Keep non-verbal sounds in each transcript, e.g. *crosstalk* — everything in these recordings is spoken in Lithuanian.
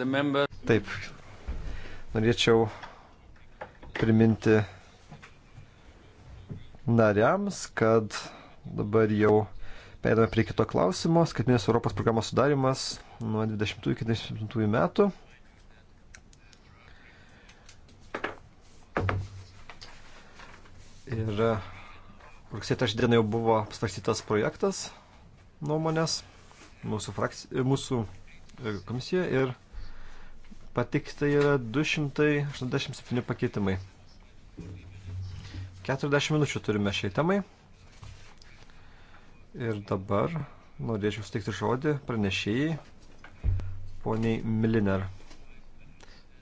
Taip, norėčiau priminti nariams, kad dabar jau Perėdame prie kito klausimo. Skaitminės Europos programos sudarimas nuo 20 iki 27 metų. Ir rugsėjo 3 dieną jau buvo apsvarstytas projektas nuomonės mūsų, frakci... mūsų e, komisijoje ir Patikta yra 287 pakeitimai. 40 minučių turime šiai temai. Ir dabar norėčiau suteikti žodį pranešėjai poniai Miliner.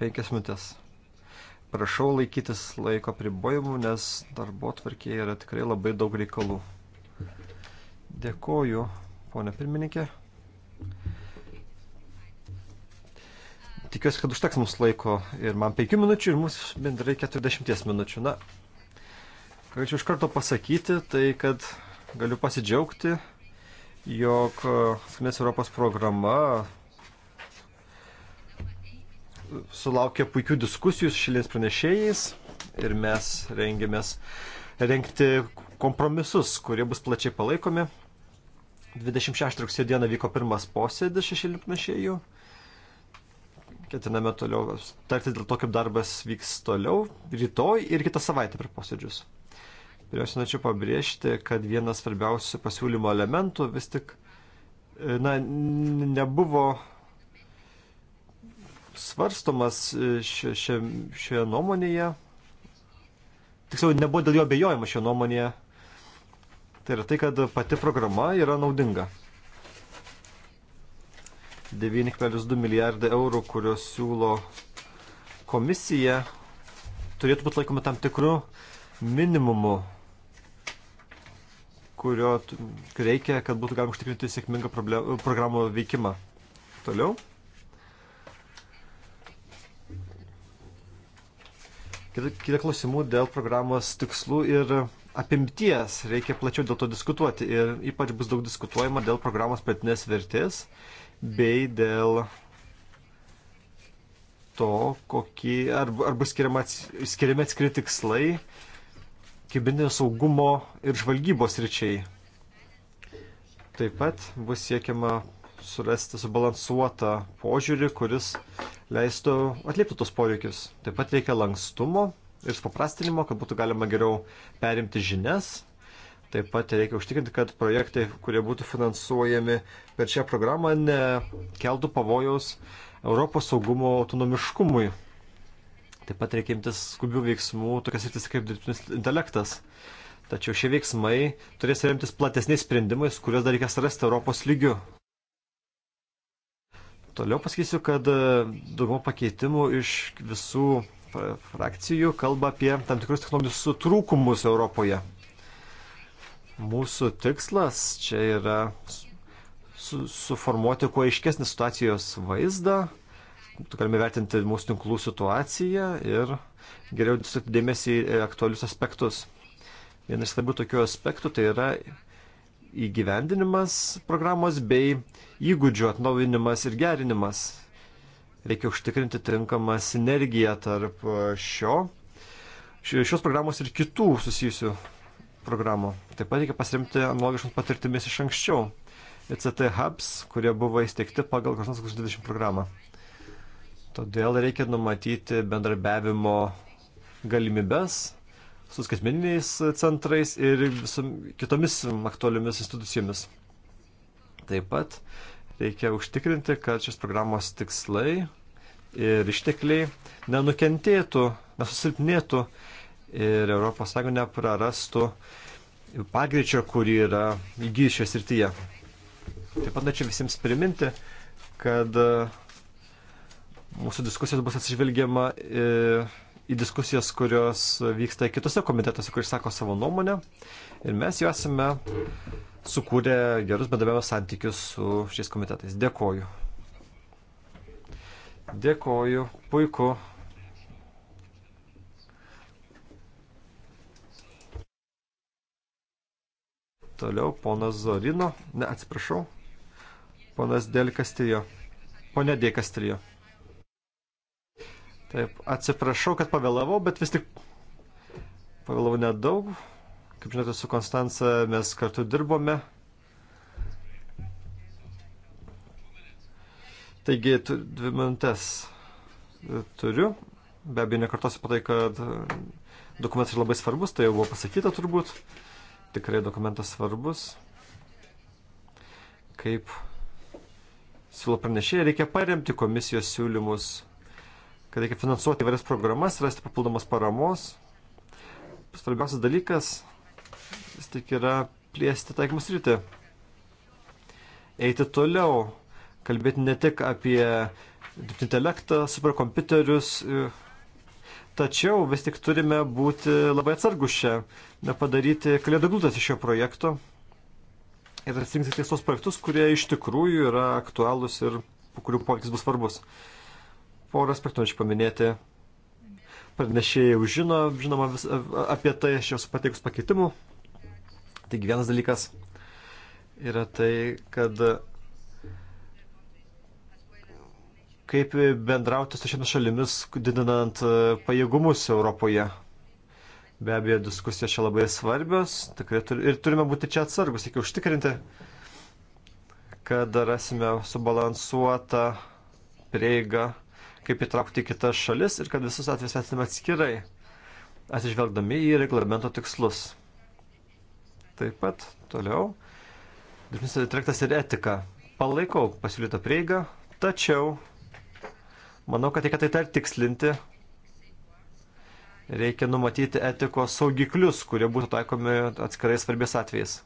5 minutės. Prašau laikytis laiko pribojimų, nes darbo tvarkėje yra tikrai labai daug reikalų. Dėkoju, ponia pirmininkė tikiuosi, kad užteks mums laiko ir man 5 minučių, ir mums bendrai 40 minučių. Na, ką galėčiau iš karto pasakyti, tai kad galiu pasidžiaugti, jog e, Skamės Europos programa sulaukė puikių diskusijų su šilės pranešėjais ir mes rengiamės rengti kompromisus, kurie bus plačiai palaikomi. 26 rugsėjo dieną vyko pirmas posėdis šešėlių pranešėjų ketiname toliau tartis dėl to, kaip darbas vyks toliau, rytoj ir kitą savaitę per posėdžius. Pirmiausia, norėčiau pabrėžti, kad vienas svarbiausių pasiūlymo elementų vis tik e, na, nebuvo svarstomas šioje šio, šio nuomonėje. Tiksliau, nebuvo dėl jo abejojama šioje nuomonėje. Tai yra tai, kad pati programa yra naudinga. 9,2 milijardai eurų, kurios siūlo komisija, turėtų būti laikoma tam tikru minimumu, kurio reikia, kad būtų galima užtikrinti sėkmingą programų veikimą. Toliau. Kita klausimų dėl programos tikslų ir apimties. Reikia plačiau dėl to diskutuoti ir ypač bus daug diskutuojama dėl programos pratinės vertės bei dėl to, kokį, arba, arba skiriama, skiriami atskiri tikslai kibernetinio saugumo ir žvalgybos ryčiai. Taip pat bus siekiama surasti subalansuotą požiūrį, kuris leistų atliepti tos poreikius. Taip pat reikia lankstumo ir supaprastinimo, kad būtų galima geriau perimti žinias Taip pat reikia užtikrinti, kad projektai, kurie būtų finansuojami per šią programą, nekeltų pavojaus Europos saugumo autonomiškumui. Taip pat reikia imtis skubių veiksmų, tokias rytis kaip dirbtinis intelektas. Tačiau šie veiksmai turės remtis platesniais sprendimais, kuriuos dar reikės rasti Europos lygiu. Toliau pasakysiu, kad e, daugumo pakeitimų iš visų frakcijų kalba apie tam tikrus technologinius trūkumus Europoje. Mūsų tikslas čia yra su, suformuoti kuo aiškesnį situacijos vaizdą, galime vertinti mūsų tinklų situaciją ir geriau dėmesį į aktualius aspektus. Vienas svarbių tokių aspektų tai yra įgyvendinimas programos bei įgūdžių atnaujinimas ir gerinimas. Reikia užtikrinti tinkamą sinergiją tarp šio, šios programos ir kitų susijusių programų. Taip pat reikia pasirinkti analogiškoms patirtimis iš anksčiau. ICT e hubs, kurie buvo įsteigti pagal Kosmos 20 programą. Todėl reikia numatyti bendrabiavimo galimybes su skaitmeniniais centrais ir visom, kitomis aktualiomis institucijomis. Taip pat reikia užtikrinti, kad šis programos tikslai ir ištekliai nenukentėtų, nesusilpnėtų ir ES neprarastų pagreičio, kurį yra įgyjusi šioje srityje. Taip pat norėčiau visiems priminti, kad e, mūsų diskusijos bus atsižvelgiama e, į, į diskusijas, kurios vyksta kitose komitetuose, kur išsako savo nuomonę. Ir mes jau esame sukūrę gerus bendravimo santykius su šiais komitetais. Dėkoju. Dėkoju. Puiku. Toliau ponas Zorino, ne, atsiprašau, ponas Del Castillo, ponė D. Castillo. Taip, atsiprašau, kad pavėlavau, bet vis tik pavėlavau nedaug. Kaip žinote, su Konstanca mes kartu dirbome. Taigi, tu, dvi minutės turiu. Be abejo, nekartosiu patai, kad dokumentas yra labai svarbus, tai jau buvo pasakyta turbūt tikrai dokumentas svarbus. Kaip siūlo pranešėjai, reikia paremti komisijos siūlymus, kad reikia finansuoti įvairias programas, rasti papildomas paramos. Svarbiausias dalykas vis tik yra plėsti taikymus rytį. Eiti toliau, kalbėti ne tik apie dirbtinį intelektą, superkompiuterius, Tačiau vis tik turime būti labai atsargus čia, nepadaryti kalėdaglūtas iš šio projekto ir atsirinkti tik tos projektus, kurie iš tikrųjų yra aktualūs ir po kurių poveikis bus svarbus. Porą aspektų norėčiau paminėti. Pranešėjai jau žino, žinoma, vis, apie tai aš jau pateikus pakeitimų. Taigi vienas dalykas yra tai, kad kaip bendrauti su šiomis šalimis, didinant e, pajėgumus Europoje. Be abejo, diskusijos čia labai svarbios, tikrai tur, ir turime būti čia atsargus, reikia užtikrinti, kad rasime subalansuotą prieigą, kaip įtraukti kitas šalis ir kad visus atvejus vertiname atskirai, atsižvelgdami į reglamento tikslus. Taip pat toliau. Dirbtinis intelektas ir etika. Palaikau pasiūlytą prieigą, tačiau Manau, kad reikia tai dar tikslinti. Reikia numatyti etikos saugiklius, kurie būtų taikomi atskirai svarbės atvejais.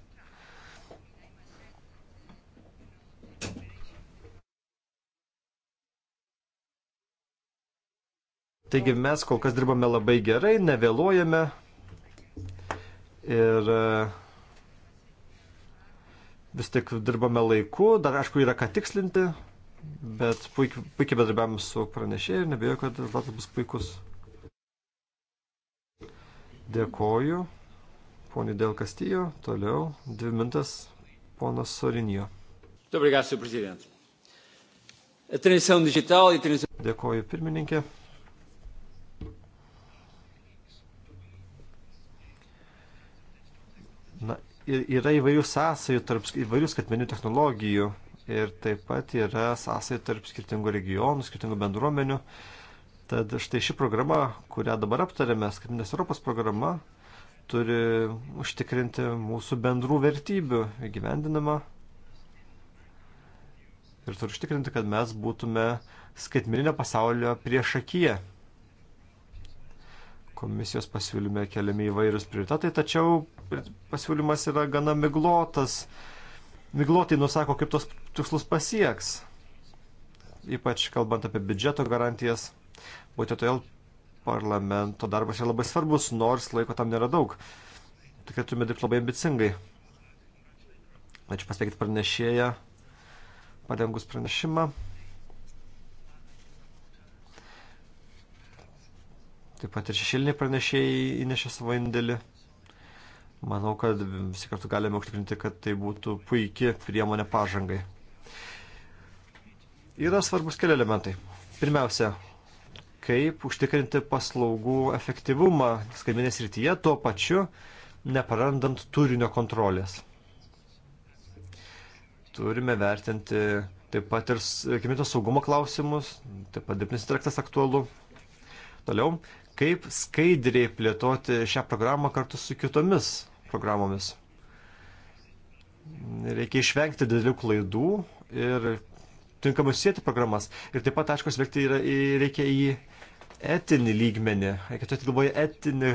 Taigi mes kol kas dirbame labai gerai, nevėluojame ir e, vis tik dirbame laiku, dar aišku yra ką tikslinti bet puikiai, puikiai bedarbiavam su pranešėjai ir nebejoju, kad rezultatas bus puikus. Dėkoju, poniai Del Castillo, toliau dvi mintas, ponas Sorinijo. E Dėkoju, pirmininkė. Na, yra įvairių sąsajų tarp įvairių skaitmenių technologijų ir taip pat yra sąsai tarp skirtingų regionų, skirtingų bendruomenių. Tad štai ši programa, kurią dabar aptarėme, Skandinės Europos programa, turi užtikrinti mūsų bendrų vertybių įgyvendinimą ir turi užtikrinti, kad mes būtume skaitmininio pasaulio priešakyje. Komisijos pasiūlyme keliami įvairius prioritetai, tačiau pasiūlymas yra gana miglotas. Miglotai nusako, kaip tos tikslus pasieks, ypač kalbant apie biudžeto garantijas. Būtent todėl parlamento darbas yra labai svarbus, nors laiko tam nėra daug. Tikrai turime dirbti labai ambicingai. Ačiū pasveikti pranešėją, padengus pranešimą. Taip pat ir šešėliniai pranešėjai įnešė savo indėlį. Manau, kad visi kartu galime užtikrinti, kad tai būtų puikia priemonė pažangai. Yra svarbus keli elementai. Pirmiausia, kaip užtikrinti paslaugų efektyvumą skaitmenės rytyje, tuo pačiu neprarandant turinio kontrolės. Turime vertinti taip pat ir kimintos saugumo klausimus, taip pat dirbtinis intelektas aktualu. Toliau, kaip skaidriai plėtoti šią programą kartu su kitomis programomis. Reikia išvengti didelių klaidų ir tinkamai susijęti programas. Ir taip pat, aišku, žvelgti reikia į etinį lygmenį, reikia turėti galvoje etinį,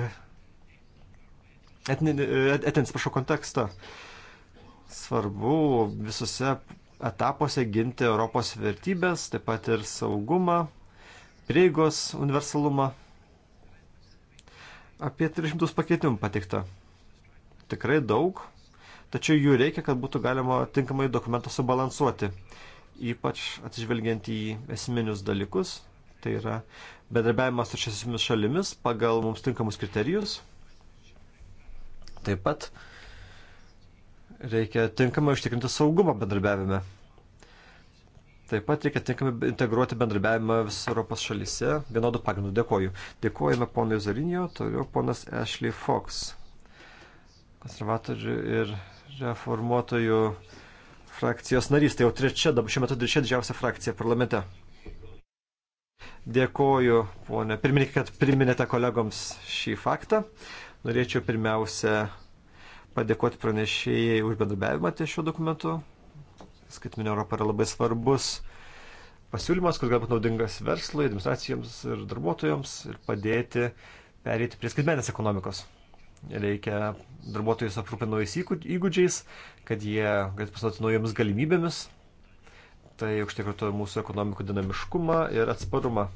etinį, e, etinį, atsiprašau, kontekstą. Svarbu visose etapuose ginti Europos vertybės, taip pat ir saugumą, prieigos universalumą. Apie 300 pakeitimų patikta. Tikrai daug, tačiau jų reikia, kad būtų galima tinkamai dokumentą subalansuoti ypač atsižvelgiant į esminius dalykus, tai yra bedarbiavimas su šiomis šalimis pagal mums tinkamus kriterijus. Taip pat reikia tinkamai užtikrinti saugumą bendradarbiavime. Taip pat reikia tinkamai integruoti bendradarbiavimą visose Europos šalyse. Vienodų pagrindų dėkoju. Dėkojame ponui Zarinio, toliau ponas Ashley Fox, konservatorių ir reformuotojų frakcijos narys. Tai jau trečia, dabar šiuo metu trečia didžiausia frakcija parlamente. Dėkoju, ponė pirmininkė, kad priminėte kolegoms šį faktą. Norėčiau pirmiausia padėkoti pranešėjai už bendrabiavimą ties šiuo dokumentu. Skaitminė Europa yra labai svarbus pasiūlymas, kuris galbūt naudingas verslui, administracijoms ir darbuotojams ir padėti perėti prie skaitmenės ekonomikos reikia darbuotojus aprūpinti naujais įgūdžiais, kad jie galėtų pasinaudoti naujomis galimybėmis. Tai užtikrintų mūsų ekonomikų dinamiškumą ir atsparumą.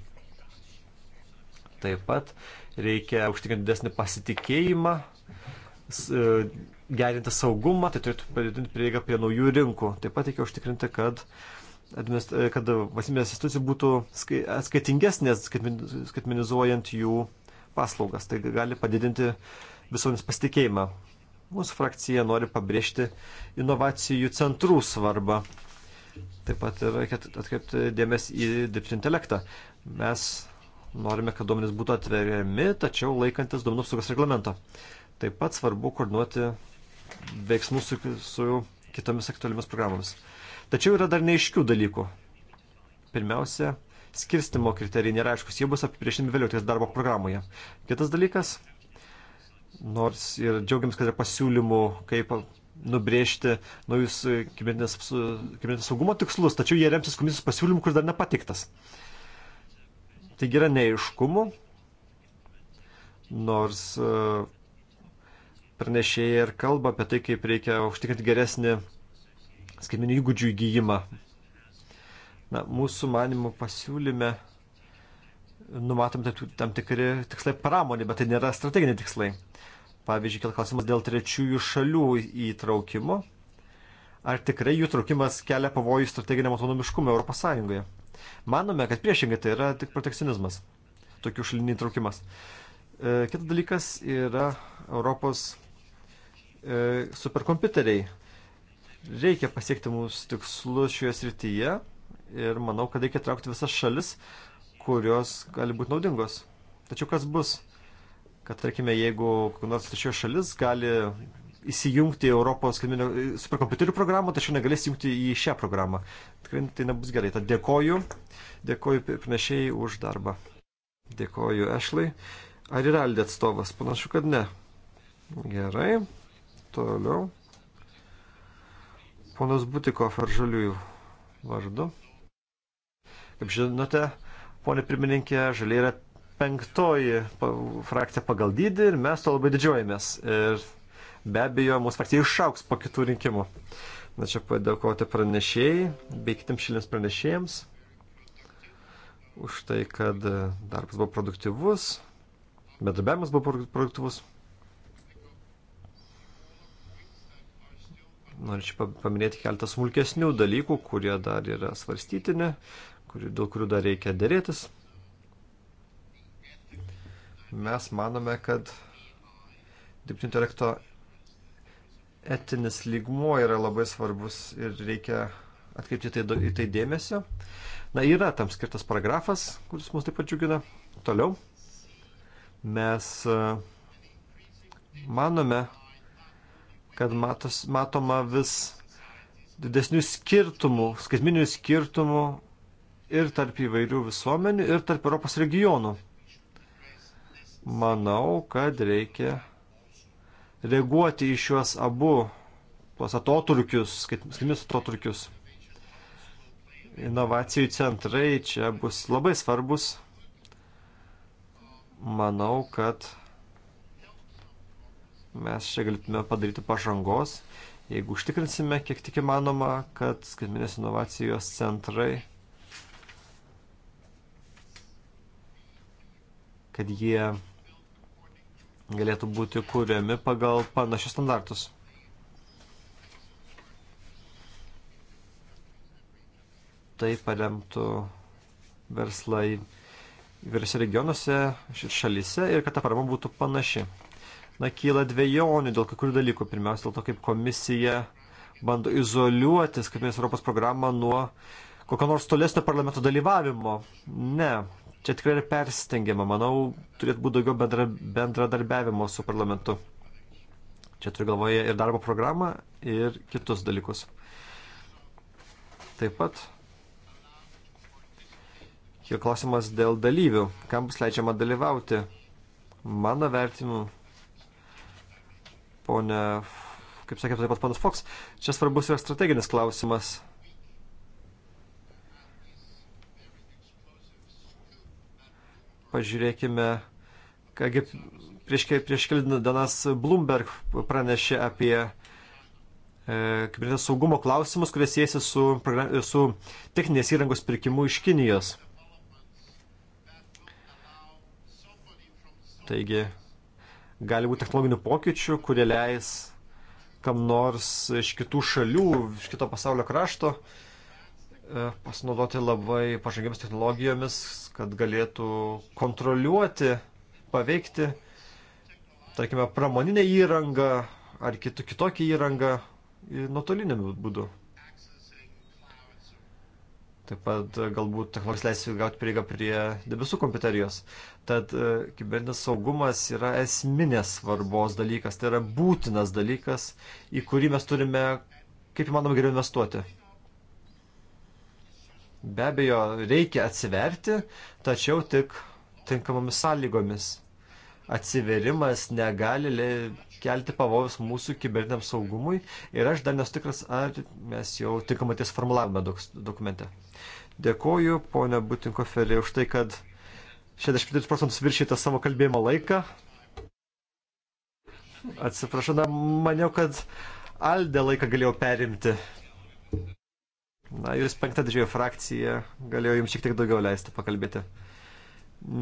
Taip pat reikia užtikrinti didesnį pasitikėjimą, e, gerinti saugumą, tai turėtų padidinti prieigą prie naujų rinkų. Taip pat reikia užtikrinti, kad e, kad valstybės institucijų būtų atskaitingesnės, skaitmenizuojant jų paslaugas. Tai gali padidinti visomis pasitikėjimą. Mūsų frakcija nori pabrėžti inovacijų centrų svarbą. Taip pat reikia atkreipti dėmesį į dirbtinį intelektą. Mes norime, kad duomenys būtų atveriami, tačiau laikantis duomenų apsaugos reglamento. Taip pat svarbu koordinuoti veiksmus su, su kitomis aktualiomis programomis. Tačiau yra dar neiškių dalykų. Pirmiausia, skirstimo kriterijai nėra aiškus, jie bus apibriešinami vėliau ties darbo programoje. Kitas dalykas nors ir džiaugiamės, kad yra pasiūlymų, kaip nubrėžti naujus kibernetinės saugumo tikslus, tačiau jie remsis komisijos pasiūlymų, kuris dar nepatiktas. Taigi yra neiškumų, nors e, pranešėjai ir kalba apie tai, kaip reikia užtikrinti geresnį skaitmeninių įgūdžių įgyjimą. Na, mūsų manimų pasiūlyme numatomi tam tikri tikslai pramonė, bet tai nėra strateginiai tikslai. Pavyzdžiui, kėl klausimas dėl trečiųjų šalių įtraukimo. Ar tikrai jų traukimas kelia pavojų strateginiam autonomiškumui Europos Sąjungoje? Manome, kad priešingai tai yra tik protekcionizmas, tokių šalinių įtraukimas. E, kitas dalykas yra Europos e, superkompiuteriai. Reikia pasiekti mūsų tikslus šioje srityje ir manau, kad reikia traukti visas šalis, kurios gali būti naudingos. Tačiau kas bus? Kad, tarkime, jeigu nors trečioji šalis gali įsijungti Europos kliminio e, superkompiuterių programą, tačiau negalės įjungti į šią programą. Tikrai tai nebus gerai. Tad dėkoju, dėkoju pranešėjai už darbą. Dėkoju Ešlai. Ar yra Aldė atstovas? Panašu, kad ne. Gerai. Toliau. Ponas Butiko Faržaliųjų vardu. Kaip žinote, Pone pirmininkė, žalė yra penktoji frakcija pagal dydį ir mes to labai didžiuojamės. Ir be abejo, mūsų frakcija išauks po kitų rinkimų. Na čia padėkoti pranešėjai bei kitiems šilėms pranešėjams už tai, kad e, darbas buvo produktyvus, bendradarbiavimas buvo produktyvus. Norėčiau paminėti keletą smulkesnių dalykų, kurie dar yra svarstytini kuri, dėl kurių dar reikia dėrėtis. Mes manome, kad dirbtinio intelekto etinis lygmuo yra labai svarbus ir reikia atkreipti tai, į tai dėmesio. Na, yra tam skirtas paragrafas, kuris mus taip pat džiugina. Toliau. Mes e, manome, kad matos, matoma vis didesnių skirtumų, skaitminių skirtumų ir tarp įvairių visuomenių, ir tarp Europos regionų. Manau, kad reikia reaguoti į šiuos abu tuos atotrukius, skaitminius atotrukius. Inovacijų centrai čia bus labai svarbus. Manau, kad mes čia galėtume padaryti pažangos, jeigu užtikrinsime, kiek tik įmanoma, kad skaitminės inovacijos centrai kad jie galėtų būti kūriami pagal panašius standartus. Tai paremtų verslai įvairiose regionuose ir šalyse ir kad ta parama būtų panaši. Na, kyla dviejonių dėl kai kurių dalykų. Pirmiausia, dėl to, kaip komisija bando izoliuotis, kaip mes Europos programą nuo kokio nors tolesnio parlamento dalyvavimo. Ne, čia tikrai yra perstengiama. Manau, turėtų būti daugiau bendra, bendradarbiavimo su parlamentu. Čia turiu galvoje ir darbo programą, ir kitus dalykus. Taip pat kilo klausimas dėl dalyvių. Kam bus leidžiama dalyvauti? Mano vertimu, ponia, kaip sakė taip pat ponas Fox, čia svarbus yra strateginis klausimas Pažiūrėkime, kągi prieš, prieš kelias dienas Bloomberg pranešė apie e, kibernetinio saugumo klausimus, kurie siejasi su, su techninės įrangos pirkimu iš Kinijos. Taigi, gali būti technologinių pokyčių, kurie leis kam nors iš kitų šalių, iš kito pasaulio krašto uh, E, pasinaudoti labai pažangiamis technologijomis, kad galėtų kontroliuoti, paveikti, tarkime, pramoninę įrangą ar kitų, kitokį įrangą nuotoliniu būdu. Taip pat e, galbūt technologijos leis gauti prieigą prie debesų kompiuterijos. Tad e, kibernetinis saugumas yra esminės svarbos dalykas, tai yra būtinas dalykas, į kurį mes turime kaip įmanoma geriau investuoti. Be abejo, reikia atsiverti, tačiau tik tinkamomis sąlygomis. Atsiverimas negali kelti pavojus mūsų kibernetiniam saugumui ir aš dar nesu tikras, ar mes jau tinkamą ties formulavome dok dokumente. Dėkoju, ponia Butinkoferė, už tai, kad 65 procentus viršytą savo kalbėjimo laiką. Atsiprašau, na, maniau, kad Aldė laiką galėjau perimti. Na, jūs penktą didžiojo frakciją, galėjau jums šiek tiek daugiau leisti pakalbėti.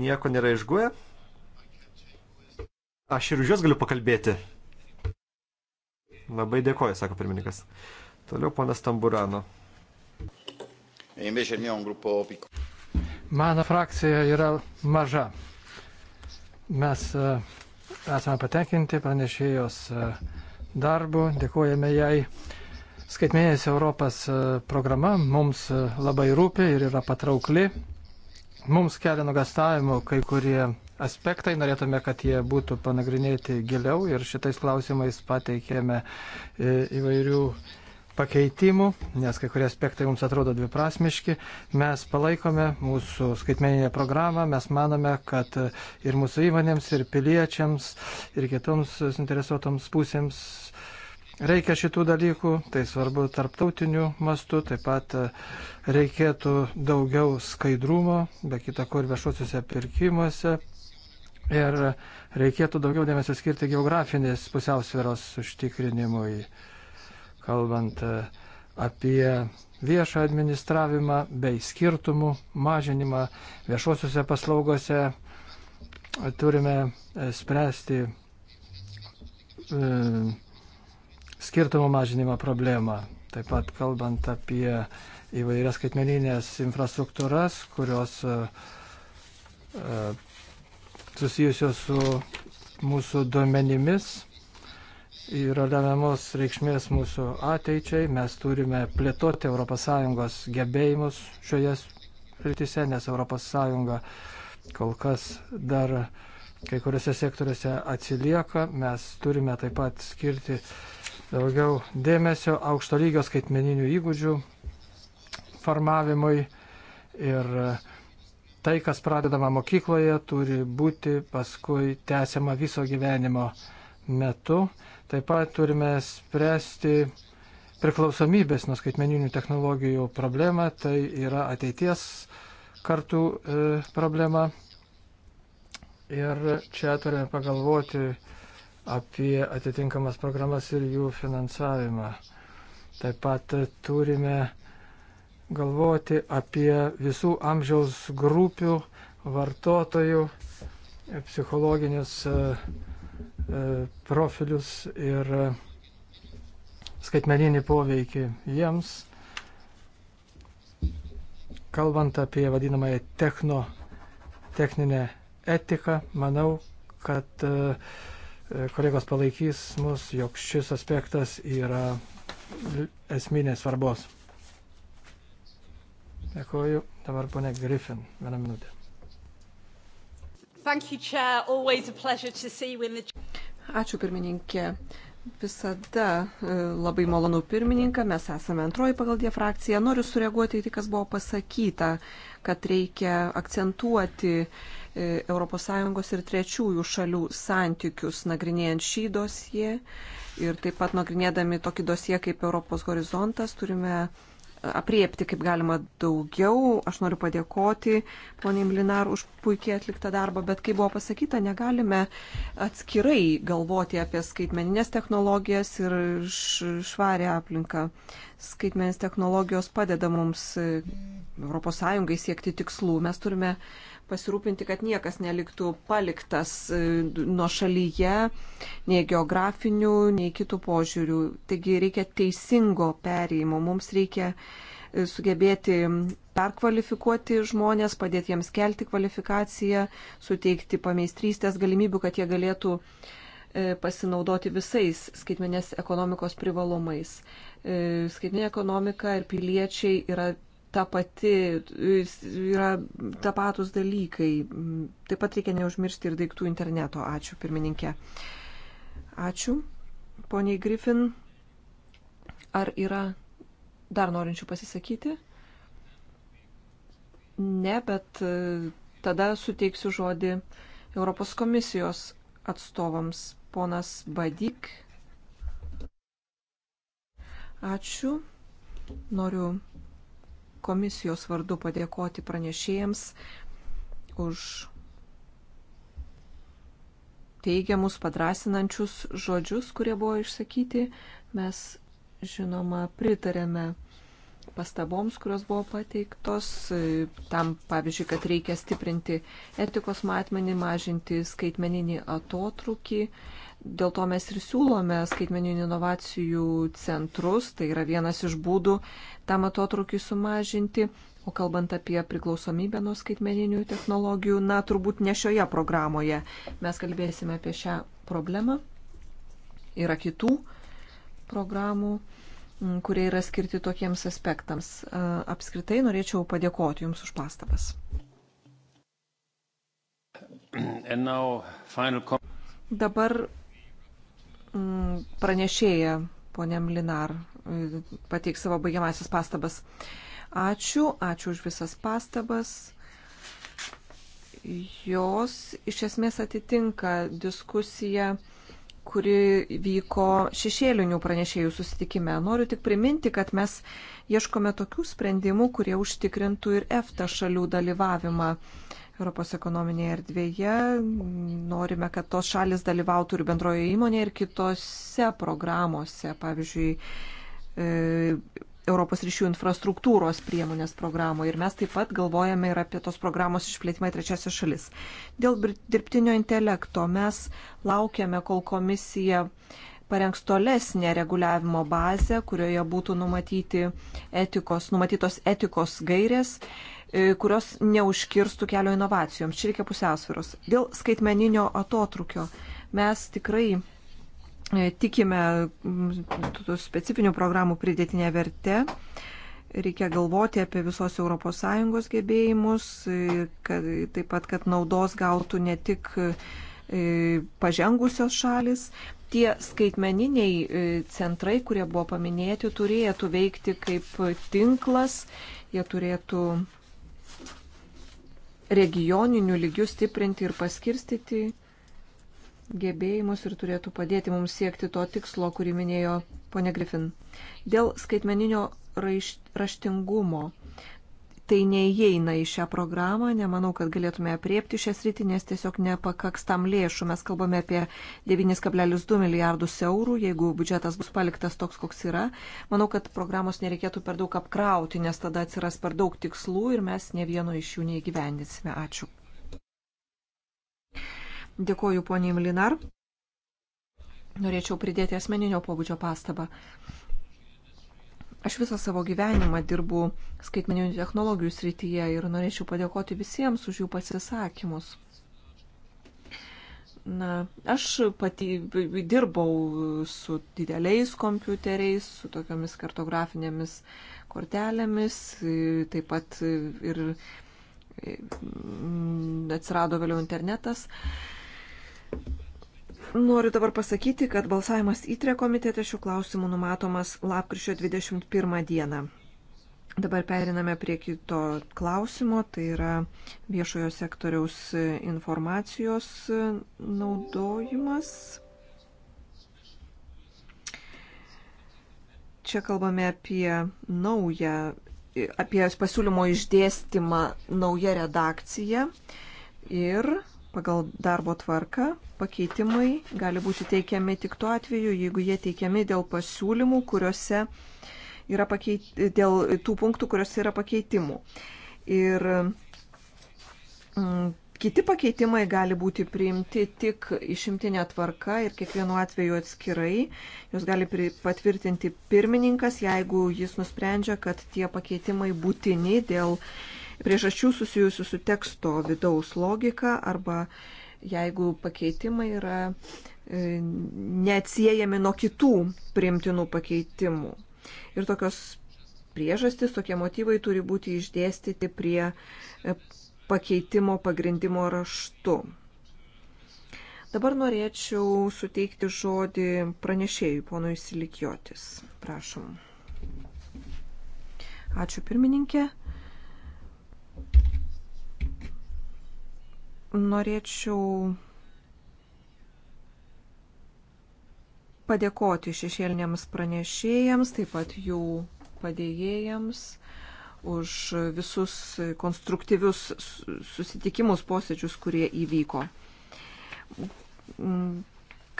Nieko nėra išguoja? Aš ir už juos galiu pakalbėti. Labai dėkoju, sako pirmininkas. Toliau ponas Tamburano. Mano frakcija yra maža. Mes e, esame patenkinti pranešėjos e, darbu, dėkojame jai Skaitmėjęs Europos e, programa mums e, labai rūpi ir yra patraukli. Mums kelia nugastavimų kai kurie aspektai, norėtume, kad jie būtų panagrinėti giliau ir šitais klausimais pateikėme e, įvairių pakeitimų, nes kai kurie aspektai mums atrodo dviprasmiški. Mes palaikome mūsų skaitmeninę programą, mes manome, kad ir mūsų įmonėms, ir piliečiams, ir kitoms suinteresuotoms pusėms Reikia šitų dalykų, tai svarbu tarptautiniu mastu, taip pat e, reikėtų daugiau skaidrumo, be kita kur viešuosiuose pirkimuose. Ir reikėtų daugiau dėmesio skirti geografinės pusiausvėros užtikrinimui, kalbant e, apie viešą administravimą bei skirtumų mažinimą viešuosiuose paslaugose. Turime e, spręsti e, skirtumų mažinimo problemą. Taip pat kalbant apie įvairias skaitmeninės infrastruktūras, kurios e, e, susijusios su mūsų duomenimis yra lemiamos reikšmės mūsų ateičiai. Mes turime plėtoti ES gebėjimus šioje srityse, nes ES kol kas dar kai kuriuose sektoriuose atsilieka. Mes turime taip pat skirti daugiau dėmesio aukšto lygio skaitmeninių įgūdžių formavimui ir tai, kas pradedama mokykloje, turi būti paskui tęsiama viso gyvenimo metu. Taip pat turime spręsti priklausomybės nuo skaitmeninių technologijų problemą, tai yra ateities kartų e, problema. Ir čia turime pagalvoti, apie atitinkamas programas ir jų finansavimą. Taip pat turime galvoti apie visų amžiaus grupių vartotojų psichologinius e, e, profilius ir skaitmeninį poveikį jiems. Kalbant apie vadinamąją techno, techninę etiką, manau, kad uh, E, kolegos palaikys mus, jog šis aspektas yra esminės svarbos. Dėkuoju. Dabar ponė Griffin, vieną minutę. Ačiū pirmininkė. Visada e, labai malonu pirmininką, mes esame antroji pagal die frakciją. Noriu sureaguoti į tai, kas buvo pasakyta, kad reikia akcentuoti uh, E, ES ir trečiųjų šalių santykius nagrinėjant šį dosiją ir taip pat nagrinėdami tokį dosiją kaip Europos horizontas turime apriepti kaip galima daugiau. Aš noriu padėkoti poniai Mlinar už puikiai atliktą darbą, bet kaip buvo pasakyta, negalime atskirai galvoti apie skaitmeninės technologijas ir švarę aplinką. Skaitmeninės technologijos padeda mums ES siekti tikslų. Mes turime pasirūpinti, kad niekas neliktų paliktas e, nuo šalyje, nei geografinių, nei kitų požiūrių. Taigi reikia teisingo perėjimo, mums reikia e, sugebėti perkvalifikuoti žmonės, padėti jiems kelti kvalifikaciją, suteikti pameistrystės galimybių, kad jie galėtų e, pasinaudoti visais skaitmenės ekonomikos privalumais. Skaitmenė ekonomika ir piliečiai yra ta pati, yra ta patus dalykai. Taip pat reikia neužmiršti ir daiktų interneto. Ačiū, pirmininkė. Ačiū, poniai Griffin. Ar yra dar norinčių pasisakyti? Ne, bet e, tada suteiksiu žodį Europos komisijos atstovams. Ponas Badik. Ačiū. Noriu komisijos vardu padėkoti pranešėjams už teigiamus, padrasinančius žodžius, kurie buvo išsakyti. Mes, žinoma, pritarėme pastaboms, kurios buvo pateiktos, tam pavyzdžiui, kad reikia stiprinti etikos matmenį, mažinti skaitmeninį atotrukį. Dėl to mes ir siūlome skaitmeninių inovacijų centrus, tai yra vienas iš būdų tam atotrukį sumažinti. O kalbant apie priklausomybę nuo skaitmeninių technologijų, na, turbūt ne šioje programoje mes kalbėsime apie šią problemą. Yra kitų programų kurie yra skirti tokiems aspektams. Apskritai norėčiau padėkoti Jums už pastabas. Final... Dabar pranešėja ponė Mlinar e, pateiks savo baigiamasis pastabas. Ačiū, ačiū už visas pastabas jos iš esmės atitinka diskusiją kuri vyko šešėlinių pranešėjų susitikime. Noriu tik priminti, kad mes ieškome tokių sprendimų, kurie užtikrintų ir EFTA šalių dalyvavimą Europos ekonominėje erdvėje. Norime, kad tos šalis dalyvautų ir bendrojo įmonėje, ir kitose programuose, pavyzdžiui, e, Europos ryšių infrastruktūros priemonės programoje ir mes taip pat galvojame ir apie tos programos išplėtimą į trečiasias šalis. Dėl dirbtinio intelekto mes laukiame, kol komisija parengs tolesnę reguliavimo bazę, kurioje būtų numatyti etikos, numatytos etikos gairės e, kurios neužkirstų kelio inovacijoms. Čia reikia pusiausvėros. Dėl skaitmeninio atotrukio mes tikrai E, tikime tų specifinių programų pridėtinė vertė. Reikia galvoti apie visos ES gebėjimus, e, kad, taip pat, kad naudos gautų ne tik e, pažengusios šalis. Tie skaitmeniniai centrai, kurie buvo paminėti, turėtų veikti kaip tinklas, jie turėtų regioninių lygių stiprinti ir paskirstyti gebėjimus ir turėtų padėti mums siekti to tikslo, kurį minėjo ponė Griffin. Dėl skaitmeninio raštingumo. Tai neįeina į šią programą, nemanau, kad galėtume apriepti šią sritį, nes tiesiog nepakaks tam lėšų. Mes kalbame apie 9,2 milijardus eurų, jeigu biudžetas bus paliktas toks, koks yra. Manau, kad programos nereikėtų per daug apkrauti, nes tada atsiras per daug tikslų ir mes ne vieno iš jų neįgyvendysime. Ačiū. Dėkoju poniai Mlinar. Norėčiau pridėti asmeninio pobūdžio pastabą. Aš visą savo gyvenimą dirbu skaitmeninių technologijų srityje ir norėčiau padėkoti visiems už jų pasisakymus. Na, aš pati dirbau su dideliais kompiuteriais, su tokiamis kartografinėmis kortelėmis, taip pat ir mm, atsirado vėliau internetas. Uh, Noriu dabar pasakyti, kad balsavimas įtre komitete šių klausimų numatomas lapkričio 21 dieną. Dabar periname prie kito klausimo, tai yra viešojo sektoriaus informacijos naudojimas. Čia kalbame apie naują, apie pasiūlymo išdėstymą naują redakciją ir Pagal darbo tvarką pakeitimai gali būti teikiami tik tuo atveju, jeigu jie teikiami dėl pasiūlymų, kuriuose yra pakeit... dėl tų punktų, kuriuose yra pakeitimų. Ir mm, kiti pakeitimai gali būti priimti tik išimtinė tvarka ir kiekvienu atveju atskirai. Jūs gali patvirtinti pirmininkas, jeigu jis nusprendžia, kad tie pakeitimai būtini dėl priežasčių susijusių su teksto vidaus logika arba jeigu pakeitimai yra e, neatsiejami nuo kitų priimtinų pakeitimų. Ir tokios priežastis, tokie motyvai turi būti išdėstyti prie e, pakeitimo pagrindimo raštu. Dabar norėčiau suteikti žodį pranešėjui, ponui Silikiotis. Prašom. Ačiū pirmininkė. norėčiau padėkoti šešėlinėms pranešėjams, taip pat jų padėjėjams už visus konstruktyvius susitikimus, posėdžius, kurie įvyko.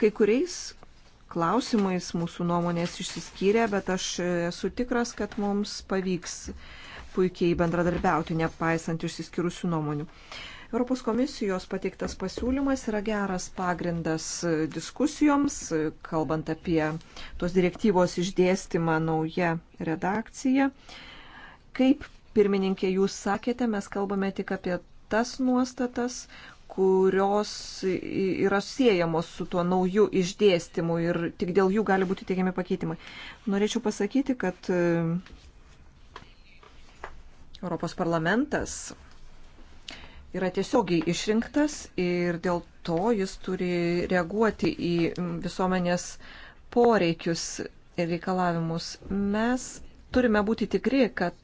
Kai kuriais klausimais mūsų nuomonės išsiskyrė, bet aš esu tikras, kad mums pavyks puikiai bendradarbiauti, nepaisant išsiskyrusių nuomonių. Uh, Europos komisijos pateiktas pasiūlymas yra geras pagrindas diskusijoms, kalbant apie tos direktyvos išdėstymą nauja redakcija. Kaip pirmininkė jūs sakėte, mes kalbame tik apie tas nuostatas, kurios yra siejamos su tuo nauju išdėstymu ir tik dėl jų gali būti teikiami pakeitimai. Norėčiau pasakyti, kad e, Europos parlamentas yra tiesiogiai išrinktas ir dėl to jis turi reaguoti į mm, visuomenės poreikius ir reikalavimus. Mes turime būti tikri, kad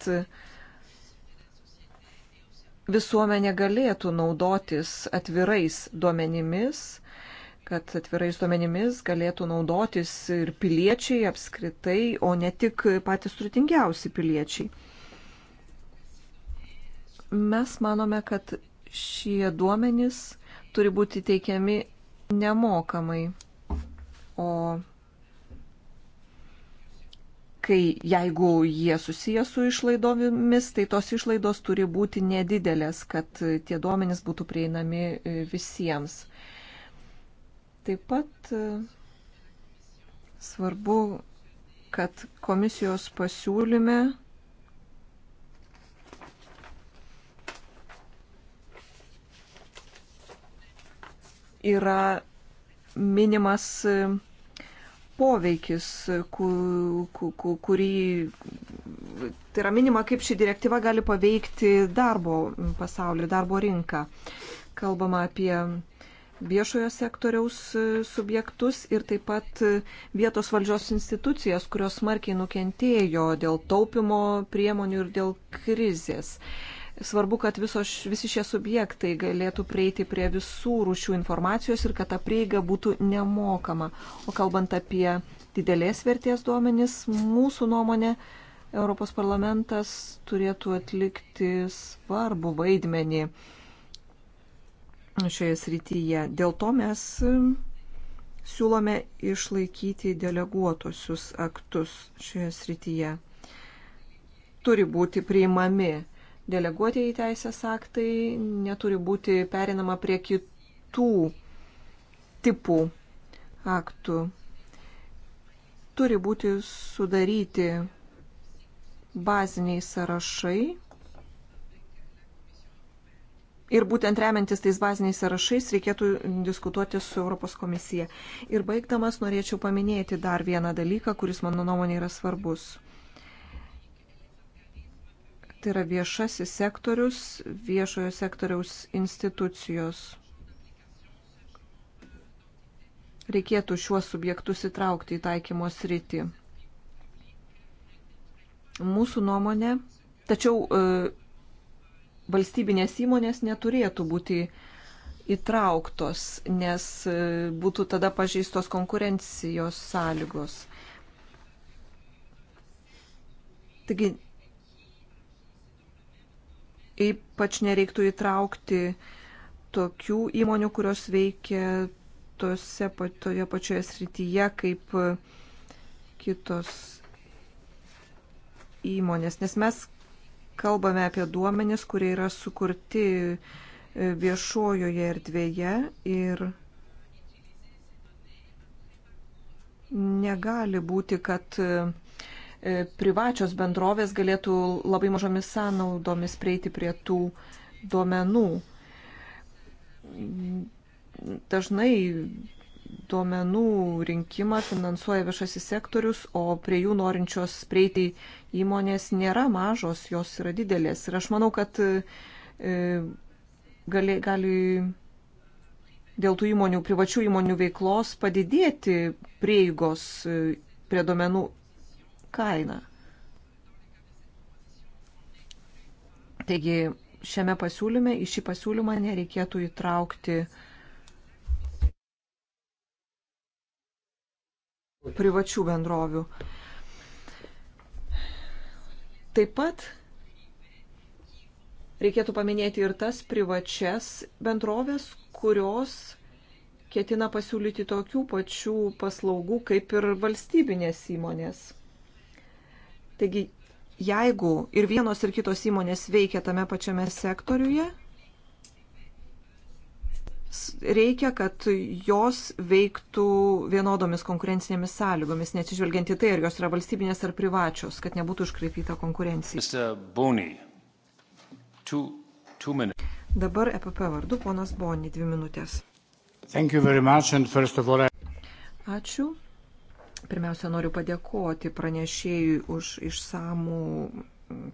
visuomenė galėtų naudotis atvirais duomenimis, kad atvirais duomenimis galėtų naudotis ir piliečiai apskritai, o ne tik patys turtingiausi piliečiai. Mes manome, kad Šie duomenys turi būti teikiami nemokamai. O kai jeigu jie susiję su išlaidomis, tai tos išlaidos turi būti nedidelės, kad tie duomenys būtų prieinami e, visiems. Taip pat e, svarbu, kad komisijos pasiūlyme yra minimas e, poveikis, kurį, tai yra minima, kaip ši direktyva gali paveikti darbo pasaulį, darbo rinką. Kalbama apie viešojo sektoriaus e, subjektus ir taip pat e, vietos valdžios institucijas, kurios smarkiai nukentėjo dėl taupimo priemonių ir dėl krizės. Uh, Svarbu, kad visos, visi šie subjektai galėtų prieiti prie visų rūšių informacijos ir kad ta prieiga būtų nemokama. O kalbant apie didelės vertės duomenis, mūsų nuomonė, Europos parlamentas turėtų atlikti svarbų vaidmenį šioje srityje. Dėl to mes siūlome išlaikyti deleguotosius aktus šioje srityje. Turi būti priimami deleguotieji teisės aktai neturi būti perinama prie kitų tipų aktų. Turi būti sudaryti baziniai sąrašai. Ir būtent remiantis tais baziniais sąrašais reikėtų diskutuoti su Europos komisija. Ir baigdamas norėčiau paminėti dar vieną dalyką, kuris mano nuomonė yra svarbus tai yra viešasis sektorius, viešojo sektoriaus institucijos. Reikėtų šiuos subjektus įtraukti į taikymo sritį. Mūsų nuomonė, tačiau e, valstybinės įmonės neturėtų būti įtrauktos, nes e, būtų tada pažeistos konkurencijos sąlygos. Taigi ypač nereiktų įtraukti tokių įmonių, kurios veikia tose, toje pačioje srityje kaip kitos įmonės, nes mes kalbame apie duomenis, kurie yra sukurti e, viešojoje erdvėje ir negali būti, kad e, E, privačios bendrovės galėtų labai mažomis sąnaudomis prieiti prie tų duomenų. Dažnai duomenų rinkimą finansuoja viešasis sektorius, o prie jų norinčios prieiti įmonės nėra mažos, jos yra didelės. Ir aš manau, kad e, gali, gali dėl tų įmonių, privačių įmonių veiklos padidėti prieigos e, prie duomenų kainą. Taigi šiame pasiūlyme, į šį pasiūlymą nereikėtų įtraukti privačių bendrovių. Taip pat reikėtų paminėti ir tas privačias bendrovės, kurios ketina pasiūlyti tokių pačių paslaugų kaip ir valstybinės įmonės. Taigi, jeigu ir vienos ir kitos įmonės veikia tame pačiame sektoriuje, reikia, kad jos veiktų vienodomis konkurencinėmis sąlygomis, neatsižvelgiant į tai, ar jos yra valstybinės ar privačios, kad nebūtų iškreipyta konkurencija. Bonny, two, two Dabar EPP vardu ponas Boni, dvi minutės. All... Ačiū. Pirmiausia, noriu padėkoti pranešėjui už išsamų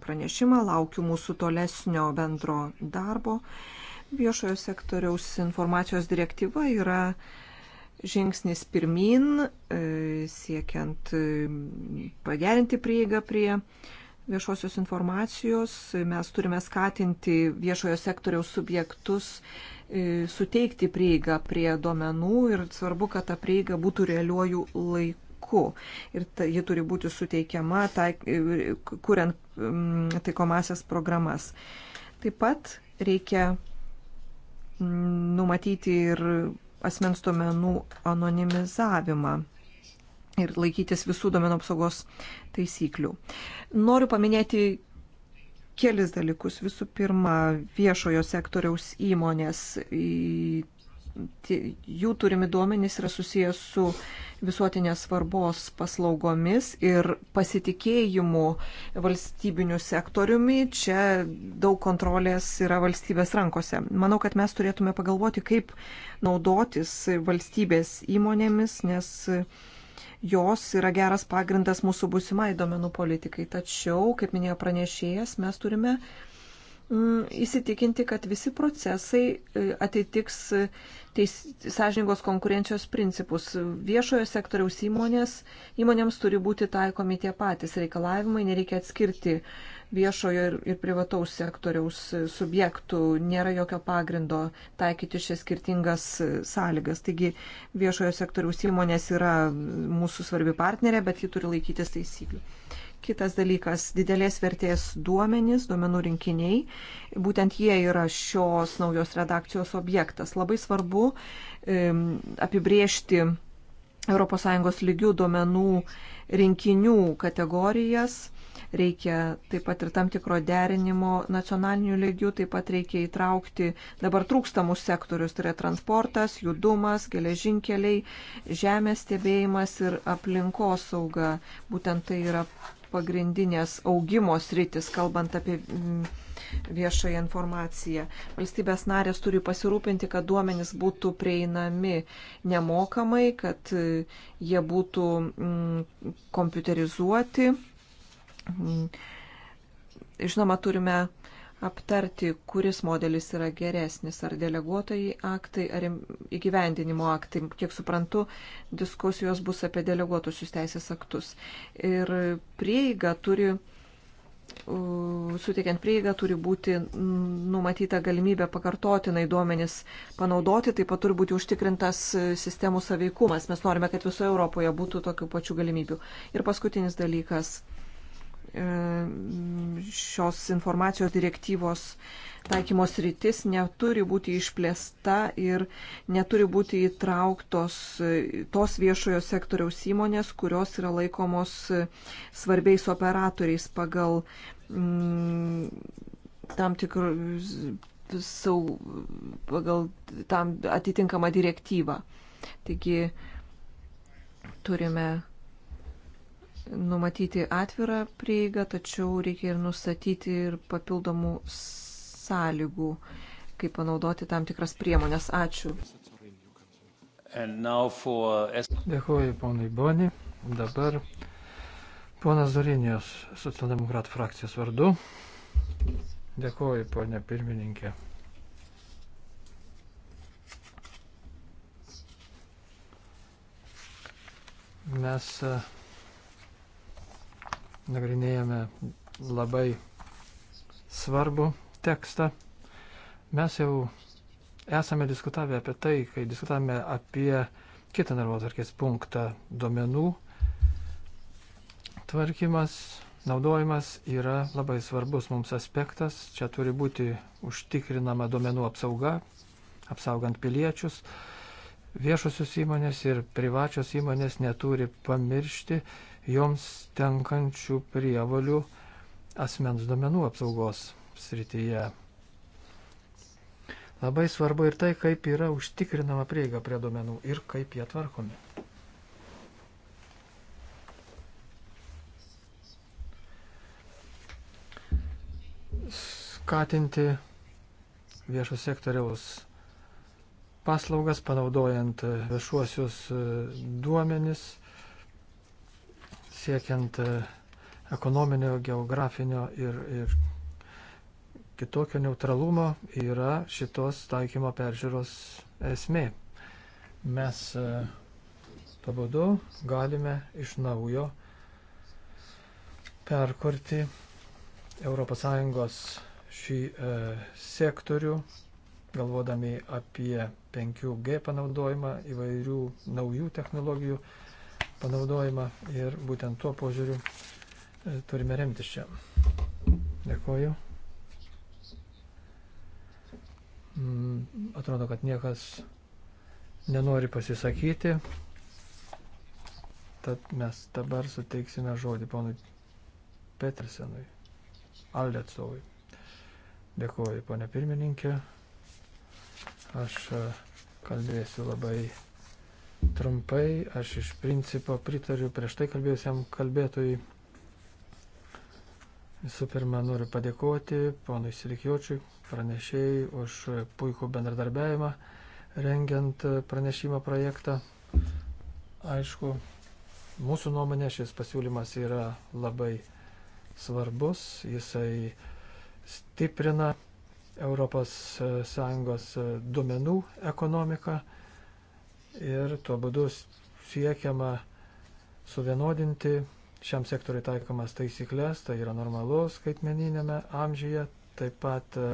pranešimą, laukiu mūsų tolesnio bendro darbo. Viešojo sektoriaus informacijos direktyva yra žingsnis pirmin, e, siekiant e, pagerinti prieigą prie viešosios informacijos. Mes turime skatinti viešojo sektoriaus subjektus e, suteikti prieigą prie duomenų ir svarbu, kad ta prieiga būtų realiuoju laiku vaikų. Ir ta, ji turi būti suteikiama, taik, kuriant mm, taikomasias programas. Taip pat reikia mm, numatyti ir asmens duomenų anonimizavimą ir laikytis visų duomenų apsaugos taisyklių. Noriu paminėti kelis dalykus. Visų pirma, viešojo sektoriaus įmonės jų turimi duomenys yra susijęs su visuotinės svarbos paslaugomis ir pasitikėjimu valstybiniu sektoriumi. Čia daug kontrolės yra valstybės rankose. Manau, kad mes turėtume pagalvoti, kaip naudotis valstybės įmonėmis, nes jos yra geras pagrindas mūsų busimai domenų politikai. Tačiau, kaip minėjo pranešėjas, mes turime Mm, įsitikinti, kad visi procesai e, atitiks e, teis, sąžiningos konkurencijos principus. Viešojo sektoriaus įmonės, įmonėms turi būti taikomi tie patys reikalavimai, nereikia atskirti viešojo ir, ir privataus sektoriaus e, subjektų, nėra jokio pagrindo taikyti šias skirtingas sąlygas. Taigi viešojo sektoriaus įmonės yra mūsų svarbi partnerė, bet ji turi laikytis taisyklių. Kitas dalykas - didelės vertės duomenys, duomenų rinkiniai. Būtent jie yra šios naujos redakcijos objektas. Labai svarbu e, apibriežti ES lygių duomenų rinkinių kategorijas. Reikia taip pat ir tam tikro derinimo nacionalinių lygių, taip pat reikia įtraukti dabar trūkstamus sektorius, tai yra transportas, judumas, geležinkeliai, žemės stebėjimas ir aplinkosauga. Būtent tai yra pagrindinės augimo sritis, kalbant apie mm, viešąją informaciją. Valstybės narės turi pasirūpinti, kad duomenys būtų prieinami nemokamai, kad e, jie būtų mm, kompiuterizuoti. Mm. Žinoma, turime aptarti, kuris modelis yra geresnis, ar deleguotojai aktai, ar įgyvendinimo aktai. Kiek suprantu, diskusijos bus apie deleguotusius teisės aktus. Ir prieiga turi, suteikiant prieigą, turi būti numatyta galimybė pakartotinai duomenis panaudoti, taip pat turi būti užtikrintas sistemų saveikumas. Mes norime, kad visoje Europoje būtų tokių pačių galimybių. Ir paskutinis dalykas E, šios informacijos direktyvos taikymos rytis neturi būti išplėsta ir neturi būti įtrauktos e, tos viešojo sektoriaus įmonės, kurios yra laikomos e, svarbiais operatoriais pagal mm, tam tikrus sau pagal tam atitinkamą direktyvą. Taigi turime numatyti atvirą prieigą, tačiau reikia ir nustatyti ir papildomų sąlygų, kaip panaudoti tam tikras priemonės. Ačiū. For... Dėkuoju ponai Boni. Dabar ponas Zorinijos socialdemokratų frakcijos vardu. Dėkuoju ponė pirmininkė. Mes uh, nagrinėjame labai svarbu tekstą. Mes jau esame diskutavę apie tai, kai diskutavome apie kitą darbotvarkės punktą - duomenų tvarkymas, naudojimas yra labai svarbus mums aspektas. Čia turi būti užtikrinama duomenų apsauga, apsaugant piliečius. Viešosios įmonės ir privačios įmonės neturi pamiršti, joms tenkančių prievalių asmens duomenų apsaugos srityje. Labai svarbu ir tai, kaip yra užtikrinama prieiga prie duomenų ir kaip jie tvarkomi. Skatinti viešo sektoriaus paslaugas, panaudojant viešuosius duomenis siekiant e, ekonominio, geografinio ir, ir kitokio neutralumo yra šitos taikymo peržiūros esmė. Mes e, to būdu galime iš naujo perkurti ES šį e, sektorių, galvodami apie 5G panaudojimą įvairių naujų technologijų panaudojimą ir būtent tuo požiūriu e, turime remtis čia. Dėkoju. Mm, atrodo, kad niekas nenori pasisakyti. Tad mes dabar suteiksime žodį ponui Petersenui, Alde atstovui. Dėkoju, ponė pirmininkė. Aš e, kalbėsiu labai trumpai. Aš iš principo pritariu prieš tai kalbėjusiam kalbėtojui. Visų pirma, noriu padėkoti ponui Silikiočiui, pranešėjai, už puikų bendradarbiavimą rengiant pranešimo projektą. Aišku, mūsų nuomonė šis pasiūlymas yra labai svarbus. Jisai stiprina ES duomenų ekonomiką ir tuo būdu siekiama suvienodinti šiam sektoriui taikomas taisyklės, tai yra normalu skaitmeninėme amžiuje. Taip pat e,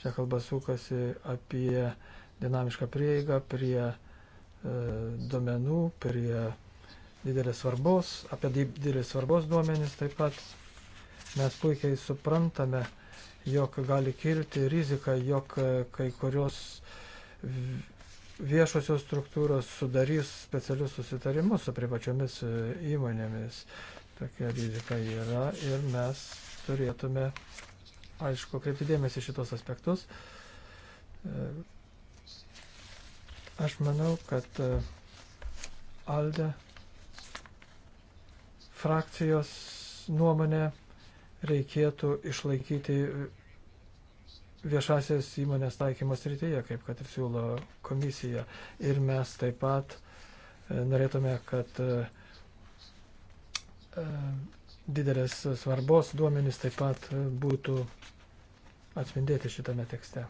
čia kalba sukasi apie dinamišką prieigą prie e, duomenų, prie didelės svarbos, apie didelės svarbos duomenys taip pat. Mes puikiai suprantame, jog gali kilti rizika, jog e, kai kurios viešosios struktūros sudarys specialius susitarimus su privačiomis e, įmonėmis. Tokia rizika yra ir mes turėtume, aišku, kreipti dėmesį šitos aspektus. E, aš manau, kad e, Alde frakcijos nuomonė reikėtų išlaikyti viešasias įmonės taikymas rytyje, kaip kad ir siūlo komisija. Ir mes taip pat e, norėtume, kad e, e, didelės svarbos duomenys taip pat būtų atspindėti šitame tekste.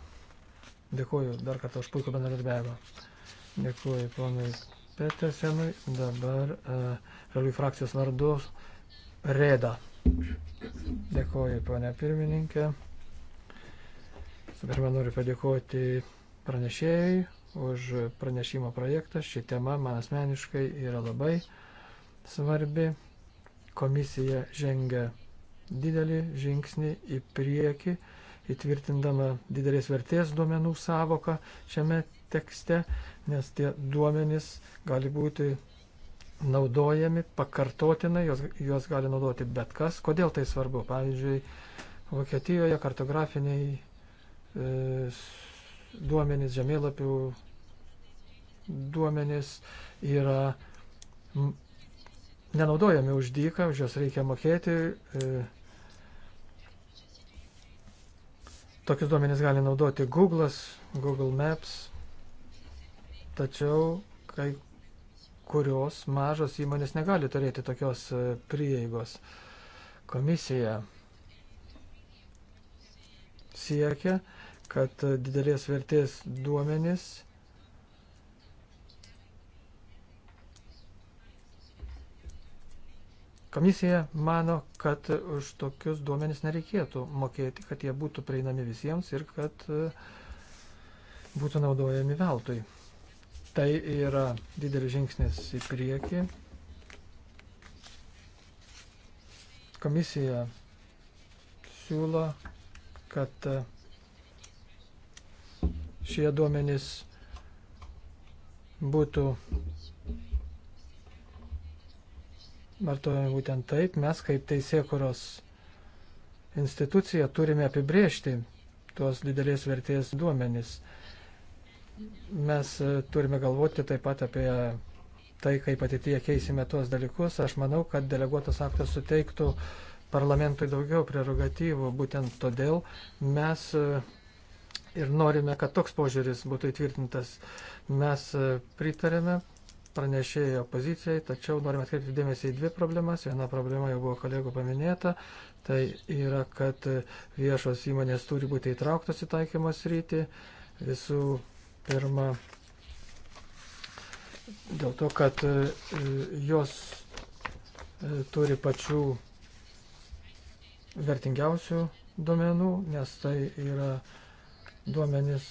Dėkuoju dar kartą už puikų bendradarbiavimą. Dėkuoju ponui Petersenui, dabar žalių frakcijos vardu Rėda. Dėkuoju ponė pirmininkė. Pirmą noriu padėkoti pranešėjai už pranešimo projektą. Ši tema man asmeniškai yra labai svarbi. Komisija žengia didelį žingsnį į priekį, įtvirtindama didelės vertės duomenų savoką šiame tekste, nes tie duomenys gali būti naudojami pakartotinai, juos, juos gali naudoti bet kas. Kodėl tai svarbu? Pavyzdžiui, Vokietijoje kartografiniai E, duomenys, žemėlapių duomenys yra nenaudojami už dyką, už juos reikia mokėti. E, tokius duomenys gali naudoti Google'as, Google Maps, tačiau kai kurios mažos įmonės negali turėti tokios e, prieigos. Komisija siekia, kad didelės vertės duomenys Komisija mano, kad už tokius duomenis nereikėtų mokėti, kad jie būtų prieinami visiems ir kad e, būtų naudojami veltui. Tai yra didelis žingsnis į priekį. Komisija siūlo, kad šie duomenys būtų vartojami būtent taip, mes kaip teisėkuros institucija turime apibriežti tuos didelės vertės duomenys. Mes e, turime galvoti taip pat apie tai, kaip ateityje keisime tuos dalykus. Aš manau, kad deleguotas aktas suteiktų parlamentui daugiau prerogatyvų. Būtent todėl mes e, ir norime, kad toks požiūris būtų įtvirtintas. Mes e, pritarėme pranešėjo pozicijai, tačiau norime atkreipti dėmesį į dvi problemas. Viena problema jau buvo kolegų paminėta, tai yra, kad viešos įmonės turi būti įtrauktos į taikymos rytį. Visų pirma, dėl to, kad e, jos e, turi pačių vertingiausių duomenų, nes tai yra uh, duomenys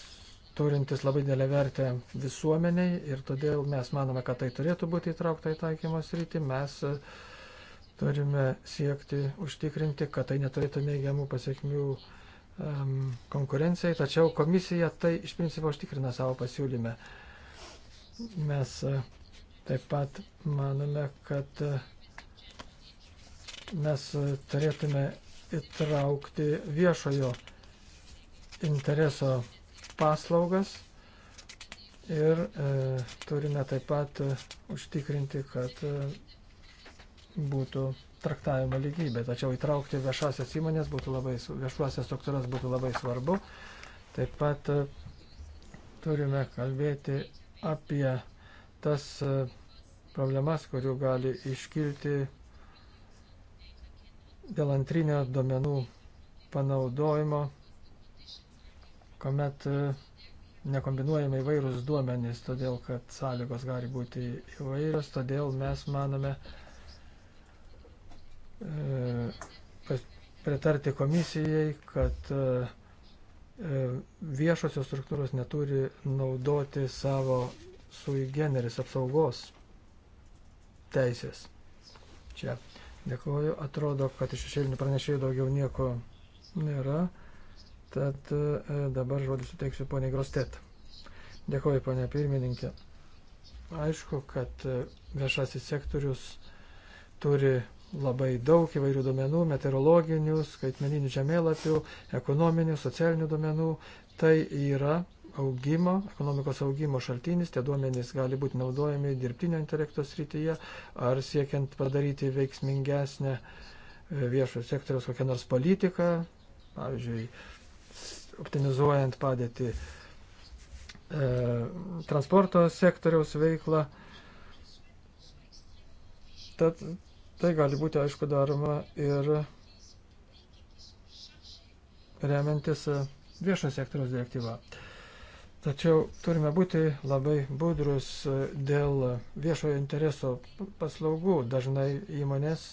turintis labai didelę vertę visuomeniai ir todėl mes manome, kad tai turėtų būti įtraukta į taikymo sritį. Mes e, turime siekti užtikrinti, kad tai neturėtų neigiamų pasiekmių um, konkurencijai, tačiau komisija tai iš principo užtikrina savo pasiūlyme. Mes e, taip pat manome, kad e, mes turėtume įtraukti viešojo uh, intereso paslaugas ir e, turime taip pat e, užtikrinti, kad e, būtų traktavimo lygybė. Tačiau įtraukti viešasias įmonės būtų labai, viešuosias struktūras būtų labai svarbu. Taip pat e, turime kalbėti apie tas e, problemas, kurių gali iškilti dėl antrinio domenų panaudojimo kuomet e, nekombinuojame įvairūs duomenys, todėl kad sąlygos gali būti įvairios, todėl mes manome e, pritarti komisijai, kad e, viešosios struktūros neturi naudoti savo sui generis apsaugos teisės. Čia dėkuoju, atrodo, kad iš šešėlinių pranešėjų daugiau nieko nėra. Tad e, dabar žodį suteiksiu poniai Grostet. Dėkuoju, ponia pirmininkė. Aišku, kad e, viešasis sektorius turi labai daug įvairių duomenų, meteorologinių, skaitmeninių žemėlapių, ekonominių, socialinių duomenų. Tai yra augimo, ekonomikos augimo šaltinis, tie duomenys gali būti naudojami dirbtinio intelekto srityje ar siekiant padaryti veiksmingesnę e, viešo sektoriaus kokią nors politiką, pavyzdžiui, optimizuojant padėtį e, transporto sektoriaus veiklą. Tad tai gali būti, aišku, daroma ir remiantis e, viešo sektoriaus direktyva. Tačiau turime būti labai budrus e, dėl viešojo intereso paslaugų. Dažnai įmonės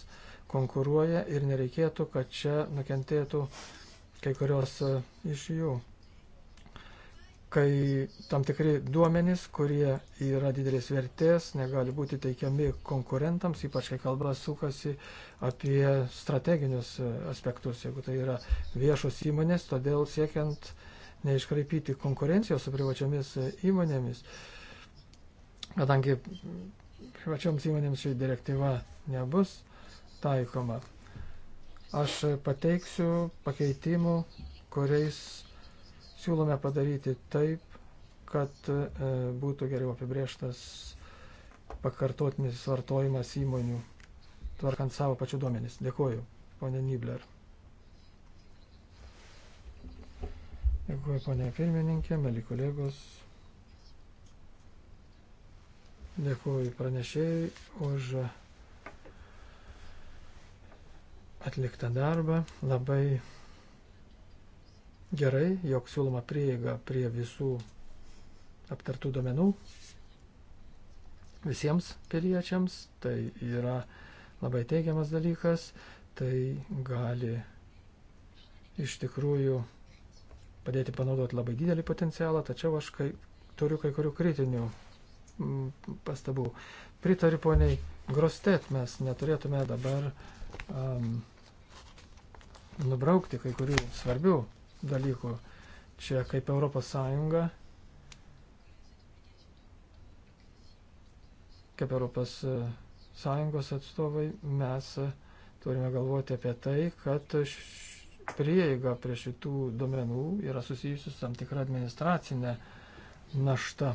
konkuruoja ir nereikėtų, kad čia nukentėtų kai kurios e, iš jų. Kai tam tikri duomenys, kurie yra didelės vertės, negali būti teikiami konkurentams, ypač kai kalba sukasi apie strateginius e, aspektus, jeigu tai yra viešos įmonės, todėl siekiant neiškraipyti konkurencijos su privačiomis e, įmonėmis, kadangi privačioms įmonėms ši direktyva nebus taikoma. Aš pateiksiu pakeitimų, kuriais siūlome padaryti taip, kad e, būtų geriau apibrieštas pakartotinis vartojimas įmonių, tvarkant savo pačių duomenis. Dėkuoju, ponė Nibler. Dėkuoju, ponė pirmininkė, meli kolegos. Dėkuoju pranešėjai už atliktą darbą. Labai gerai, jog siūloma prieiga prie visų aptartų domenų visiems piliečiams. Tai yra labai teigiamas dalykas. Tai gali iš tikrųjų padėti panaudoti labai didelį potencialą, tačiau aš kai, turiu kai kurių kritinių mm, pastabų. Pritariu poniai Grostet, mes neturėtume dabar um, nubraukti kai kurių svarbių dalykų. Čia kaip Europos Sąjunga, kaip Europos e, Sąjungos atstovai, mes e, turime galvoti apie tai, kad prieiga prie šitų domenų yra susijusi su tam tikra administracinė našta.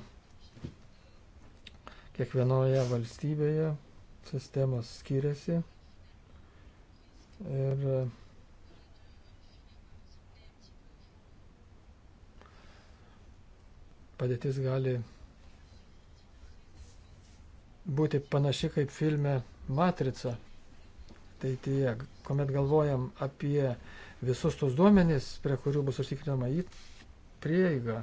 Kiekvienoje valstybėje sistemos skiriasi ir padėtis gali būti panaši kaip filme Matrica ateityje, tai kuomet galvojam apie visus tos duomenys, prie kurių bus užtikrinama į prieigą.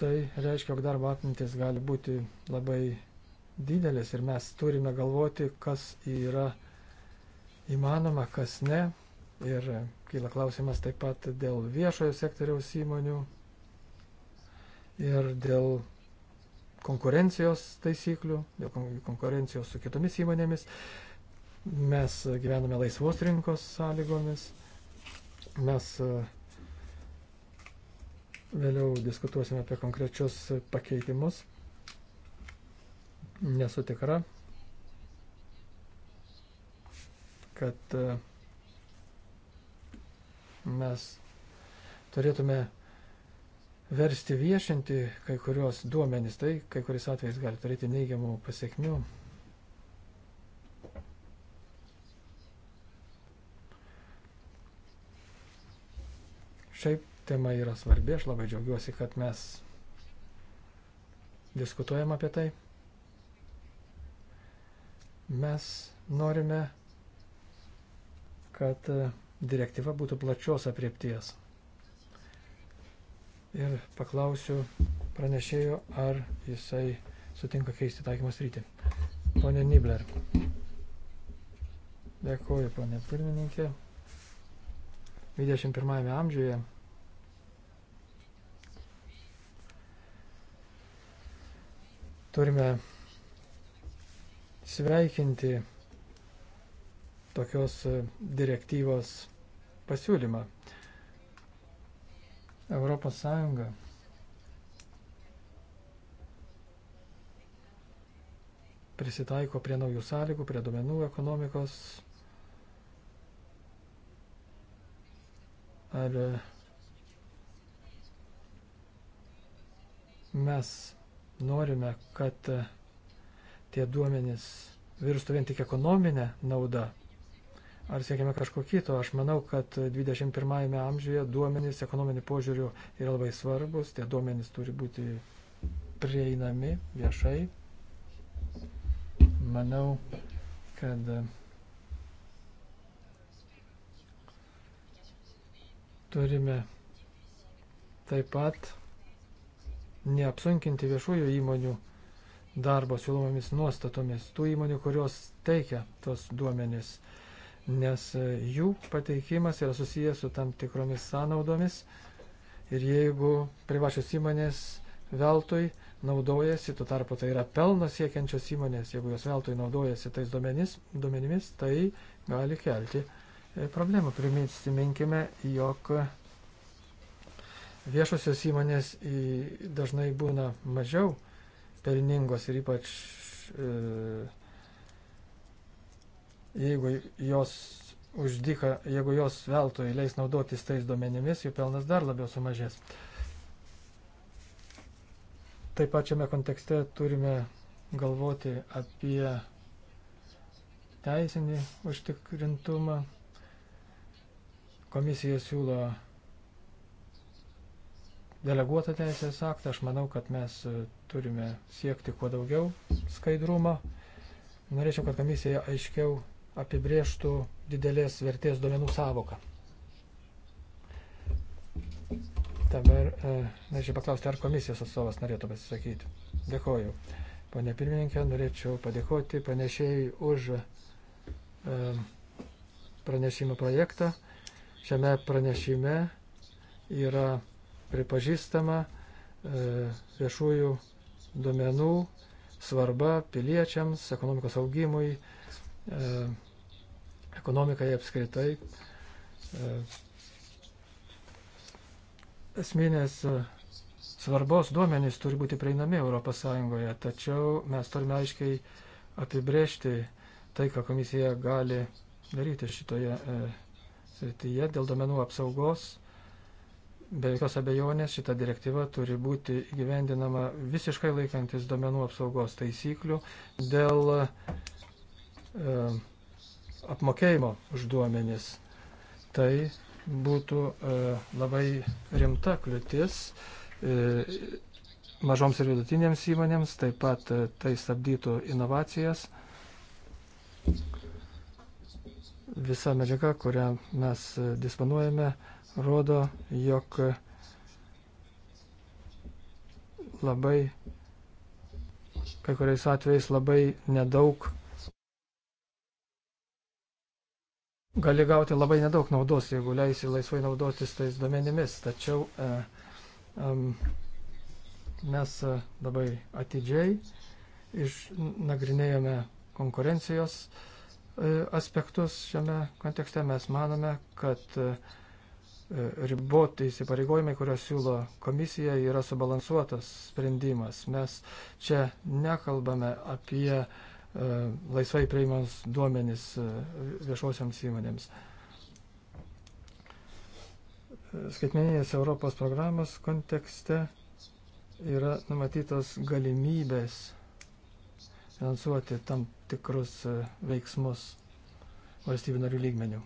Tai reiškia, jog darbo apimtis gali būti labai didelės ir mes turime galvoti, kas yra įmanoma, kas ne. Ir kyla klausimas taip pat dėl viešojo sektoriaus įmonių ir dėl konkurencijos taisyklių, dėl konkurencijos su kitomis įmonėmis. Mes gyvename laisvos rinkos sąlygomis. Mes e, vėliau diskutuosime apie konkrečius pakeitimus. Nesu tikra, kad uh, Mes turėtume versti viešinti kai kurios duomenys, tai kai kuris atvejais gali turėti neigiamų pasiekmių. Šiaip tema yra svarbi, aš labai džiaugiuosi, kad mes diskutuojam apie tai. Mes norime, kad direktyva būtų plačios apriepties. Ir paklausiu pranešėjo, ar jisai sutinka keisti taikymos rytį. Pone Nibler. Dėkuoju, ponė pirmininkė. 21 amžiuje turime sveikinti tokios e, direktyvos pasiūlymą. Europos Sąjunga prisitaiko prie naujų sąlygų, prie duomenų ekonomikos. Ar e, mes norime, kad e, tie duomenys virstų vien tik ekonominę naudą ar siekiame kažko kito. Aš manau, kad 21-ame amžiuje duomenys ekonominių požiūrių yra labai svarbus, tie duomenys turi būti prieinami viešai. Manau, kad turime taip pat neapsunkinti viešųjų įmonių darbo siūlomomis nuostatomis tų įmonių, kurios teikia tos duomenys. Uh, nes jų pateikimas yra susijęs su tam tikromis sąnaudomis ir jeigu privačios įmonės veltui naudojasi, tuo tarpu tai yra pelno siekiančios įmonės, jeigu jos veltui naudojasi tais duomenis, duomenimis, tai gali kelti e, problemų. Priminsime, jog viešosios įmonės į, dažnai būna mažiau pelningos ir ypač e, jeigu jos uždyka, jeigu jos veltui leis naudotis tais duomenimis, jų pelnas dar labiau sumažės. Taip pačiame kontekste turime galvoti apie teisinį užtikrintumą. Komisija siūlo deleguotą teisės aktą. Aš manau, kad mes turime siekti kuo daugiau skaidrumo. Norėčiau, kad komisija aiškiau apibrieštų didelės vertės duomenų savoką. Dabar e, norėčiau paklausti, ar komisijos atstovas norėtų pasisakyti. Dėkoju. Pane pirmininkė, norėčiau padėkoti panešėjai už e, pranešimo projektą. Šiame pranešime yra pripažįstama e, viešųjų duomenų svarba piliečiams, ekonomikos augimui, ekonomikai apskritai e, esminės e, svarbos duomenys turi būti prieinami ES, tačiau mes turime aiškiai apibrėžti tai, ką komisija gali daryti šitoje e, srityje dėl duomenų apsaugos. Be jokios abejonės šita direktyva turi būti gyvendinama visiškai laikantis duomenų apsaugos taisyklių dėl e, apmokėjimo už duomenis. Tai būtų e, labai rimta kliūtis e, mažoms ir vidutinėms įmonėms, taip pat e, tai stabdytų inovacijas. Visa medžiaga, kurią mes e, disponuojame, rodo, jog labai, kai kuriais atvejais labai nedaug gali gauti labai nedaug naudos, jeigu leisi laisvai naudotis tais duomenimis. Tačiau e, e, mes labai atidžiai išnagrinėjome konkurencijos e, aspektus šiame kontekste. Mes manome, kad e, riboti įsipareigojimai, kurios siūlo komisija, yra subalansuotas sprendimas. Mes čia nekalbame apie e, E, laisvai prieimamas duomenis e, viešosiams įmonėms. Skaitmeninės Europos programos kontekste yra numatytos galimybės finansuoti tam tikrus e, veiksmus valstybių narių lygmenių.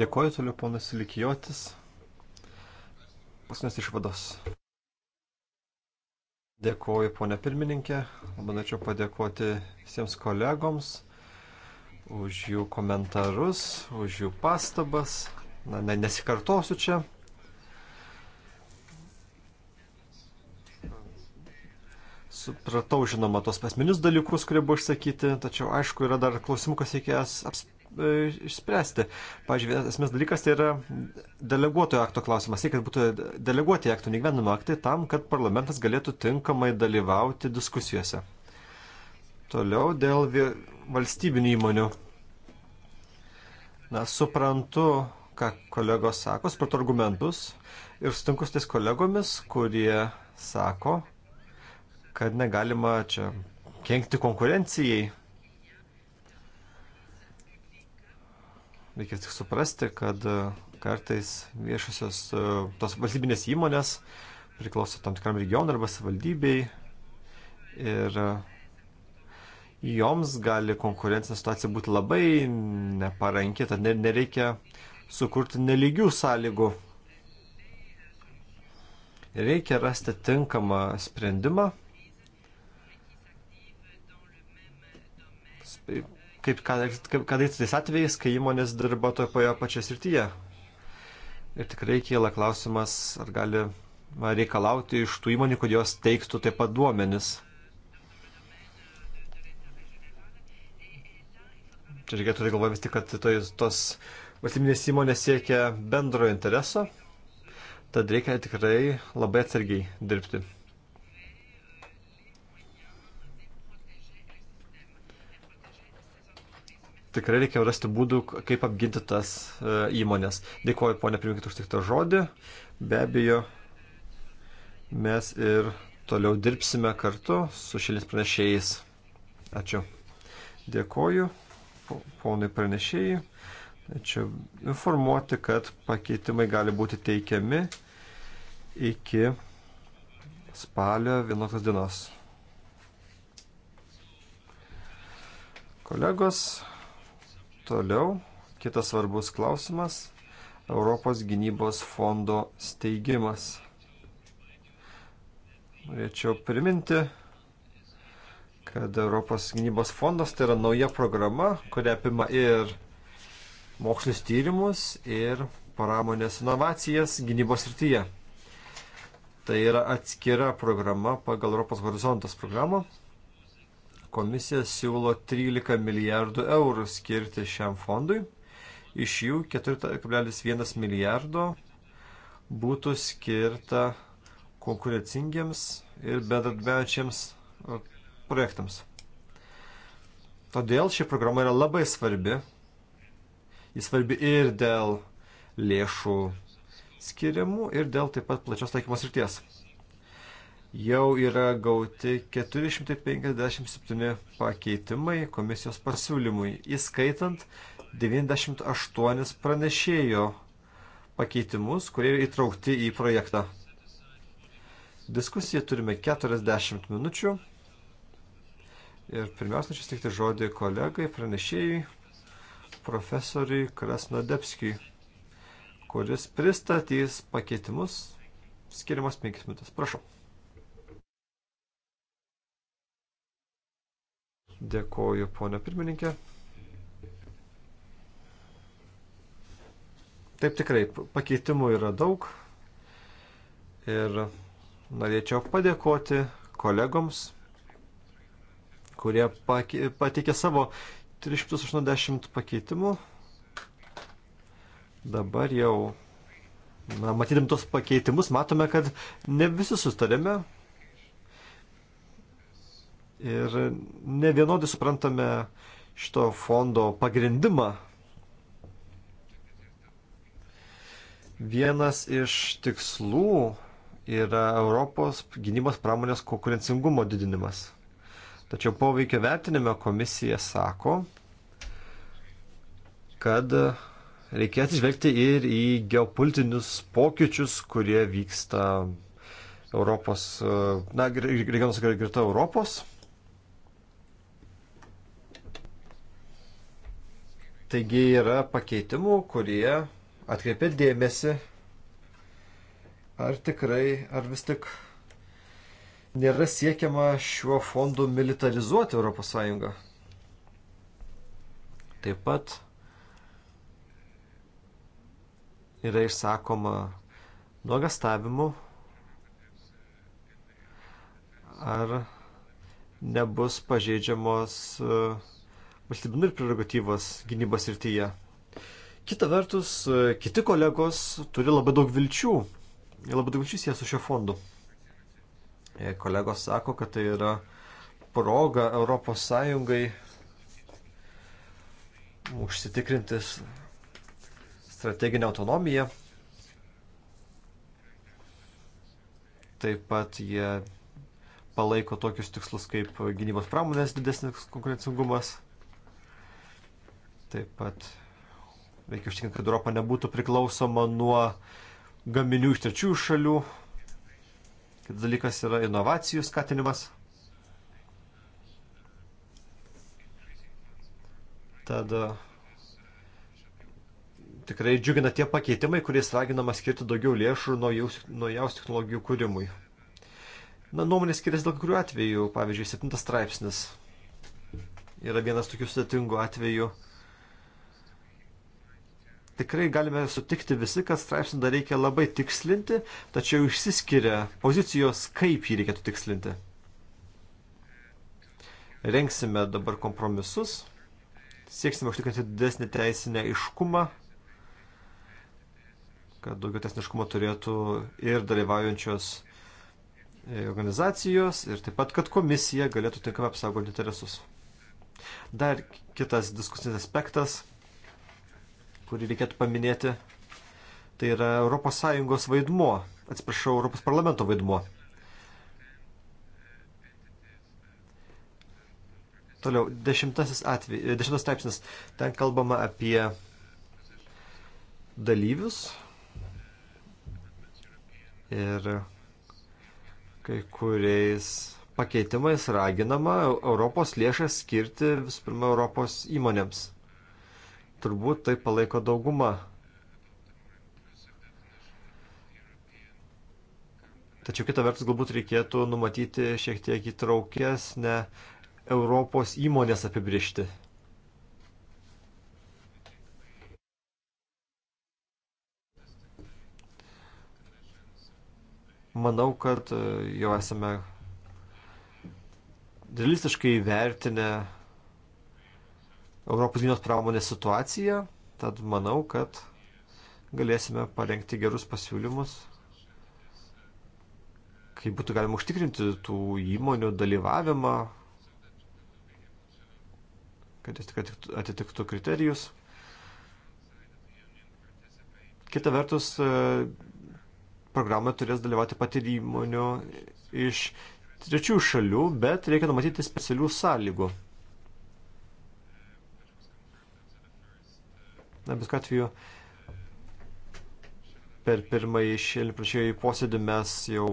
Dėkoju toliau ponas Likijotis. Paskutinės išvados. Dėkuoju, ponė pirmininkė. Norėčiau padėkoti visiems kolegoms už jų komentarus, už jų pastabas. Na, ne, nesikartosiu čia. Supratau, žinoma, tos asmeninius dalykus, kurie buvo išsakyti, tačiau aišku, yra dar klausimų, kas reikės apspręsti E, išspręsti. Pavyzdžiui, esmės dalykas tai yra deleguotojo akto klausimas. Tai, kad būtų deleguoti aktų, negyvenimo aktai tam, kad parlamentas galėtų tinkamai dalyvauti diskusijose. Toliau dėl valstybinių įmonių. Na, suprantu, ką kolegos sako, suprantu argumentus ir sutinku su tais kolegomis, kurie sako, kad negalima čia kenkti konkurencijai Reikia tik suprasti, kad e, kartais viešosios e, tos valstybinės įmonės priklauso tam tikram regionui arba savivaldybei ir e, joms gali konkurencinė situacija būti labai neparanki, tad nereikia sukurti neligių sąlygų. Reikia rasti tinkamą sprendimą kaip ką, kaip, ką daryti tais atvejais, kai įmonės dirba toje pačioje pačioje srityje. Ir tikrai kyla klausimas, ar gali reikalauti iš tų įmonių, kad jos teiktų taip pat duomenis. Čia reikėtų tai galvoti vis tik, kad to, tai, tos valstybinės įmonės siekia bendro intereso, tad reikia tikrai labai atsargiai dirbti. tikrai reikia rasti būdų, kaip apginti tas e, įmonės. Dėkuoju, ponė, priminkit už tik tą žodį. Be abejo, mes ir toliau dirbsime kartu su šilės pranešėjais. Ačiū. Dėkuoju, ponui pranešėjai. Ačiū informuoti, kad pakeitimai gali būti teikiami iki spalio 11 dienos. Kolegos, Toliau, kitas svarbus klausimas - Europos gynybos fondo steigimas. Norėčiau priminti, kad Europos gynybos fondas tai yra nauja programa, kuria apima ir mokslinis tyrimus, ir pramonės inovacijas gynybos rytyje. Tai yra atskira programa pagal Europos horizontas programą komisija siūlo 13 milijardų eurų skirti šiam fondui. Iš jų 4,1 milijardo būtų skirta konkurencingiems ir bendradarbiaujančiams projektams. Todėl ši programa yra labai svarbi. Jis svarbi ir dėl lėšų skiriamų, ir dėl taip pat plačios taikymos ryties jau yra gauti 457 pakeitimai komisijos pasiūlymui, įskaitant 98 pranešėjo pakeitimus, kurie įtraukti į projektą. Diskusiją turime 40 minučių. Ir pirmiausia, čia stikti žodį kolegai, pranešėjai, profesoriui Krasnodepskijui, kuris pristatys pakeitimus skiriamas 5 minutės. Prašau. Dėkoju, ponė pirmininkė. Taip tikrai, pakeitimų yra daug ir norėčiau padėkoti kolegoms, kurie pateikė savo 380 pakeitimų. Dabar jau, na, matydami tos pakeitimus, matome, kad ne visi sustarėme, ir ne vienodai suprantame šito fondo pagrindimą. Vienas iš tikslų yra Europos gynybos pramonės konkurencingumo didinimas. Tačiau poveikio vertinime komisija sako, kad reikia atsižvelgti ir į geopolitinius pokyčius, kurie vyksta Europos, na, regionuose greta Europos. Taigi yra pakeitimų, kurie atkreipia dėmesį, ar tikrai, ar vis tik nėra siekiama šiuo fondu militarizuoti ES. Taip pat yra išsakoma nuogastavimu, ar nebus pažeidžiamos uh, valstybių narių prerogatyvas gynybos rytyje. Kita vertus, kiti kolegos turi labai daug vilčių, labai daug vilčių sieja su šio fondu. Kolegos sako, kad tai yra proga Europos Sąjungai užsitikrinti strateginę autonomiją. Taip pat jie palaiko tokius tikslus kaip gynybos pramonės didesnis konkurencingumas. Taip pat reikia užtikrinti, kad Europa nebūtų priklausoma nuo gaminių iš trečiųjų šalių. Kitas dalykas yra inovacijų skatinimas. Tad e, tikrai džiugina tie pakeitimai, kuriais raginama skirti daugiau lėšų naujaus technologijų kūrimui. Na, nuomonės skiriasi dėl kurių atvejų. Pavyzdžiui, septintas straipsnis yra vienas tokių sudėtingų atvejų, tikrai galime sutikti visi, kad straipsnį dar reikia labai tikslinti, tačiau išsiskiria pozicijos, kaip jį reikėtų tikslinti. Renksime dabar kompromisus, sieksime užtikrinti didesnį teisinę iškumą, kad daugiau tesniškumo turėtų ir dalyvaujančios e, organizacijos, ir taip pat, kad komisija galėtų tinkamai apsaugoti interesus. Dar kitas diskusinis aspektas – kurį reikėtų paminėti, tai yra ES vaidmuo, atsiprašau, ES parlamento vaidmuo. Toliau, dešimtasis atvej, dešimtas straipsnis. Ten kalbama apie dalyvius ir kai kuriais pakeitimais raginama Europos lėšas skirti visų pirma Europos įmonėms. Turbūt tai palaiko dauguma. Tačiau kitą vertus galbūt reikėtų numatyti šiek tiek įtraukesnę Europos įmonės apibriežti. manau, kad e, jau esame realistiškai vertinę Europos gynybos pramonės situaciją, tad manau, kad galėsime parengti gerus pasiūlymus, kaip būtų galima užtikrinti tų įmonių dalyvavimą, kad jis tik atitiktų kriterijus. Kita vertus, e, programoje turės dalyvauti pat ir įmonių iš trečių šalių, bet reikia numatyti specialių sąlygų. Na, bet kokiu atveju per pirmąjį šėlį prašėjų posėdį mes jau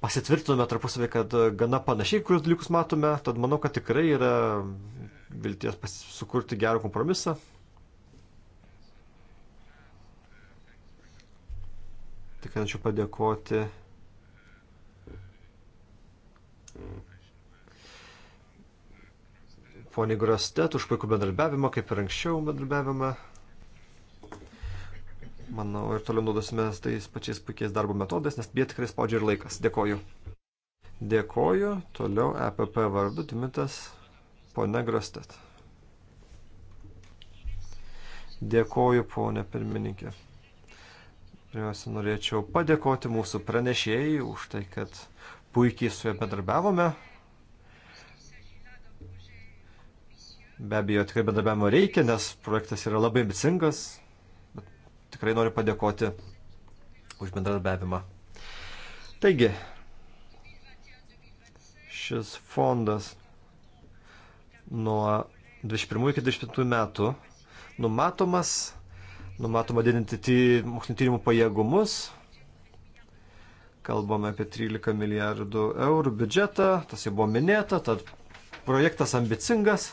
pasitvirtinome tarpusavį, kad gana panašiai kurios dalykus matome, tad manau, kad tikrai yra vilties sukurti gerą kompromisą. Tik norėčiau padėkoti poniai Grostet už puikų bendradarbiavimą, kaip ir anksčiau bendradarbiavimą manau, ir toliau naudosime tais pačiais puikiais darbo metodais, nes jie tikrai spaudžia ir laikas. Dėkoju. Dėkoju. Toliau EPP vardu Dimitas Pone Grostet. Dėkoju, ponė pirmininkė. Pirmiausia, norėčiau padėkoti mūsų pranešėjai už tai, kad puikiai su juo bedarbiavome. Be abejo, tikrai bedarbiavimo reikia, nes projektas yra labai ambicingas, tikrai noriu padėkoti už bendradarbiavimą. Taigi, šis fondas nuo 21 iki 27 metų numatomas, numatoma didinti ty, mokslinio tyrimų pajėgumus. Kalbame apie 13 milijardų eurų biudžetą, tas jau buvo minėta, tad projektas ambicingas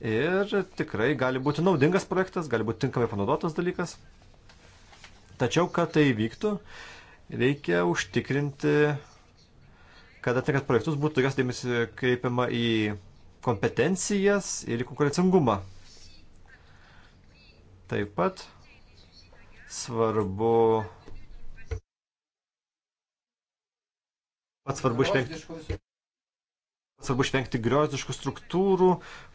ir tikrai gali būti naudingas projektas, gali būti tinkamai panaudotas dalykas. Tačiau, kad tai vyktų, reikia užtikrinti, kad atliekant projektus būtų tokias dėmesį kreipiama į kompetencijas ir į konkurencingumą. Taip pat svarbu. Pats svarbu išvengti. Svarbu išvengti griozdiškų struktūrų,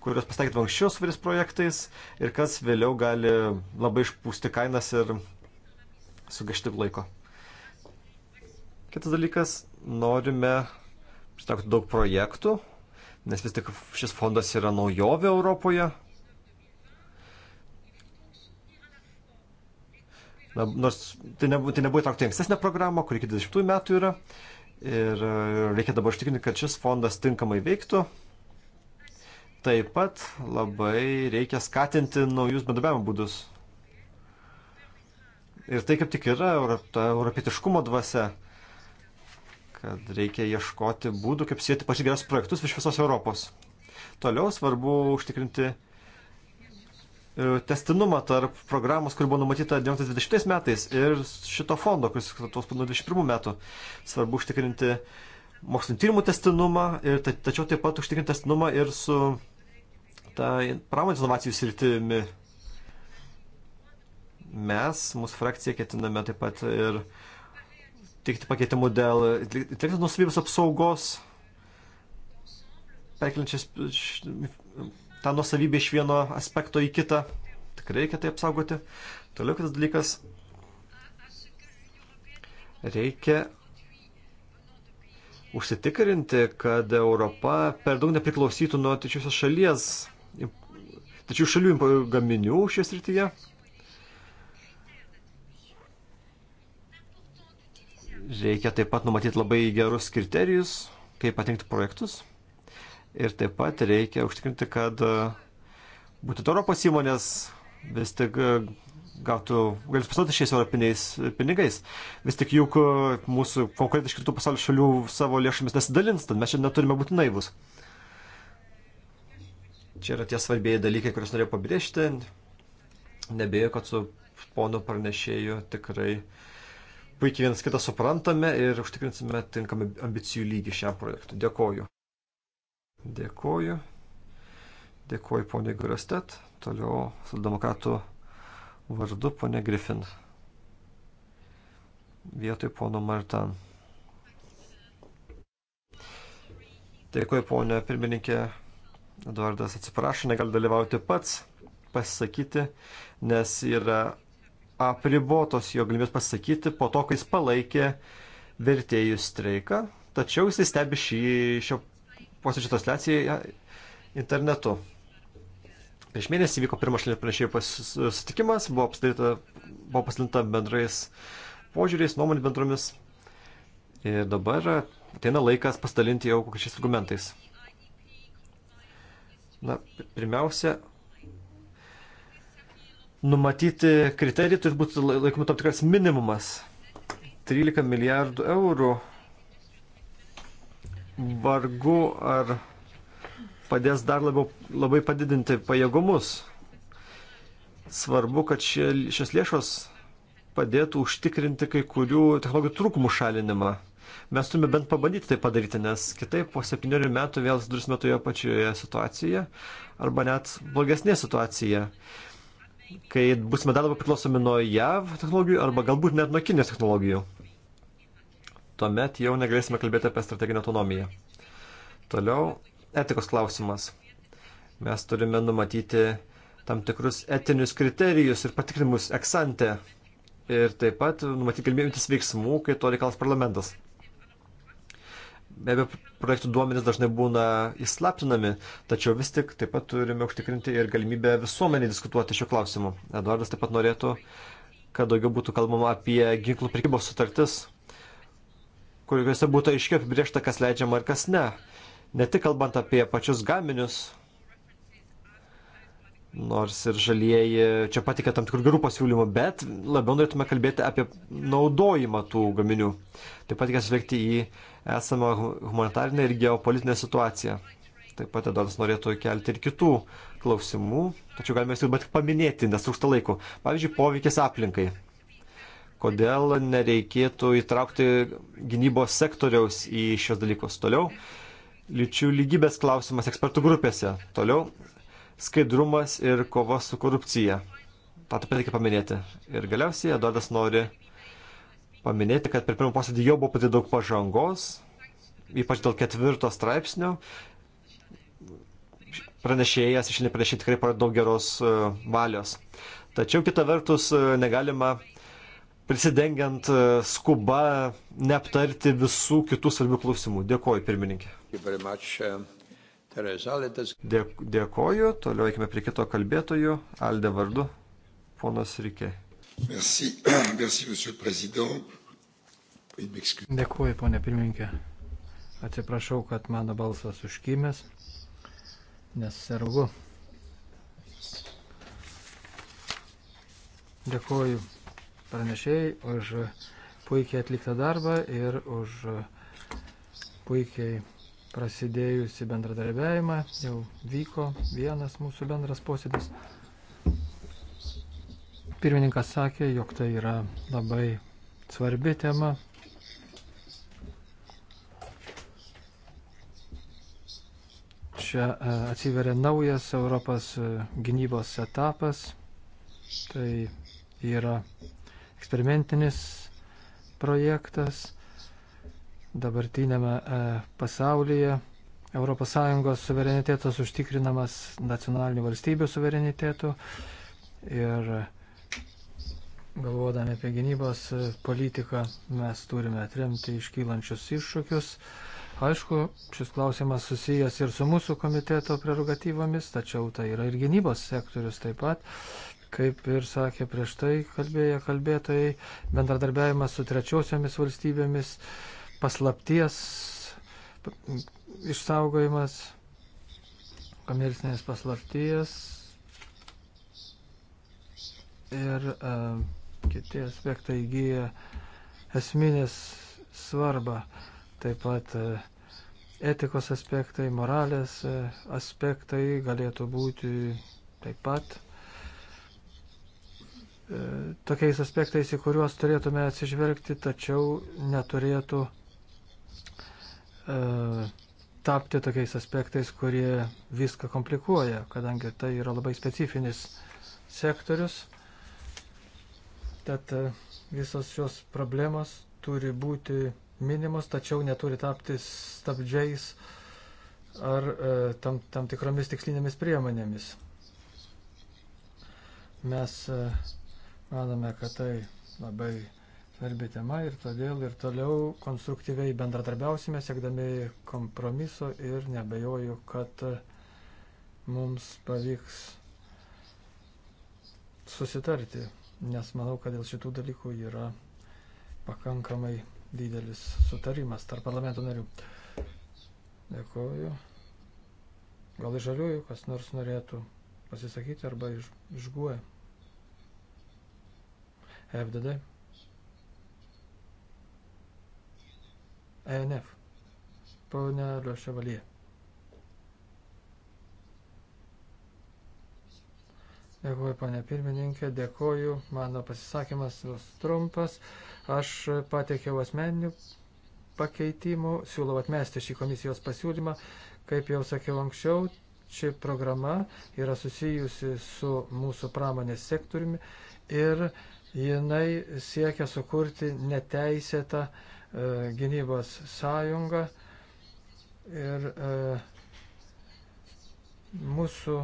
kurios pasitaikydavo anksčiau su vairiais projektais ir kas vėliau gali labai išpūsti kainas ir sugaišti laiko. Kitas dalykas, norime pritraukti daug projektų, nes vis tik šis fondas yra naujovė Europoje. Na, nors tai, nebu, tai nebuvo įtraukta į ankstesnę programą, kuri iki 20 metų yra. Uh, Ir e, reikia dabar užtikrinti, kad šis fondas tinkamai veiktų. Taip pat labai reikia skatinti naujus bendrabiavimo būdus. Ir tai kaip tik yra ta europietiškumo dvasia, kad reikia ieškoti būdų, kaip sieti pačius geriausius projektus iš visos Europos. Toliau svarbu užtikrinti E, testinumą tarp programos, kuri buvo numatyta 1920 metais ir šito fondo, kuris tos nuo 21 metų. Svarbu užtikrinti mokslinio tyrimų testinumą, ir, tačiau taip pat užtikrinti testinumą ir su pramonės inovacijų sritimi. Mes, mūsų frakcija, ketiname taip pat ir teikti pakeitimų dėl intelektinės nusavybės apsaugos, perkeliančias tą nusavybę iš vieno aspekto į kitą. Tikrai reikia tai apsaugoti. Toliau kitas dalykas. Reikia užsitikrinti, kad Europa per daug nepriklausytų nuo trečiosios šalies, trečių šalių gaminių šioje srityje. Reikia taip pat numatyti labai gerus kriterijus, kaip pateikti projektus. Ir taip pat reikia užtikrinti, kad e, būtent Europos įmonės vis tik e, gautų, galės pasinaudoti šiais europiniais pinigais. Vis tik juk e, mūsų konkurentai iš kitų pasaulio šalių savo lėšomis nesidalins, tad mes čia neturime būti naivus. Čia yra tie svarbėjai dalykai, kuriuos norėjau pabrėžti. Nebėjau, kad su ponu pranešėju tikrai puikiai vienas kitą suprantame ir užtikrinsime tinkamą ambicijų lygį šiam projektui. Dėkoju. Dėkuoju. Dėkuoju poniai Grastet. Toliau su demokratų vardu ponė Griffin. Vietoj pono Martan. Dėkuoju ponė pirmininkė. Eduardas atsiprašo, negali dalyvauti pats, pasisakyti, nes yra apribotos jo galimybės pasakyti po to, kai jis palaikė vertėjų streiką, tačiau jis stebi šį šio posėdžio transliaciją internetu. Prieš mėnesį vyko pirmas šalių pranešėjų susitikimas, buvo, buvo pasidalinta bendrais požiūriais, nuomonė bendromis. Ir dabar ateina laikas pasidalinti jau kokiais argumentais. Na, pirmiausia, numatyti kriterijai turi būti laikomi tam tikras minimumas. 13 milijardų eurų vargu ar padės dar labiau labai padidinti pajėgumus. Svarbu, kad šie, šios lėšos padėtų užtikrinti kai kurių technologijų trūkumų šalinimą. Mes turime bent pabandyti tai padaryti, nes kitaip po 17 metų vėl sudursime toje pačioje situacijoje arba net blogesnėje situacijoje, kai busime dar labiau priklausomi nuo JAV technologijų arba galbūt net nuo Kinijos technologijų tuomet jau negalėsime kalbėti apie strateginę autonomiją. Toliau etikos klausimas. Mes turime numatyti tam tikrus etinius kriterijus ir patikrimus eksante ir taip pat numatyti galimybės veiksmų, kai to reikalas parlamentas. Be abejo, projektų duomenys dažnai būna įslaptinami, tačiau vis tik taip pat turime užtikrinti ir galimybę visuomenį diskutuoti šiuo klausimu. Eduardas taip pat norėtų, kad daugiau būtų kalbama apie ginklų prekybos sutartis kuriuose būtų aiškiau apibriešta, kas leidžiama ir kas ne. Ne tik kalbant apie pačius gaminius, nors ir žalieji čia patikė tam tikrų gerų pasiūlymų, bet labiau norėtume kalbėti apie naudojimą tų gaminių. Taip pat reikia žvelgti į esamą humanitarinę ir geopolitinę situaciją. Taip pat Edonas norėtų kelti ir kitų klausimų, tačiau galime juos jau bet paminėti, nes trūksta laiko. Pavyzdžiui, poveikis aplinkai kodėl nereikėtų įtraukti gynybos sektoriaus į šios dalykus. Toliau, lyčių lygybės klausimas ekspertų grupėse. Toliau, skaidrumas ir kova su korupcija. Ta taip pat reikia paminėti. Ir galiausiai Eduardas nori paminėti, kad per pirmą posėdį jau buvo pati daug pažangos, ypač dėl ketvirto straipsnio. Pranešėjas, išinė pranešėjai tikrai parodė daug geros e, valios. Tačiau kita vertus e, negalima prisidengiant e, skuba neaptarti visų kitų svarbių klausimų. Dėkoju, pirmininkė. Uh, dėkoju, toliau eikime prie kito kalbėtojų. Alde vardu, ponas Rikė. *coughs* Dėkoju, ponė pirmininkė. Atsiprašau, kad mano balsas užkymės, nes sergu. Dėkoju pranešėjai už puikiai atliktą darbą ir už puikiai prasidėjusi bendradarbiavimą. Jau vyko vienas mūsų bendras posėdis. Pirmininkas sakė, jog tai yra labai svarbi tema. Čia e, atsiveria naujas Europos e, gynybos etapas. Tai yra eksperimentinis projektas dabartinėme e, pasaulyje. ES suverenitetas užtikrinamas nacionalinių valstybių suverenitetu ir galvodami apie gynybos e, politiką mes turime atremti iškylančius iššūkius. Aišku, šis klausimas susijęs ir su mūsų komiteto prerogatyvomis, tačiau tai yra ir gynybos sektorius taip pat. Kaip ir sakė prieš tai kalbėję kalbėtojai, bendradarbiavimas su trečiosiomis valstybėmis, paslapties išsaugojimas, komercinės paslapties ir e, kiti aspektai įgyja esminės svarbą. Taip pat e, etikos aspektai, moralės e, aspektai galėtų būti taip pat E, tokiais aspektais, į kuriuos turėtume atsižvelgti, tačiau neturėtų e, tapti tokiais aspektais, kurie viską komplikuoja, kadangi tai yra labai specifinis sektorius. Tad e, visos šios problemos turi būti minimos, tačiau neturi tapti stabdžiais ar e, tam, tam tikromis tikslinėmis priemonėmis. Mes e, Manome, kad tai labai svarbi tema ir todėl ir toliau konstruktyviai bendradarbiausime, siekdami kompromiso ir nebejoju, kad mums pavyks susitarti, nes manau, kad dėl šitų dalykų yra pakankamai didelis sutarimas tarp parlamento narių. Dėkuoju. Gal iš žaliųjų kas nors norėtų pasisakyti arba iš, išguoja. FDD, ENF, ponia Liuševalyje. Dėkuoju, panė pirmininkė, dėkuoju, mano pasisakymas bus trumpas. Aš pateikiau asmeninių pakeitimų, siūlau atmesti šį komisijos pasiūlymą. Kaip jau sakiau anksčiau, ši programa yra susijusi su mūsų pramonės sektoriumi ir jinai siekia sukurti neteisėtą e, gynybos sąjungą ir e, mūsų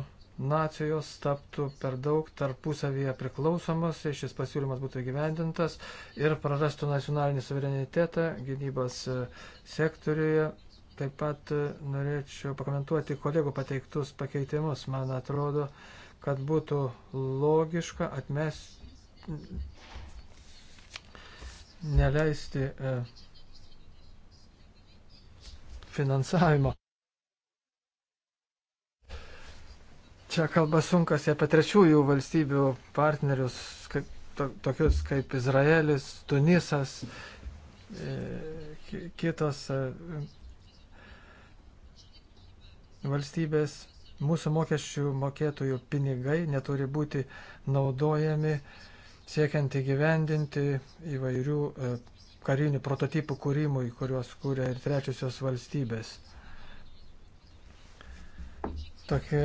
nacijos taptų per daug tarpusavyje priklausomos, jei šis pasiūlymas būtų įgyvendintas ir prarastų nacionalinį suverenitetą gynybos e, sektoriuje. Taip pat norėčiau pakomentuoti kolegų pateiktus pakeitimus. Man atrodo, kad būtų logiška atmesti neleisti e, finansavimo. Čia kalba sunkasi apie trečiųjų valstybių partnerius, kaip, to, tokius kaip Izraelis, Tunisas, e, kitos e, valstybės. Mūsų mokesčių mokėtojų pinigai neturi būti naudojami uh, siekiant įgyvendinti įvairių e, karinių prototipų kūrimui, kuriuos kūrė ir trečiosios valstybės. Tokie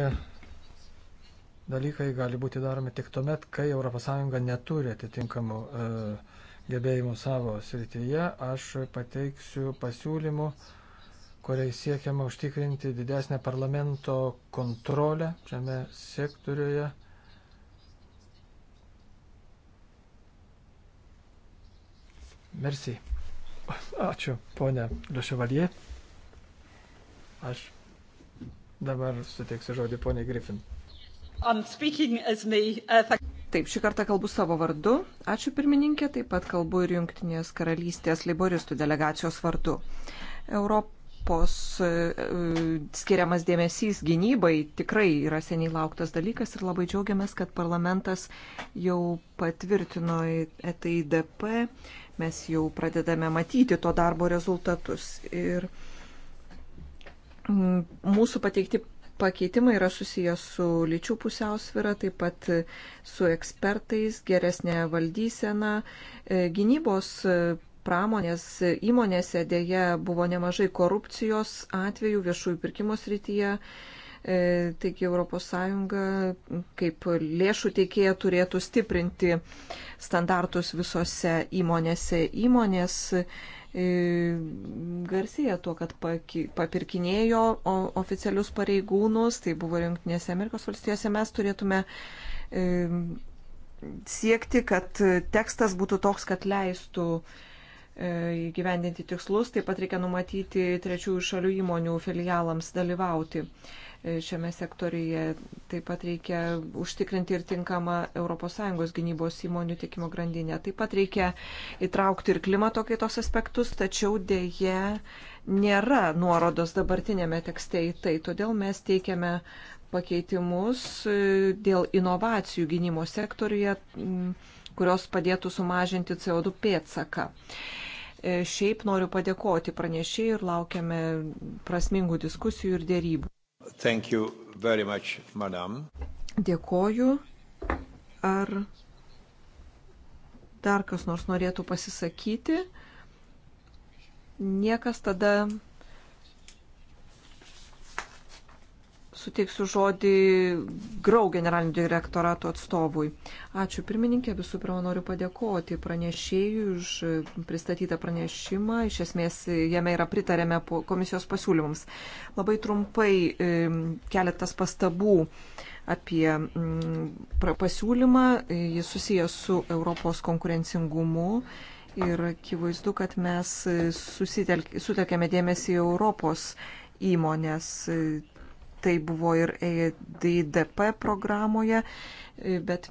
dalykai gali būti daromi tik tuomet, kai ES neturi atitinkamų e, gebėjimų savo srityje. Aš pateiksiu pasiūlymų, kuriais siekiama užtikrinti didesnę parlamento kontrolę šiame sektoriuje Mersi. Ačiū, ponė Liuševalie. Aš dabar suteiksiu žodį ponė Griffin. Uh, taip, šį kartą kalbu savo vardu. Ačiū pirmininkė, taip pat kalbu ir Junktinės karalystės leiboristų delegacijos vardu. Europos Europos e, e, skiriamas dėmesys gynybai tikrai yra seniai lauktas dalykas ir labai džiaugiamės, kad parlamentas jau patvirtino ETIDP, mes jau pradedame matyti to darbo rezultatus. Ir mūsų pateikti pakeitimai yra susijęs su lyčių pusiausvira, taip pat su ekspertais, geresnė valdysena, e, gynybos pramonės įmonėse dėje buvo nemažai korupcijos atvejų viešųjų pirkimų srityje. E, taigi ES kaip lėšų teikėja turėtų stiprinti standartus visose įmonėse. Įmonės e, garsėja tuo, kad papirkinėjo oficialius pareigūnus, tai buvo Junktinėse Amerikos valstijose, mes turėtume e, siekti, kad tekstas būtų toks, kad leistų E, įgyvendinti tikslus, taip pat reikia numatyti trečiųjų šalių įmonių filialams dalyvauti e, šiame sektoriuje. Taip pat reikia užtikrinti ir tinkamą ES gynybos įmonių tiekimo grandinę. Taip pat reikia įtraukti ir klimato kaitos aspektus, tačiau dėje nėra nuorodos dabartinėme tekste į tai. Todėl mes teikiame pakeitimus e, dėl inovacijų gynimo sektoriuje kurios padėtų sumažinti CO2 pėtsaką. E, šiaip noriu padėkoti pranešėjai ir laukiame prasmingų diskusijų ir dėrybų. Much, madam. Dėkoju. Ar dar kas nors norėtų pasisakyti? Niekas tada suteiksiu žodį Grau generalinio direktorato atstovui. Ačiū pirmininkė, visų pirma noriu padėkoti pranešėjui už pristatytą pranešimą. Iš esmės jame yra pritarėme komisijos pasiūlymams. Labai trumpai e, keletas pastabų apie mm, pasiūlymą. Jis susijęs su Europos konkurencingumu. Ir akivaizdu, kad mes sutelkėme dėmesį į Europos įmonės tai buvo ir EDP programoje, bet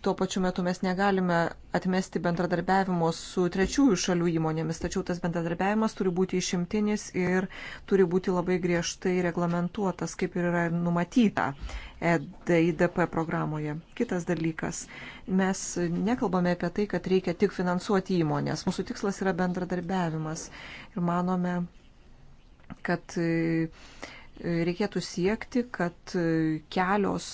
tuo pačiu metu mes negalime atmesti bendradarbiavimo su trečiųjų šalių įmonėmis, tačiau tas bendradarbiavimas turi būti išimtinis ir turi būti labai griežtai reglamentuotas, kaip ir yra numatyta EDP programoje. Kitas dalykas, mes nekalbame apie tai, kad reikia tik finansuoti įmonės. Mūsų tikslas yra bendradarbiavimas ir manome, kad reikėtų siekti, kad kelios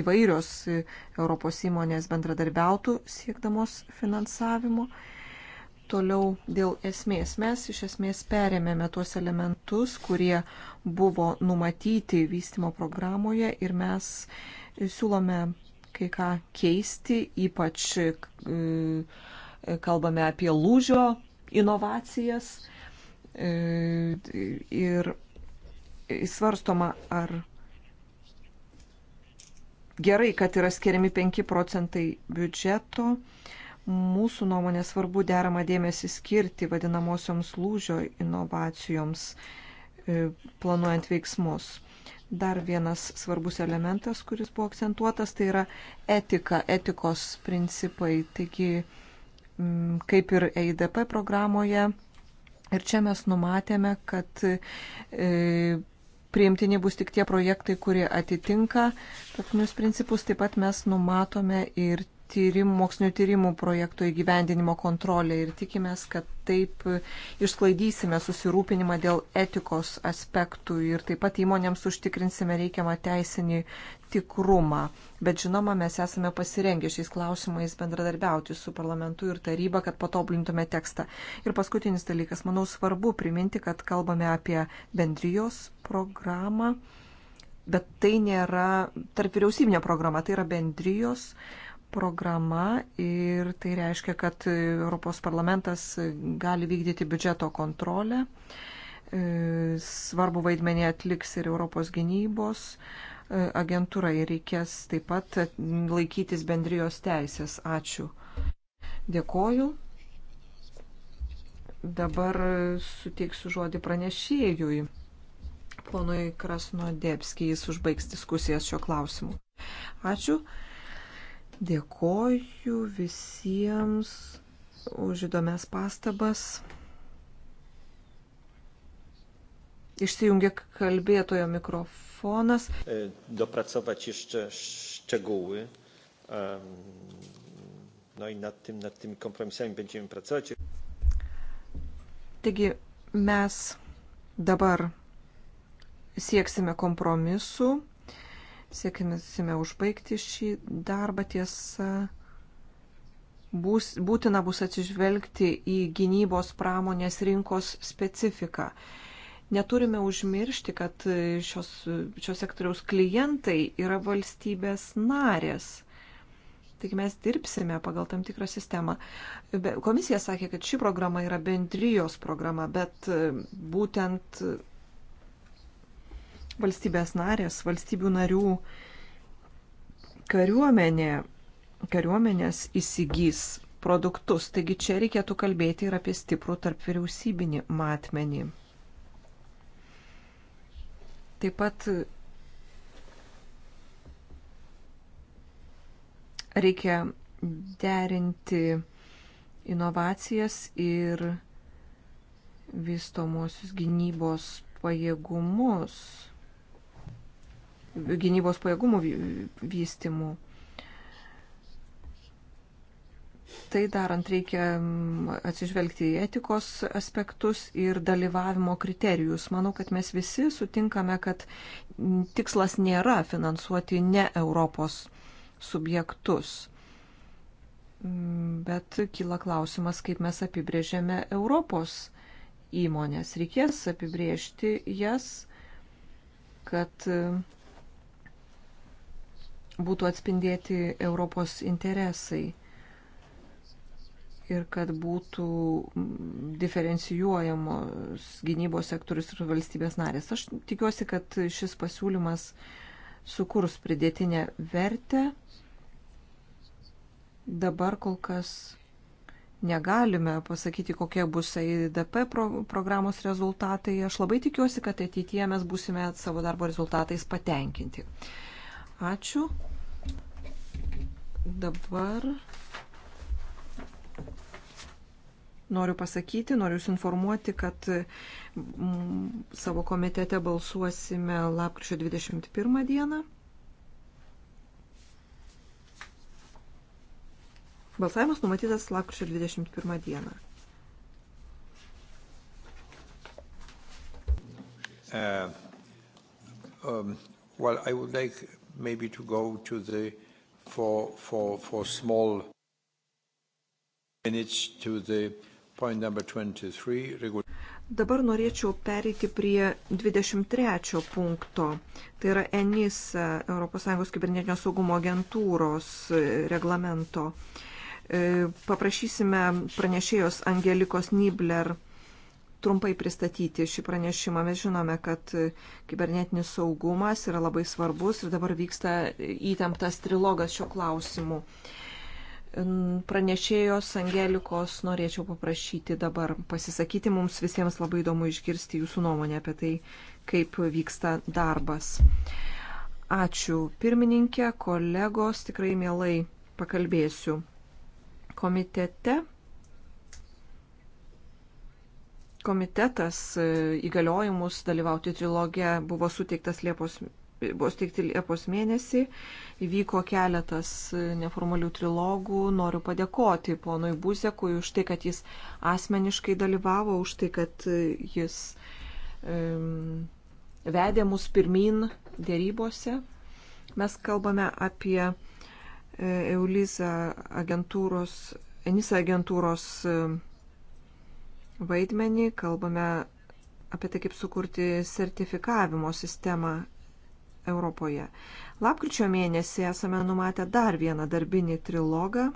įvairios Europos įmonės bendradarbiautų siekdamos finansavimo. Toliau dėl esmės. Mes iš esmės perėmėme tuos elementus, kurie buvo numatyti vystimo programoje ir mes siūlome kai ką keisti, ypač e, kalbame apie lūžio inovacijas e, ir svarstoma, ar gerai, kad yra skiriami 5 procentai biudžeto. Mūsų nuomonė svarbu deramą dėmesį skirti vadinamosioms lūžio inovacijoms e, planuojant veiksmus. Dar vienas svarbus elementas, kuris buvo akcentuotas, tai yra etika, etikos principai. Taigi, kaip ir EIDP programoje, ir čia mes numatėme, kad e, priimtini bus tik tie projektai, kurie atitinka tokius principus. Taip pat mes numatome ir tyrimų, mokslinio tyrimų projektų įgyvendinimo kontrolę ir tikimės, kad taip išsklaidysime susirūpinimą dėl etikos aspektų ir taip pat įmonėms užtikrinsime reikiamą teisinį tikrumą. Bet žinoma, mes esame pasirengę šiais klausimais bendradarbiauti su parlamentu ir taryba, kad patoblintume tekstą. Ir paskutinis dalykas, manau, svarbu priminti, kad kalbame apie bendrijos programą. Bet tai nėra tarp vyriausybinė programa, tai yra bendrijos uh, programa ir tai reiškia, kad Europos parlamentas gali vykdyti biudžeto kontrolę. E, Svarbu vaidmenį atliks ir Europos gynybos e, agentūra ir reikės taip pat laikytis bendrijos teisės. Ačiū. Dėkoju. Dabar suteiksiu žodį pranešėjui. Ponui Krasnodėpskijai jis užbaigs diskusijas šiuo klausimu. Ačiū. Dėkoju visiems už įdomias pastabas. Išsijungia kalbėtojo mikrofonas. E, dopracować jeszcze szczegóły. No i nad, tym, nad tymi kompromisami będziemy pracować. Taigi mes dabar sieksime kompromisų Siekime užbaigti šį darbą tiesą bus, būtina bus atsižvelgti į gynybos pramonės rinkos specifiką. Neturime užmiršti, kad šios, šios sektoriaus klientai yra valstybės narės. Taigi mes dirbsime pagal tam tikrą sistemą. Komisija sakė, kad ši programa yra bendrijos programa, bet būtent valstybės narės, valstybių narių kariuomenė, kariuomenės įsigys produktus. Taigi čia reikėtų kalbėti ir apie stiprų tarp vyriausybinį matmenį. Taip pat reikia derinti inovacijas ir vystomosius gynybos pajėgumus gynybos pajėgumų vystimu. Tai darant reikia mm, atsižvelgti į etikos aspektus ir dalyvavimo kriterijus. Manau, kad mes visi sutinkame, kad tikslas nėra finansuoti ne Europos subjektus. Mm, bet kyla klausimas, kaip mes apibrėžiame Europos įmonės. Reikės apibrėžti jas, kad būtų atspindėti Europos interesai ir kad būtų diferencijuojamos gynybos sektorius ir valstybės narės. Aš tikiuosi, kad šis pasiūlymas sukurs pridėtinę vertę. Dabar kol kas negalime pasakyti, kokie bus AIDP pro programos rezultatai. Aš labai tikiuosi, kad ateityje mes būsime savo darbo rezultatais patenkinti. Ačiū. Dabar noriu pasakyti, noriu Jūs informuoti, kad mm, savo komitete balsuosime lapkričio 21 dieną. Balsavimas numatytas lapkričio 21 dieną. Uh, um, well, I would like maybe to go to the for for for small minutes to the point number 23 Dabar norėčiau pereiti prie 23 punkto. Tai yra ENIS ES kibernetinio saugumo agentūros e, reglamento. E, paprašysime pranešėjos Angelikos Nibler trumpai pristatyti šį pranešimą. Mes žinome, kad kibernetinis saugumas yra labai svarbus ir dabar vyksta įtemptas trilogas šio klausimu. Pranešėjos Angelikos norėčiau paprašyti dabar pasisakyti. Mums visiems labai įdomu išgirsti jūsų nuomonę apie tai, kaip vyksta darbas. Ačiū pirmininkė, kolegos, tikrai mielai pakalbėsiu komitete komitetas e, įgaliojimus dalyvauti trilogė buvo suteiktas Liepos, buvo suteikti Liepos mėnesį. Įvyko keletas e, neformalių trilogų. Noriu padėkoti ponui Buzekui už tai, kad jis asmeniškai dalyvavo, už tai, kad e, jis um, vedė mus pirmin dėrybose. Mes kalbame apie Eulisa agentūros, Enisa agentūros um, vaidmenį, kalbame apie tai, kaip sukurti sertifikavimo sistemą Europoje. Lapkričio mėnesį esame numatę dar vieną darbinį trilogą.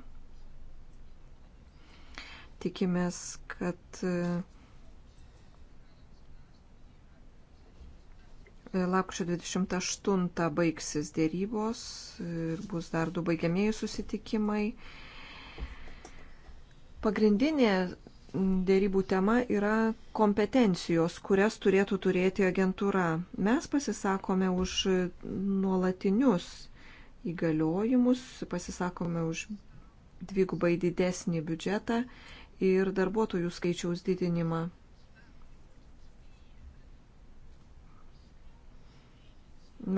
Tikimės, kad e, Lapkričio 28 baigsis dėrybos ir bus dar du baigiamieji susitikimai. Pagrindinė dėrybų tema yra kompetencijos, kurias turėtų turėti agentūra. Mes pasisakome už nuolatinius įgaliojimus, pasisakome už dvigubai didesnį biudžetą ir darbuotojų skaičiaus didinimą.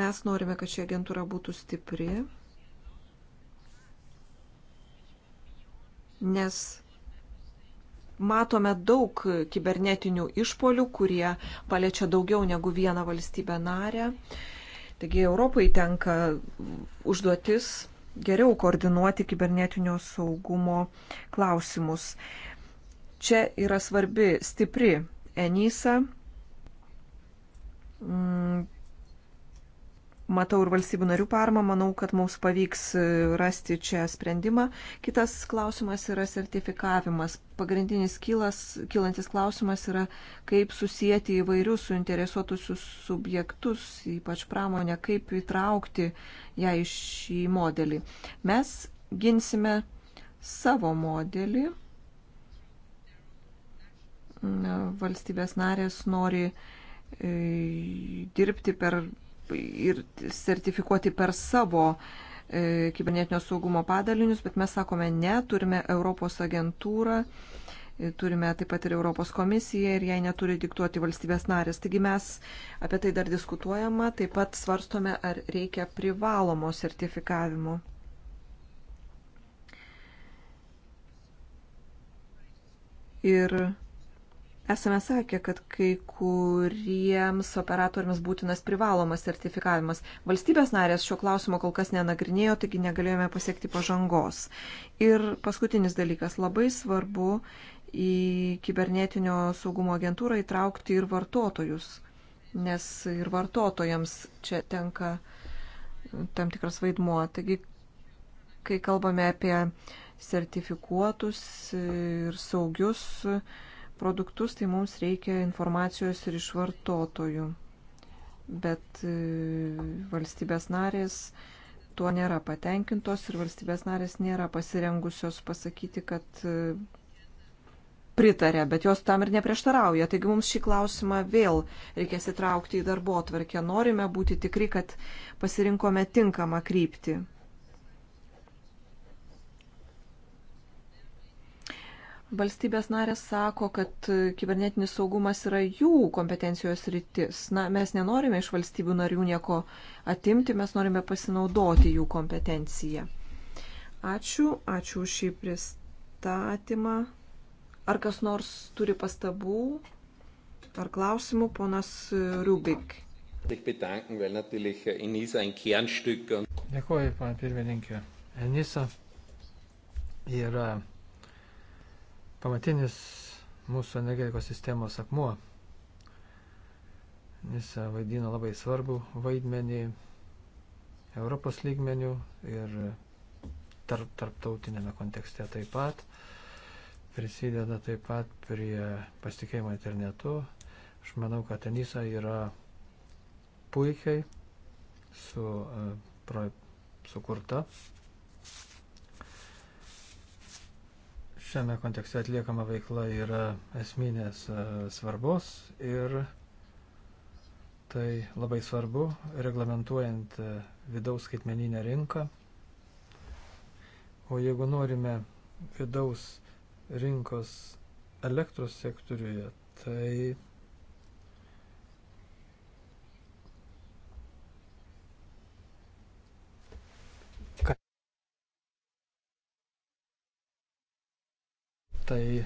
Mes norime, kad ši agentūra būtų stipri, nes matome daug kibernetinių išpolių, kurie paliečia daugiau negu vieną valstybę narę. Taigi Europai tenka užduotis geriau koordinuoti kibernetinio saugumo klausimus. Čia yra svarbi stipri Enisa mm, matau ir valstybių narių parmą, manau, kad mums pavyks e, rasti čia sprendimą. Kitas klausimas yra sertifikavimas. Pagrindinis kylas, kylantis klausimas yra, kaip susijęti įvairius suinteresuotusius subjektus, ypač pramonę, kaip įtraukti ją į šį modelį. Mes ginsime savo modelį. Valstybės narės nori e, dirbti per ir sertifikuoti per savo e, kibernetinio saugumo padalinius, bet mes sakome ne, turime Europos agentūrą, e, turime taip pat ir Europos komisiją ir jai neturi diktuoti valstybės narės. Taigi mes apie tai dar diskutuojama, taip pat svarstome, ar reikia privalomo sertifikavimo. Ir Esame sakę, kad kai kuriems operatoriams būtinas privalomas sertifikavimas. Valstybės narės šio klausimo kol kas nenagrinėjo, taigi negalėjome pasiekti pažangos. Ir paskutinis dalykas - labai svarbu į kibernetinio saugumo agentūrą įtraukti ir vartotojus, nes ir vartotojams čia tenka tam tikras vaidmuo. Taigi, kai kalbame apie sertifikuotus ir saugius, produktus, tai mums reikia informacijos ir iš vartotojų. Bet e, valstybės narės tuo nėra patenkintos ir valstybės narės nėra pasirengusios pasakyti, kad e, pritarė, bet jos tam ir neprieštarauja. Taigi mums šį klausimą vėl reikės įtraukti į darbo atvarkę. Norime būti tikri, kad pasirinkome tinkamą kryptį. Valstybės narės sako, kad kibernetinis saugumas yra jų kompetencijos rytis. Na, mes nenorime iš valstybių narių nieko atimti, mes norime pasinaudoti jų kompetenciją. Ačiū, ačiū už šį pristatymą. Ar kas nors turi pastabų ar klausimų, ponas Rubik? Äh, Dėkuoju, pana pirmininkė. Enisa yra pamatinis mūsų energetikos sistemos akmuo. Jis vaidina labai svarbu vaidmenį Europos lygmenių ir tarp, tarptautinėme kontekste taip pat. Prisideda taip pat prie pasitikėjimo internetu. Aš manau, kad Tenisa yra puikiai su, e, pro, sukurta šiame kontekste atliekama veikla yra esminės e, svarbos ir tai labai svarbu reglamentuojant e, vidaus skaitmeninę rinką. O jeigu norime vidaus rinkos elektros sektoriuje, tai tai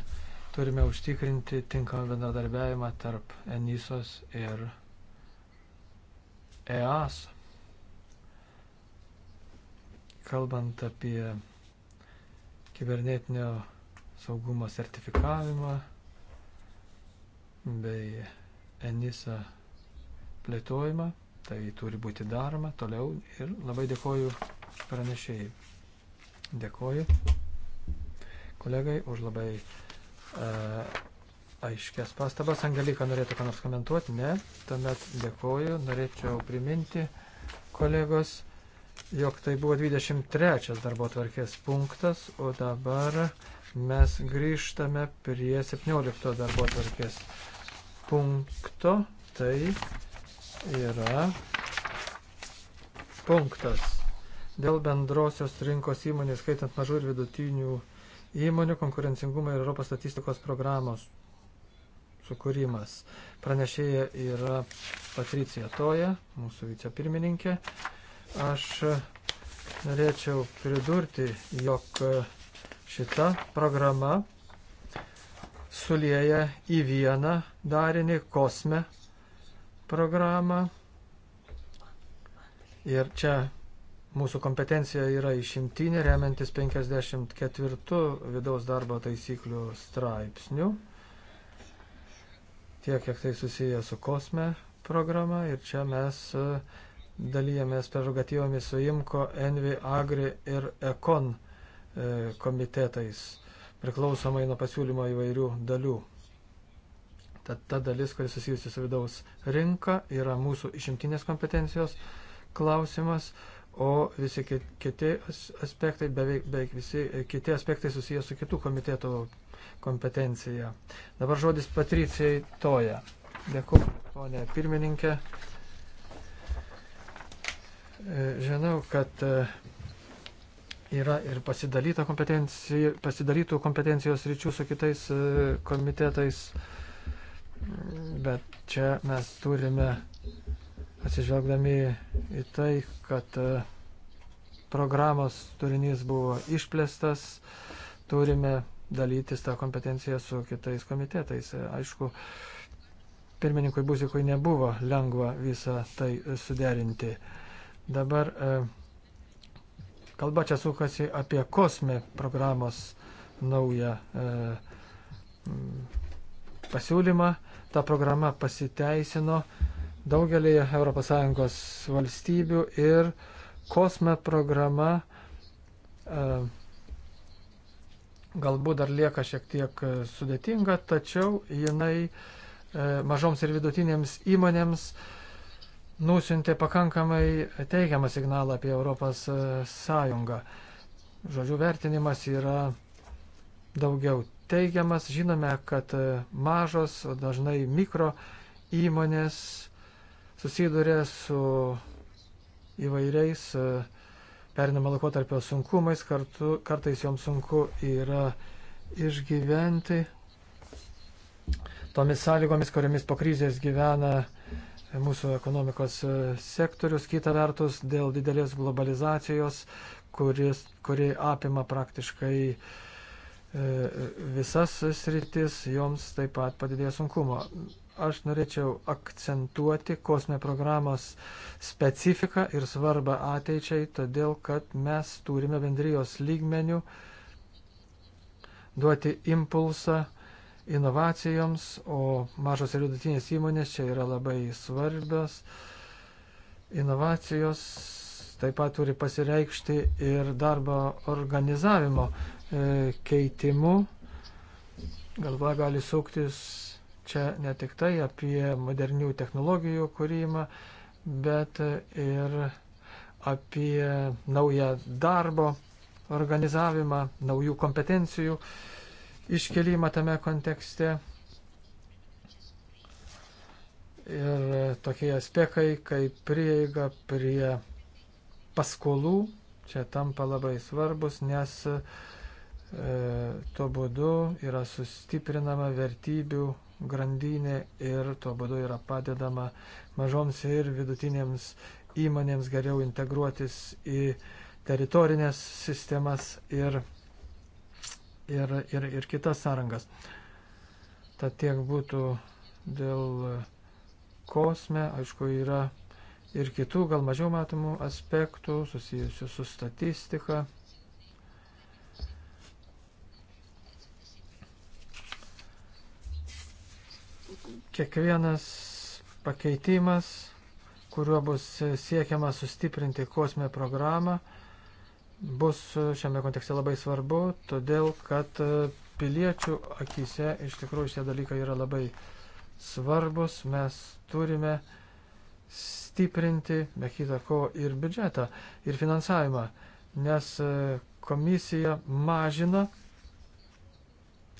turime užtikrinti tinkamą bendradarbiavimą tarp Enisos ir EAS. Kalbant apie kibernetinio saugumo sertifikavimą bei Enisa plėtojimą, tai turi būti daroma toliau ir labai dėkoju pranešėjai. Dėkoju kolegai už labai uh, aiškias pastabas. Angelika norėtų ką nors komentuoti? Ne. Tuomet dėkoju. Norėčiau priminti kolegos, jog tai buvo 23 darbo tvarkės punktas, o dabar mes grįžtame prie 17 darbo tvarkės punkto. Tai yra punktas dėl bendrosios rinkos įmonės, skaitant mažų ir vidutinių įmonių Įmonių konkurencingumo ir Europos statistikos programos sukūrimas. Pranešėja yra Patricija Toja, mūsų vicepirmininkė. Aš norėčiau pridurti, jog šita programa sulieja į vieną darinį kosme programą. Ir čia Mūsų kompetencija yra išimtinė, remiantis 54 vidaus darbo taisyklių straipsnių, tiek kiek tai susiję su kosme programa ir čia mes e, dalyjamės prerogatyvomis su IMCO, ENVI, AGRI ir ECON e, komitetais, priklausomai nuo pasiūlymo įvairių dalių. Tad ta dalis, kuris susijusi su vidaus rinka, yra mūsų išimtinės kompetencijos klausimas o visi kiti aspektai, beveik, beveik visi e, kiti aspektai susijęs su kitų komitetų kompetencija. Dabar žodis Patricijai Toja. Dėkuoju, ponė pirmininkė. E, žinau, kad e, yra ir pasidalyta kompetencija, pasidalytų kompetencijos ryčių su kitais komitetais, bet čia mes turime atsižvelgdami į tai, kad e, programos turinys buvo išplėstas, turime dalytis tą kompetenciją su kitais komitetais. E, aišku, pirmininkui Buzikui nebuvo lengva visą tai suderinti. Dabar e, kalba čia sukasi apie kosme programos naują pasiūlymą. Ta programa pasiteisino daugelį ES valstybių ir kosme programa e, galbūt dar lieka šiek tiek e, sudėtinga, tačiau jinai e, mažoms ir vidutinėms įmonėms nusintė pakankamai teigiamą signalą apie Europos Sąjungą. Žodžių vertinimas yra daugiau teigiamas. Žinome, kad mažos, dažnai mikro įmonės susiduria su įvairiais e, perinimo laikotarpio sunkumais, kartu, kartais joms sunku yra išgyventi tomis sąlygomis, kuriamis po krizės gyvena mūsų ekonomikos e, sektorius, kita vertus dėl didelės globalizacijos, kuris, kuri apima praktiškai e, visas sritis, joms taip pat padidėjo sunkumo aš norėčiau akcentuoti kosme programos specifiką ir svarbą ateičiai, todėl kad mes turime bendrijos lygmenių duoti impulsą inovacijoms, o mažos ir vidutinės įmonės čia yra labai svarbios. Inovacijos taip pat turi pasireikšti ir darbo organizavimo e, keitimu. Galva gali suktis čia ne tik tai apie modernių technologijų kūrimą, bet ir apie naują darbo organizavimą, naujų kompetencijų iškelimą tame kontekste. Ir tokie aspektai, kaip prieiga prie paskolų, čia tampa labai svarbus, nes e, tuo būdu yra sustiprinama vertybių grandinė ir tuo būdu yra padedama mažoms ir vidutinėms įmonėms geriau integruotis į teritorinės sistemas ir, ir, ir, ir kitas sąrangas. Tad tiek būtų dėl kosme, aišku, yra ir kitų gal mažiau matomų aspektų susijusių su statistika. Kiekvienas pakeitimas, kuriuo bus siekiama sustiprinti kosminę programą, bus šiame kontekste labai svarbu, todėl kad piliečių akise iš tikrųjų šie dalykai yra labai svarbus. Mes turime stiprinti, be kita ko, ir biudžetą, ir finansavimą, nes komisija mažina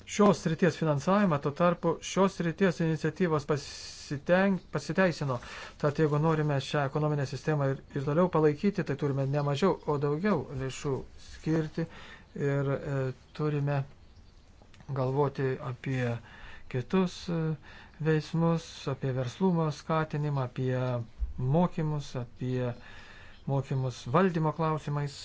šios srities finansavimą, tuo tarpu šios srities iniciatyvos pasiteng, pasiteisino. Tad jeigu norime šią ekonominę sistemą ir, ir toliau palaikyti, tai turime ne mažiau, o daugiau lėšų skirti ir e, turime galvoti apie kitus e, veiksmus, apie verslumo skatinimą, apie mokymus, apie mokymus valdymo klausimais,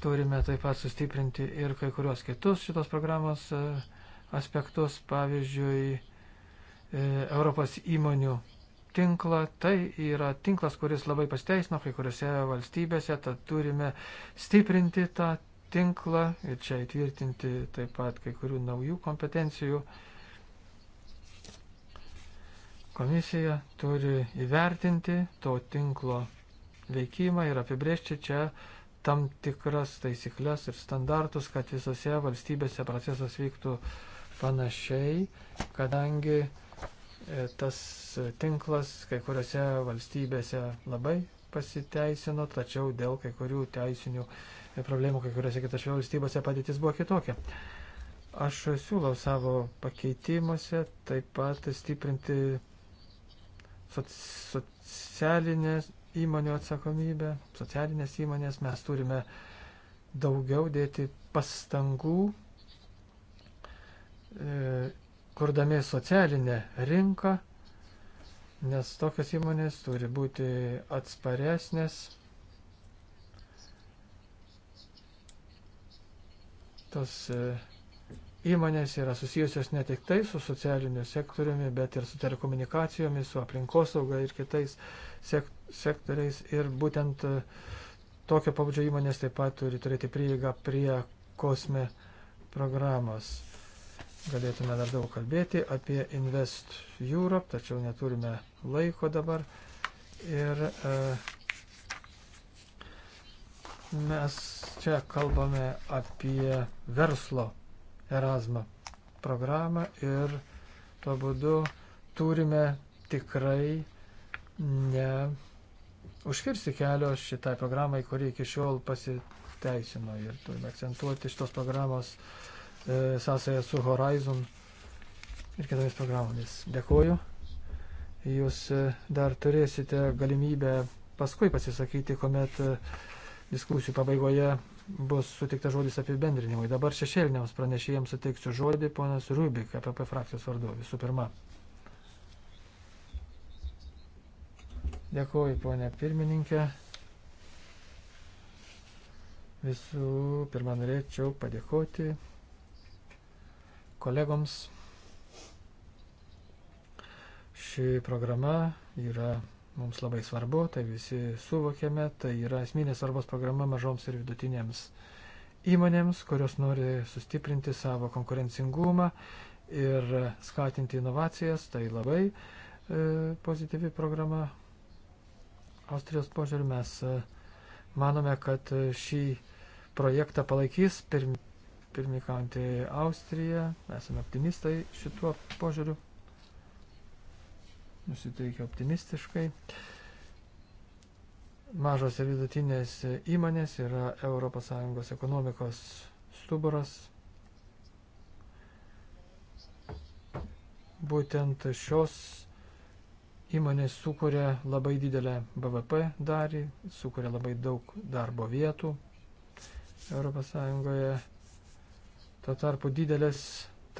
Turime taip pat sustiprinti ir kai kurios kitus šitos programos e, aspektus, pavyzdžiui, e, Europos įmonių tinklą. Tai yra tinklas, kuris labai pasteisino kai kuriuose valstybėse, tad turime stiprinti tą tinklą ir čia įtvirtinti taip pat kai kurių naujų kompetencijų. Komisija turi įvertinti to tinklo veikimą ir apibrėžti čia uh, tam tikras taisyklės ir standartus, kad visose valstybėse procesas vyktų panašiai, kadangi e, tas tinklas kai kuriuose valstybėse labai pasiteisino, tačiau dėl kai kurių teisinių problemų kai kuriuose kitose valstybėse padėtis buvo kitokia. Aš siūlau savo pakeitimuose taip pat stiprinti socialinės įmonių atsakomybę, socialinės įmonės, mes turime daugiau dėti pastangų, e, kurdami socialinę rinką, nes tokios įmonės turi būti atsparesnės. Tos uh, įmonės yra susijusios ne tik tai su socialiniu sektoriumi, bet ir su telekomunikacijomis, su aplinkosauga ir kitais sek sektoriais. Ir būtent e, tokio pabudžio įmonės taip pat turi turėti prieigą prie kosme programos. Galėtume dar daug kalbėti apie Invest Europe, tačiau neturime laiko dabar. Ir e, mes čia kalbame apie verslo Erasmą programą ir tuo būdu turime tikrai ne užkirsti kelio šitai programai, kuri iki šiol pasiteisino ir turime akcentuoti šitos programos e, sąsąją su Horizon ir kitomis programomis. Dėkuoju. Jūs e, dar turėsite galimybę paskui pasisakyti, kuomet e, diskusijų pabaigoje bus suteiktas žodis apibendrinimui. Dabar šešėliniams pranešėjams suteiksiu žodį ponas Rubik, APP frakcijos vardu, visų pirma. Dėkuoju, ponė pirmininkė. Visų pirma, norėčiau padėkoti kolegoms. Ši programa yra mums labai svarbu, tai visi suvokėme, tai yra esminės svarbos programa mažoms ir vidutinėms įmonėms, kurios nori sustiprinti savo konkurencingumą ir skatinti inovacijas, tai labai e, pozityvi programa. Austrijos požiūrį mes e, manome, kad e, šį projektą palaikys pirm, pirmikaujantį Austriją. Esame optimistai šituo požiūriu nusiteikia optimistiškai. Mažos ir vidutinės įmonės yra ES ekonomikos stuburas. Būtent šios įmonės sukuria labai didelę BVP darį, sukuria labai daug darbo vietų ES. Tuo tarpu didelės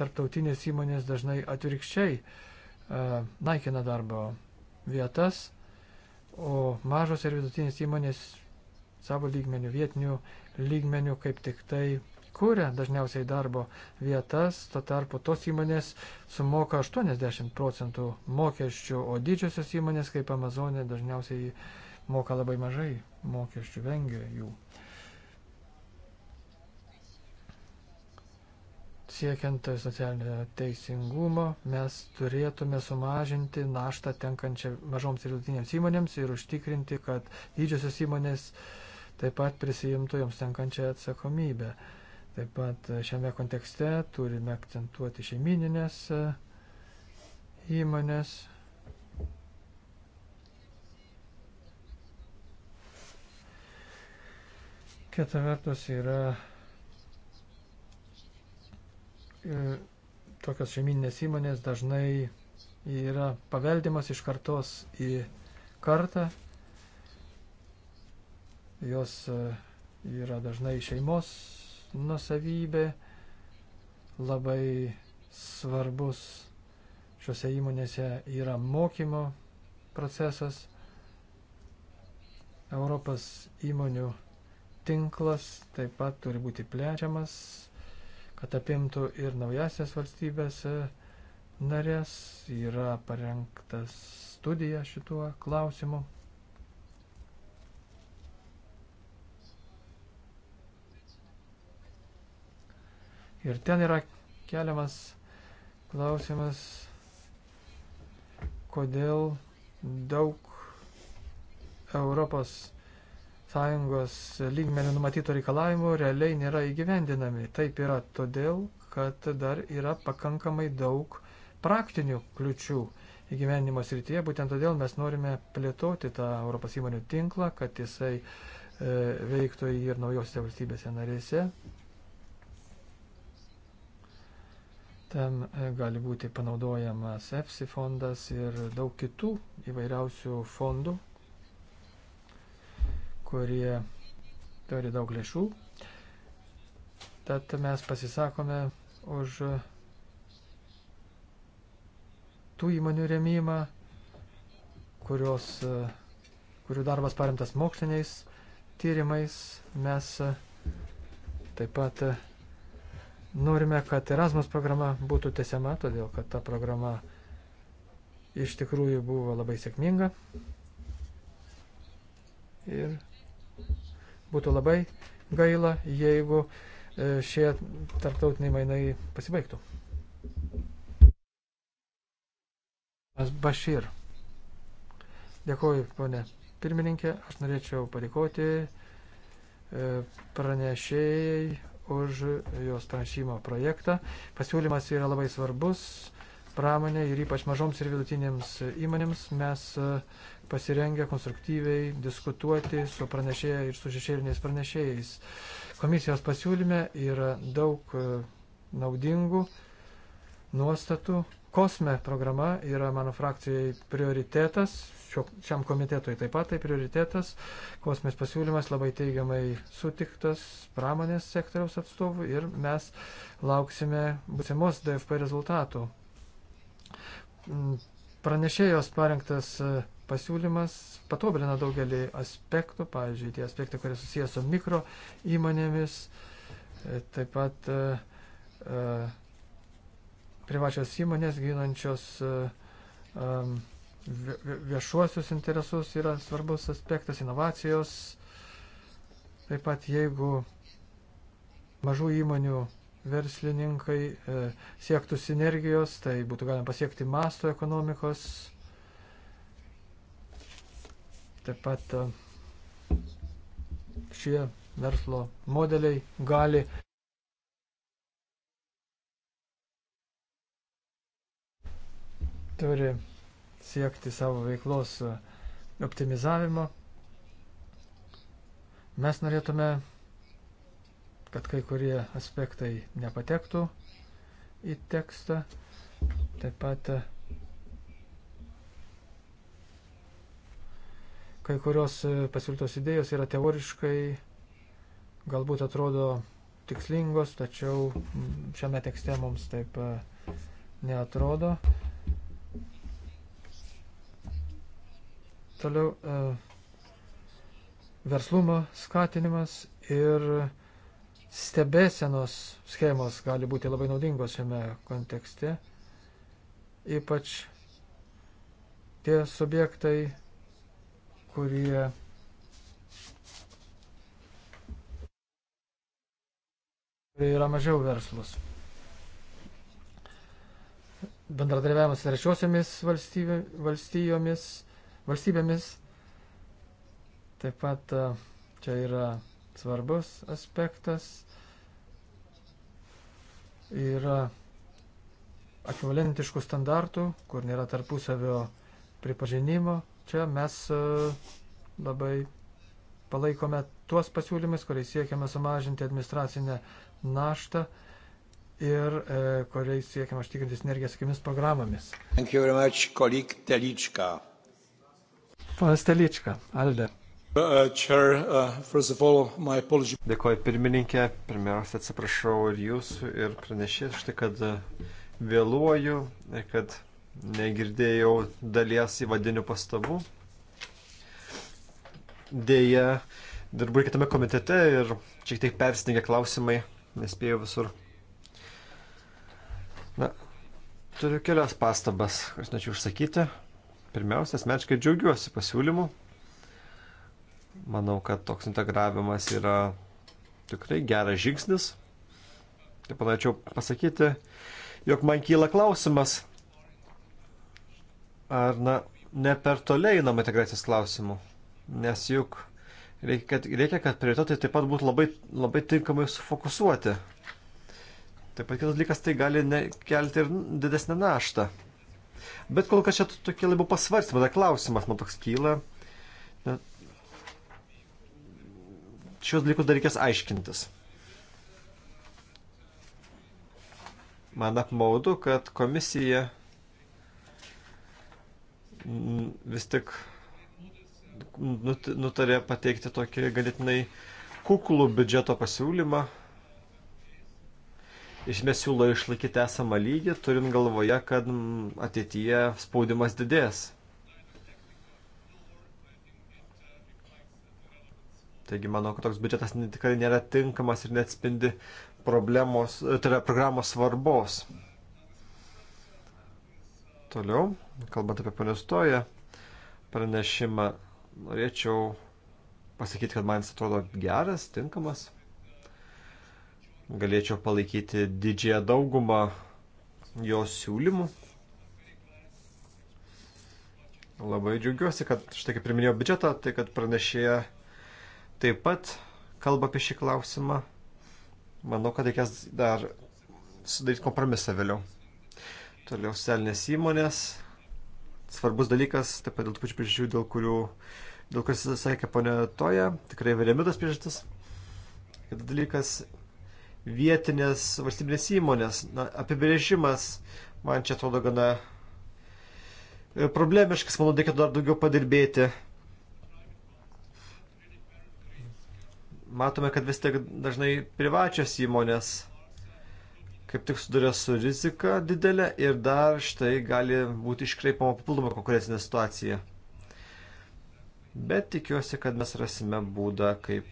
tarptautinės įmonės dažnai atvirkščiai uh, E, naikina darbo vietas, o mažos ir vidutinės įmonės savo lygmenių, vietinių lygmenių kaip tik tai kūrė dažniausiai darbo vietas, to tarpu tos įmonės sumoka 80 procentų mokesčių, o didžiosios įmonės kaip Amazonė dažniausiai moka labai mažai mokesčių, vengia jų. Uh, siekiant socialinio teisingumo, mes turėtume sumažinti naštą tenkančią mažoms ir vidutinėms įmonėms ir užtikrinti, kad didžiosios įmonės taip pat prisijimtų joms tenkančią atsakomybę. Taip pat šiame kontekste turime akcentuoti šeimininės e, įmonės. Kita vertus yra E, tokios šeiminės įmonės dažnai yra paveldimas iš kartos į kartą. Jos e, yra dažnai šeimos nusavybė, labai svarbus šiuose įmonėse yra mokymo procesas. Europos įmonių tinklas taip pat turi būti plečiamas, kad apimtų ir naujasias valstybės e, narės. Yra parengtas studija šituo klausimu. Ir ten yra keliamas klausimas, kodėl daug Europos sąjungos lygmenių numatytų reikalavimų realiai nėra įgyvendinami. Taip yra todėl, kad dar yra pakankamai daug praktinių kliučių įgyvendinimo srityje. Būtent todėl mes norime plėtoti tą Europos įmonių tinklą, kad jisai e, veiktų ir naujose valstybėse narėse. Ten e, gali būti panaudojamas EFSI fondas ir daug kitų įvairiausių fondų, kurie turi daug lėšų. Tad mes pasisakome už tų įmonių remimą, kurios, kurių darbas paremtas moksliniais tyrimais. Mes taip pat norime, kad Erasmus programa būtų tesiama, todėl kad ta programa iš tikrųjų buvo labai sėkminga. Ir Būtų labai gaila, jeigu e, šie tarptautiniai mainai pasibaigtų. Bašir. Dėkuoju, ponė pirmininkė. Aš norėčiau padėkoti e, pranešėjai už jos pranešimo projektą. Pasiūlymas yra labai svarbus pramonė ir ypač mažoms ir vidutinėms įmonėms. Mes e, pasirengę konstruktyviai diskutuoti su pranešėjai ir su šešėliniais pranešėjais. Komisijos pasiūlyme yra daug e, naudingų nuostatų. Kosme programa yra mano frakcijai prioritetas, šio, šiam komitetui taip pat tai prioritetas. Kosmės pasiūlymas labai teigiamai sutiktas pramonės sektoriaus atstovų ir mes lauksime būsimos DFP rezultatų. Mm, pranešėjos parengtas e, pasiūlymas patobulina daugelį aspektų, pavyzdžiui, tie aspektai, kurie susijęs su mikro įmonėmis, e, taip pat e, e, privačios įmonės ginančios e, viešuosius interesus yra svarbus aspektas, inovacijos, taip pat jeigu mažų įmonių verslininkai e, siektų sinergijos, tai būtų galima pasiekti masto ekonomikos Taip pat e, šie verslo modeliai gali turi siekti savo veiklos e, optimizavimo. Mes norėtume, kad kai kurie aspektai nepatektų į tekstą. Taip pat e, Kai kurios e, pasiūlytos idėjos yra teoriškai, galbūt atrodo tikslingos, tačiau šiame tekste mums taip e, neatrodo. Toliau e, verslumo skatinimas ir stebėsenos schemos gali būti labai naudingos šiame kontekste. Ypač tie subjektai, kurie yra mažiau verslus. Bendradarbiavimas trečiosiamis valstybėmis, valstybėmis taip pat e, čia yra svarbus aspektas. Yra ekvivalentiškų standartų, kur nėra tarpusavio pripažinimo. Čia mes e, labai palaikome tuos pasiūlymus, kuriais siekiame sumažinti administracinę naštą ir e, kuriais siekiame užtikrinti sinergiją su kitomis programomis. Panas Telička, Alde. Uh, uh chair, uh, all, Dėkuoju pirmininkė, pirmiausia atsiprašau ir jūsų, ir pranešės štai, kad uh, vėluoju ir kad negirdėjau dalies įvadinių pastabų. Deja, dirbu ir kitame komitete ir šiek tiek persidengia klausimai, nespėjau visur. Na, turiu kelias pastabas, kurias norėčiau užsakyti. Pirmiausia, asmeniškai džiaugiuosi pasiūlymu. Manau, kad toks integravimas yra tikrai geras žingsnis. Taip pat norėčiau pasakyti, jog man kyla klausimas, ar na, ne per toliai einama integracijos klausimų, nes juk reikia, kad, reikia, kad prioritetai taip pat būtų labai, labai tinkamai sufokusuoti. Taip pat kitas dalykas, tai gali ne, kelti ir didesnę naštą. Bet kol kas čia tokie labiau pasvarstymai, dar klausimas man toks kyla. Net šios dalykus dar reikės aiškintis. Man apmaudu, kad komisija vis tik nutarė pateikti tokį ganėtinai kuklų biudžeto pasiūlymą. Iš mes siūlo išlaikyti esamą lygį, turint galvoje, kad ateityje spaudimas didės. Taigi manau, kad toks biudžetas tikrai nėra tinkamas ir neatspindi problemos, tai yra programos svarbos. Toliau, kalbant apie panestoją pranešimą, norėčiau pasakyti, kad man jis atrodo geras, tinkamas. Galėčiau palaikyti didžiąją daugumą jos siūlymų. Labai džiaugiuosi, kad štai kaip ir minėjau biudžetą, tai kad pranešėja taip pat kalba apie šį klausimą. Manau, kad reikės dar sudaryti kompromisą vėliau. Toliau socialinės įmonės. Svarbus dalykas, taip pat dėl tų pačių priežasčių, dėl kurių, dėl kas sakė ponė Toja, tikrai vėliamitas priežastis. Kitas dalykas, vietinės valstybinės įmonės. Na, apibrėžimas man čia atrodo gana e, problemiškas, manau, reikėtų dar daugiau padirbėti. Matome, kad vis tiek dažnai privačios įmonės kaip tik suduria su rizika didelė ir dar štai gali būti iškreipama papildoma konkurencinė situacija. Bet tikiuosi, kad mes rasime būdą, kaip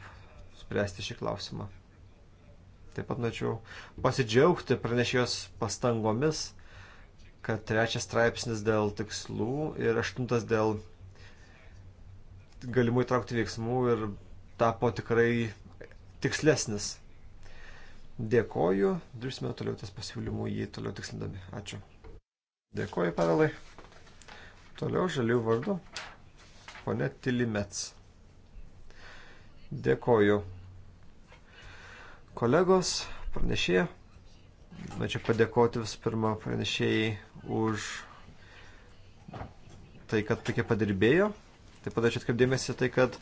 spręsti šį klausimą. Taip pat norėčiau pasidžiaugti pranešėjos pastangomis, kad trečias straipsnis dėl tikslų ir aštuntas dėl galimų įtraukti veiksmų ir tapo tikrai tikslesnis. Dėkoju, dirbsime toliau ties pasiūlymų jį toliau tikslindami. Ačiū. Dėkoju, Pavelai. Toliau žalių vardu. Pone Tilimets. Dėkoju. Kolegos, pranešėjai. Norėčiau padėkoti visų pirma pranešėjai už tai, kad tokie padirbėjo. Taip pat ačiū atkreipdėmėsi tai, kad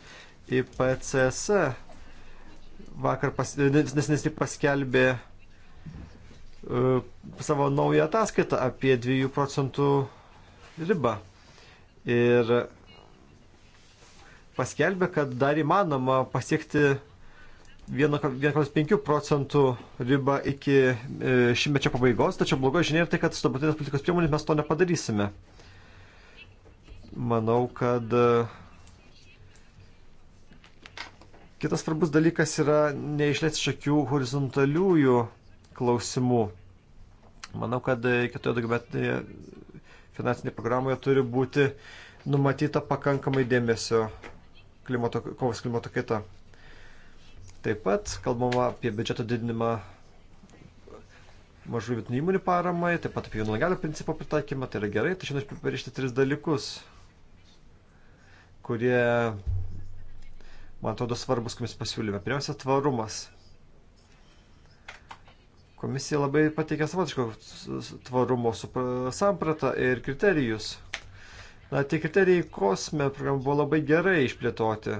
IPCS vakar pas, nesnesiai paskelbė uh, savo naują ataskaitą apie 2 procentų ribą. Ir paskelbė, kad dar įmanoma pasiekti 1,5 procentų ribą iki e, šimtmečio pabaigos, tačiau bloga žinia yra tai, kad su dabartinės politikos priemonėmis mes to nepadarysime. Manau, kad uh, Kitas svarbus dalykas yra neišleisti iš akių horizontaliųjų klausimų. Manau, kad kitoje dokumentinėje finansinėje programoje turi būti numatyta pakankamai dėmesio klimato, kovos klimato kaita. Taip pat kalbama apie biudžeto didinimą mažų vidutinių įmonių paramai, taip pat apie jaunalagelio principo pritaikymą, tai yra gerai, tačiau aš priparešti tris dalykus, kurie man atrodo, svarbus komisijos pasiūlyme. Pirmiausia, tvarumas. Komisija labai pateikė savotišką tvarumo sampratą ir kriterijus. Na, tie kriterijai kosme programų buvo labai gerai išplėtoti.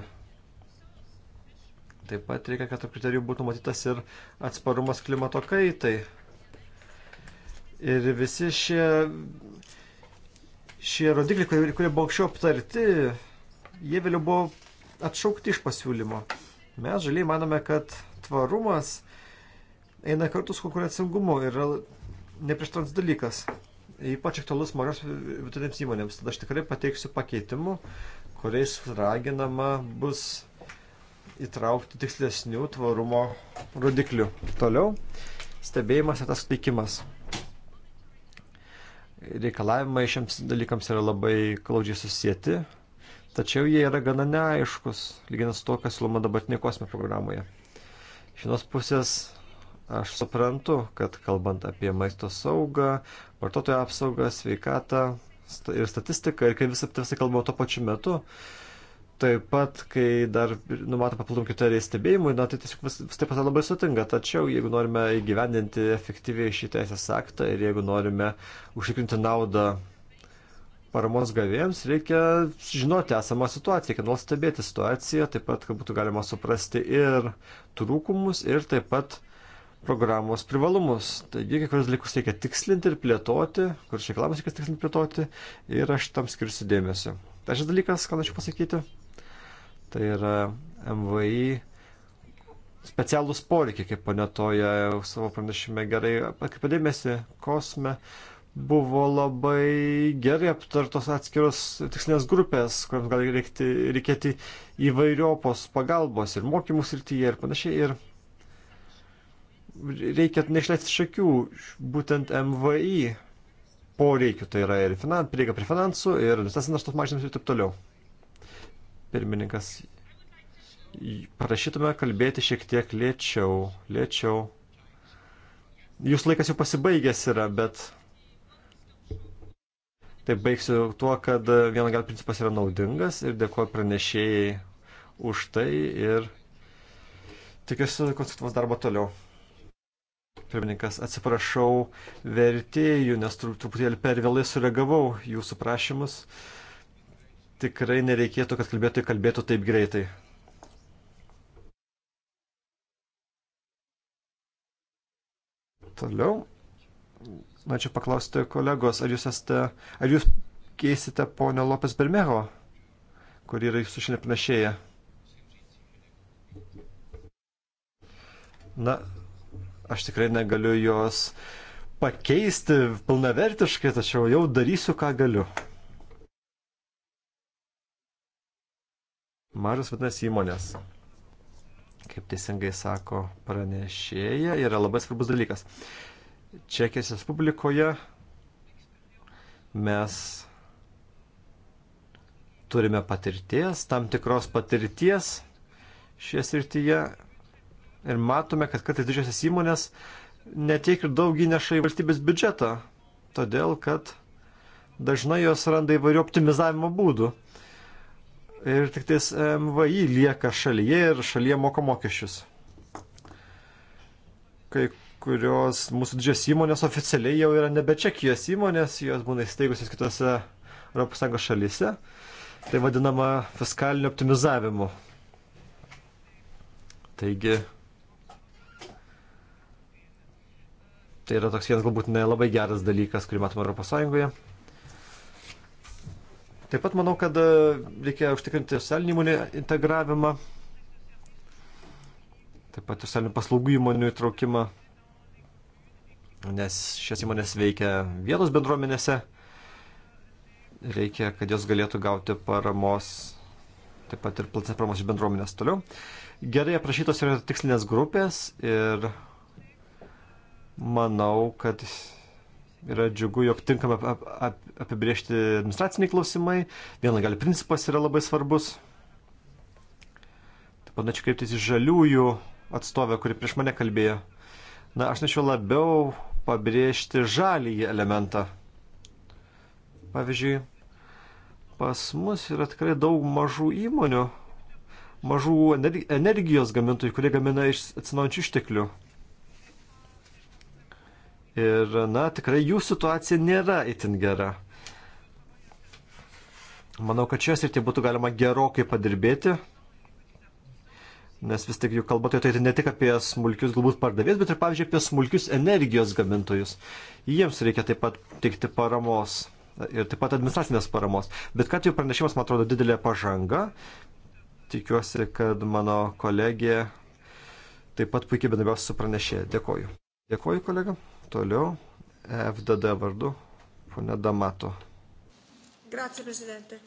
Taip pat reikia, kad tarp kriterijų būtų matytas ir atsparumas klimato kaitai. Ir visi šie, šie rodikliai, kurie, kurie buvo anksčiau aptarti, jie vėliau buvo atšaukti iš pasiūlymo. Mes žaliai manome, kad tvarumas eina kartu su konkurencingumu ir yra neprieštrans dalykas. Ypač aktualus mažos vidutinėms įmonėms. Tada aš tikrai pateiksiu pakeitimų, kuriais raginama bus įtraukti tikslesnių tvarumo rodiklių. Toliau stebėjimas ir tas suteikimas. Reikalavimai šiems dalykams yra labai klaudžiai susijęti tačiau jie yra gana neaiškus, lyginant su to, kas siūloma dabartinė kosminė programoje. Iš vienos pusės aš suprantu, kad kalbant apie maisto saugą, vartotojų apsaugą, sveikatą ir statistiką, ir kai visą tai visą kalbama tuo pačiu metu, taip pat, kai dar numato papildomų kriterijų stebėjimui, na, tai tiesiog vis, vis taip pat labai sutinga. Tačiau, jeigu norime įgyvendinti efektyviai šį teisės aktą ir jeigu norime užtikrinti naudą paramos gavėjams reikia žinoti esamą situaciją, kad nuolat stebėti situaciją, taip pat, kad būtų galima suprasti ir trūkumus, ir taip pat programos privalumus. Taigi, kai kurios dalykus reikia tikslinti ir plėtoti, kur šiek labas reikia tikslinti ir plėtoti, ir aš tam skirsiu dėmesio. Trečias dalykas, ką norėčiau pasakyti, tai yra MVI specialūs poreikiai, kaip ponė toje savo pranešime gerai atkreipėdėmėsi, kosme, buvo labai gerai aptartos atskiros tikslinės grupės, kuriams gali reikti, reikėti įvairiopos pagalbos ir mokymų srityje ir panašiai. Ir reikia neišleisti iš akių būtent MVI poreikių, tai yra ir finan, prieiga prie finansų, ir visas naštos mažinimas ir taip toliau. Pirmininkas, prašytume kalbėti šiek tiek lėčiau, lėčiau. Jūs laikas jau pasibaigęs yra, bet Taip baigsiu tuo, kad vieno gal principas yra naudingas ir dėkuoju pranešėjai už tai ir tikiuosi konstruktyvus darbo toliau. Pirmininkas, atsiprašau vertėjų, nes truputėlį per vėlai sureagavau jūsų prašymus. Tikrai nereikėtų, kad kalbėtojai kalbėtų taip greitai. Toliau norėčiau paklausti kolegos, ar jūs, esate, ar jūs keisite ponę Lopes Bermeho, kuri yra jūsų šiandien panašėja? Na, aš tikrai negaliu jos pakeisti pilnavertiškai, tačiau jau darysiu, ką galiu. Mažas vadinasi įmonės. Kaip teisingai sako pranešėja, yra labai svarbus dalykas. Čekijos Respublikoje mes turime patirties, tam tikros patirties šioje srityje ir matome, kad kartais didžiosios įmonės netiek ir daug įneša į valstybės biudžetą, todėl kad dažnai jos randa įvairių optimizavimo būdų. Ir tik tais MVI lieka šalyje ir šalyje moka mokesčius. Kai kurios mūsų didžios įmonės oficialiai jau yra nebe Čekijos įmonės, jos būna įsteigusios kitose ES šalyse. Tai vadinama fiskaliniu optimizavimu. Taigi, tai yra toks vienas galbūt nelabai geras dalykas, kurį matome ES. Taip pat manau, kad e, reikia užtikrinti socialinių įmonių integravimą, taip pat socialinių paslaugų įmonių įtraukimą nes šias įmonės veikia vietos bendruomenėse. Reikia, kad jos galėtų gauti paramos, taip pat ir platesnės paramos iš bendruomenės toliau. Gerai aprašytos yra tikslinės grupės ir manau, kad yra džiugu, jog tinkama ap, ap, apibriežti administraciniai klausimai. Viena gali principas yra labai svarbus. Taip pat norėčiau kreiptis į žaliųjų atstovę, kuri prieš mane kalbėjo. Na, aš norėčiau labiau pabrėžti žalįjį elementą. Pavyzdžiui, pas mus yra tikrai daug mažų įmonių, mažų energijos gamintojų, kurie gamina iš atsinaujančių išteklių. Ir, na, tikrai jų situacija nėra itin gera. Manau, kad šios ir tai būtų galima gerokai padirbėti. Nes vis tik jų kalba tai turėtų tai ne tik apie smulkius galbūt pardavėjus, bet ir, pavyzdžiui, apie smulkius energijos gamintojus. Jiems reikia taip pat teikti paramos ir taip pat administracinės paramos. Bet kad jų pranešimas, man atrodo, didelė pažanga. Tikiuosi, kad mano kolegė taip pat puikiai bendrabiaus su pranešėja. Dėkoju. Dėkoju, kolega. Toliau FDD vardu, ponė Damato. Grazie, prezidente.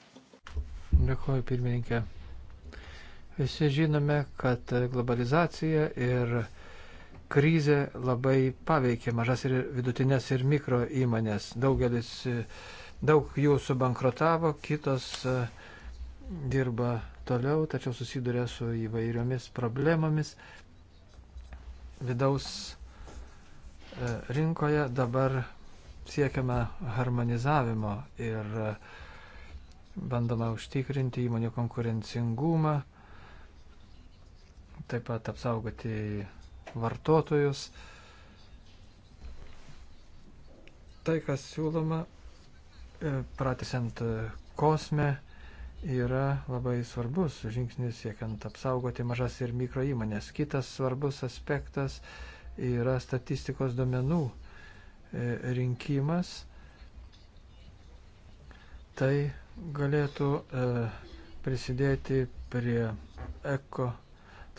Dėkoju, pirmininkė. Visi žinome, kad globalizacija ir krizė labai paveikė mažas ir vidutinės ir mikro įmonės. Daugelis, daug jų subankrotavo, kitos e, dirba toliau, tačiau susiduria su įvairiomis problemomis. Vidaus e, rinkoje dabar siekiama harmonizavimo ir e, bandoma užtikrinti įmonių konkurencingumą taip pat apsaugoti vartotojus. Tai, kas siūloma, e, pratesiant kosme, yra labai svarbus žingsnis siekiant apsaugoti mažas ir mikro įmonės. Kitas svarbus aspektas yra statistikos domenų e, rinkimas. Tai galėtų e, prisidėti prie eko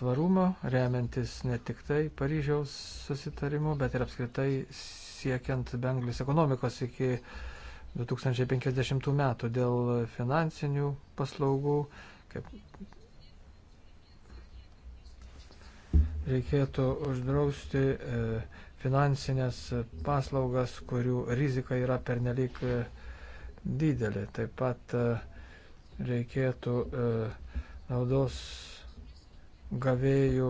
tvarumo, remiantis ne tik tai Paryžiaus susitarimu, bet ir apskritai siekiant benglis ekonomikos iki 2050 metų dėl finansinių paslaugų, kaip reikėtų uždrausti e, finansinės paslaugas, kurių rizika yra pernelyg e, didelė. Taip pat e, reikėtų naudos gavėjų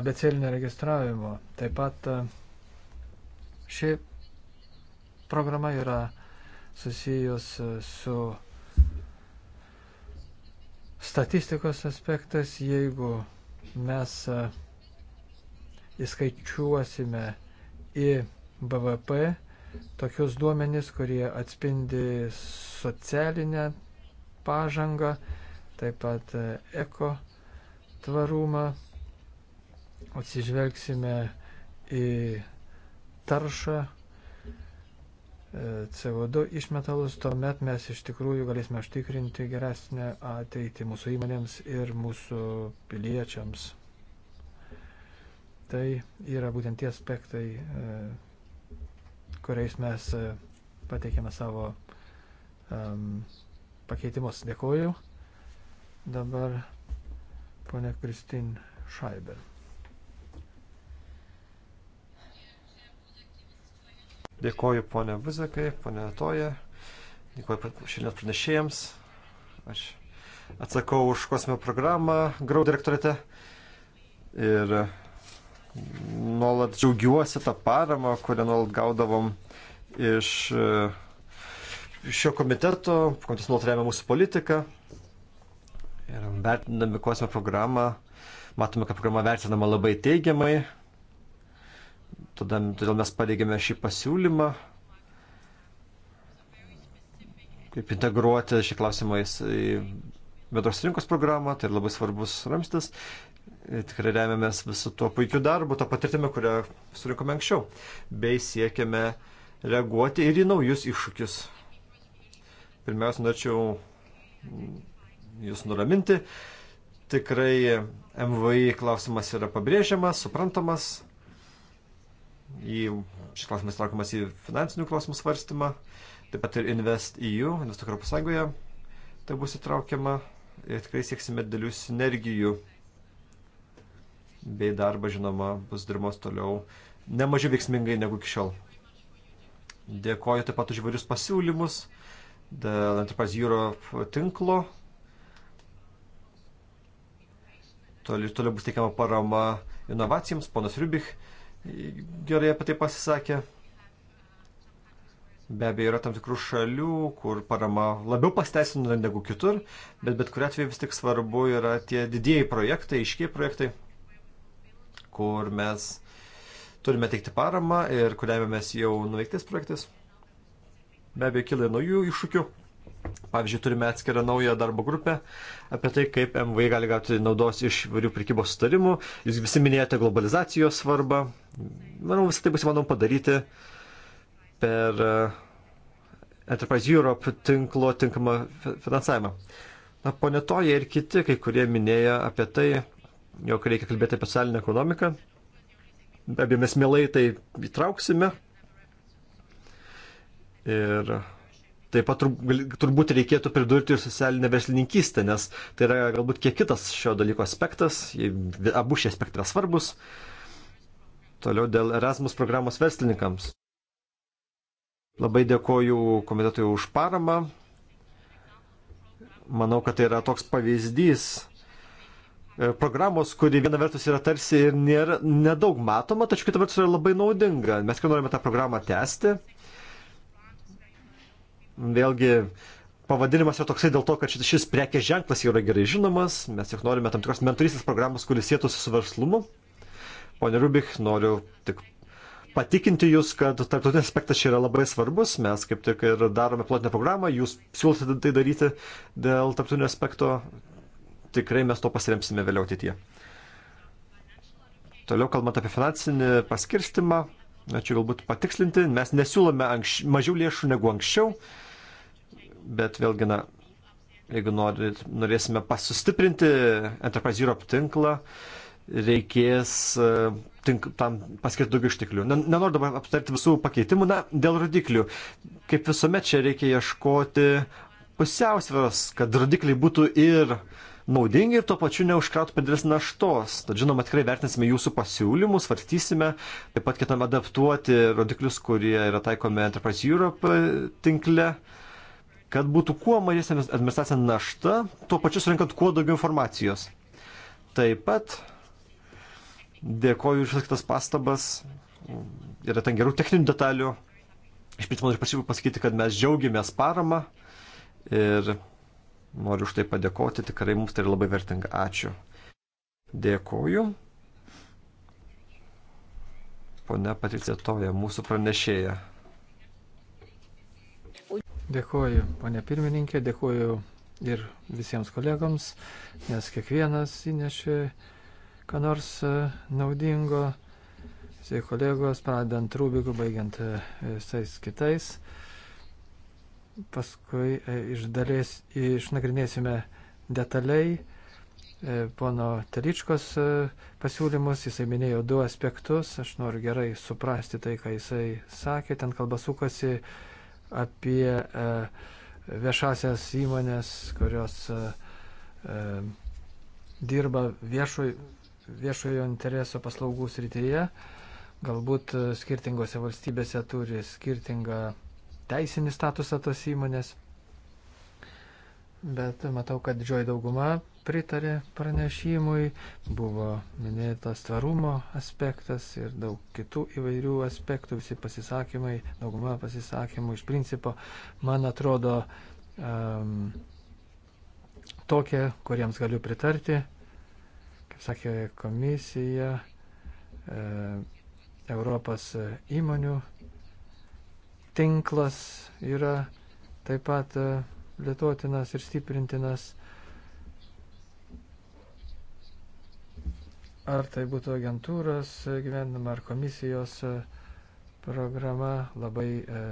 abecelinio registravimo. Taip pat e, ši programa yra susijus e, su statistikos aspektas, jeigu mes e, įskaičiuosime į BVP tokius duomenis, kurie atspindi socialinę pažangą, taip pat e, eko tvarumą, atsižvelgsime į taršą, e, CO2 išmetalus, tuomet mes iš tikrųjų galėsime užtikrinti geresnę ateitį mūsų įmonėms ir mūsų piliečiams. Tai yra būtent tie aspektai, e, kuriais mes pateikėme savo um, pakeitimus. Dėkuoju. Dabar ponia Kristin Šaiber. Dėkoju ponia Buzekai, ponia Toja, dėkoju šiandien pranešėjams. Aš atsakau už kosminę programą Grau direktorate ir nuolat džiaugiuosi tą paramą, kurią nuolat gaudavom iš šio komiteto, komitetas nuolat remia mūsų politiką ir vertinami kosmio programą, matome, kad programa vertinama labai teigiamai, Tada, todėl mes pareigėme šį pasiūlymą, kaip integruoti šį klausimą į bendros rinkos programą, tai labai svarbus ramstis. Ir tikrai remiamės visų tuo puikiu darbu, tą patirtimą, kurią surinkome anksčiau, bei siekiame reaguoti ir į naujus iššūkius. Pirmiausia, norėčiau Jūs nuraminti. Tikrai MVI klausimas yra pabrėžiamas, suprantamas. Į, šis klausimas traukiamas į finansinių klausimų svarstymą. Taip pat ir Invest EU, Investuok Europos Sąjungoje, tai bus įtraukiama. Ir tikrai sieksime dėlių sinergijų. Bei darba, žinoma, bus dirbamos toliau nemažiau veiksmingai negu iki šiol. Dėkoju taip pat už įvairius pasiūlymus dėl Enterprise Europe tinklo. Toliau, toliau bus teikiama parama inovacijams. Ponas Rubik gerai apie tai pasisakė. Be abejo, yra tam tikrų šalių, kur parama labiau pasteisina negu kitur, bet bet kuriu atveju vis tik svarbu yra tie didieji projektai, iškiai projektai, kur mes turime teikti paramą ir kuriame mes jau nuveiktis projektais be abejo kila ir naujų iššūkių. Pavyzdžiui, turime atskirą naują darbo grupę apie tai, kaip MVI gali gauti naudos iš įvairių prekybos sutarimų. Jūs visi minėjote globalizacijos svarbą. Manau, visą tai bus įmanoma padaryti per eh, Enterprise Europe tinklo tinkamą finansavimą. Na, ponė Toja ir kiti, kai kurie minėjo apie tai, jog reikia kalbėti apie socialinę ekonomiką. Be abejo, mes mielai tai įtrauksime Ir taip pat turbūt reikėtų pridurti ir socialinę verslininkystę, nes tai yra galbūt kiek kitas šio dalyko aspektas, abu šie aspektai yra svarbus. Toliau dėl Erasmus programos verslininkams. Labai dėkoju komitetui už paramą. Manau, kad tai yra toks pavyzdys e, programos, kuri viena vertus yra tarsi ir nėra, nedaug matoma, tačiau kita vertus yra labai naudinga. Mes, kai norime tą programą tęsti, Vėlgi, pavadinimas yra toksai dėl to, kad šis prekės ženklas yra gerai žinomas, mes tik norime tam tikros mentorystės programos, kuris sėtųsi su verslumu. Pone Rubik, noriu tik patikinti Jūs, kad tarptautinis aspektas čia yra labai svarbus, mes kaip tik ir darome plotinę programą, Jūs siūlote tai, tai daryti dėl tarptautinio aspekto, tikrai mes to pasiremsime vėliau ateityje. Toliau kalbant apie finansinį paskirstimą, na čia galbūt patikslinti, mes nesiūlome anks... mažiau lėšų negu anksčiau, Bet vėlgi, na, jeigu norit, norėsime pasustiprinti Enterprise Europe tinklą, reikės e, tink, tam paskirti daugiau išteklių. Nenoriu dabar aptarti visų pakeitimų, na, dėl rodiklių. Kaip visuomet čia reikia ieškoti pusiausvėros, kad rodikliai būtų ir naudingi ir tuo pačiu neužkrautų per didelės naštos. Tad žinoma, tikrai vertinsime jūsų pasiūlymus, svarstysime, taip pat ketinam adaptuoti rodiklius, kurie yra taikomi Enterprise Europe tinkle. Uh, kad būtų kuo mažesnė administracinė našta, tuo pačiu surinkant kuo daugiau informacijos. Taip pat dėkoju už visas kitas pastabas, yra ten gerų techninių detalių. Iš principo noriu pasakyti, kad mes džiaugiamės paramą ir noriu už tai padėkoti, tikrai mums tai yra labai vertinga. Ačiū. Dėkoju. Pone Patricija Toja, mūsų pranešėja. Dėkuoju, ponė pirmininkė, dėkuoju ir visiems kolegoms, nes kiekvienas įnešė, ką nors e, naudingo, visi kolegos, pradedant Rubikų, baigiant e, visais kitais. Paskui e, iš dalies išnagrinėsime detaliai pono Teličkos pasiūlymus, jisai minėjo du aspektus, aš noriu gerai suprasti tai, ką jisai sakė, ten kalba sukasi apie e, viešasias įmonės, kurios e, e, dirba viešoj, viešojo intereso paslaugų srityje. Galbūt skirtingose valstybėse turi skirtingą teisinį statusą tos įmonės bet matau, kad didžioji dauguma pritarė pranešimui, buvo minėtas tvarumo aspektas ir daug kitų įvairių aspektų, visi pasisakymai, dauguma pasisakymų iš principo, man atrodo, um, tokie, kuriems galiu pritarti, kaip sakė komisija, e, Europos įmonių tinklas yra taip pat e, plėtotinas ir stiprintinas. Ar tai būtų agentūros gyvenama ar komisijos e, programa, labai e,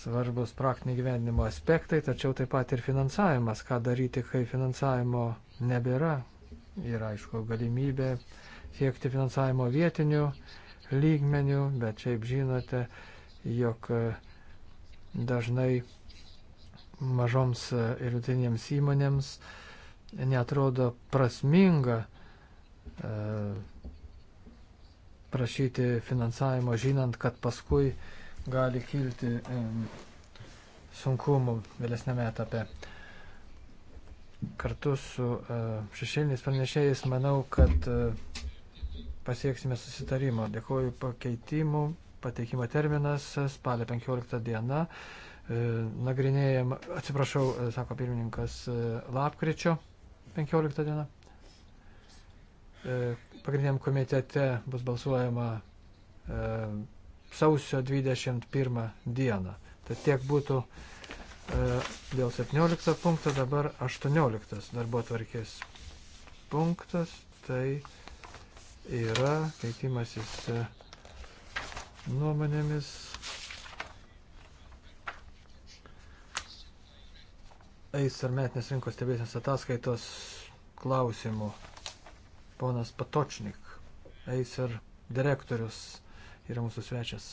svarbus praktinio gyvenimo aspektai, tačiau taip pat ir finansavimas, ką daryti, kai finansavimo nebėra. Yra, aišku, galimybė siekti finansavimo vietinių lygmenių, bet šiaip žinote, jog e, dažnai mažoms ir vidutinėms įmonėms netrodo prasminga e, prašyti finansavimo, žinant, kad paskui gali kilti e, sunkumų vėlesnėme etape. Kartu su e, šešėliniais pranešėjais manau, kad pasieksime susitarimo. Dėkuoju pakeitimų. Pateikimo terminas spalio 15 diena. E, nagrinėjama, atsiprašau, e, sako pirmininkas, e, lapkričio 15 diena. Pagrindiniam komitete bus balsuojama sausio 21 dieną. Tai tiek būtų dėl 17 punkto, dabar 18 darbo tvarkės punktas. Tai yra keitimasis nuomonėmis eis ir metinės rinkos stebėsės ataskaitos klausimų. Ponas Patočnik, eis ir direktorius yra mūsų svečias.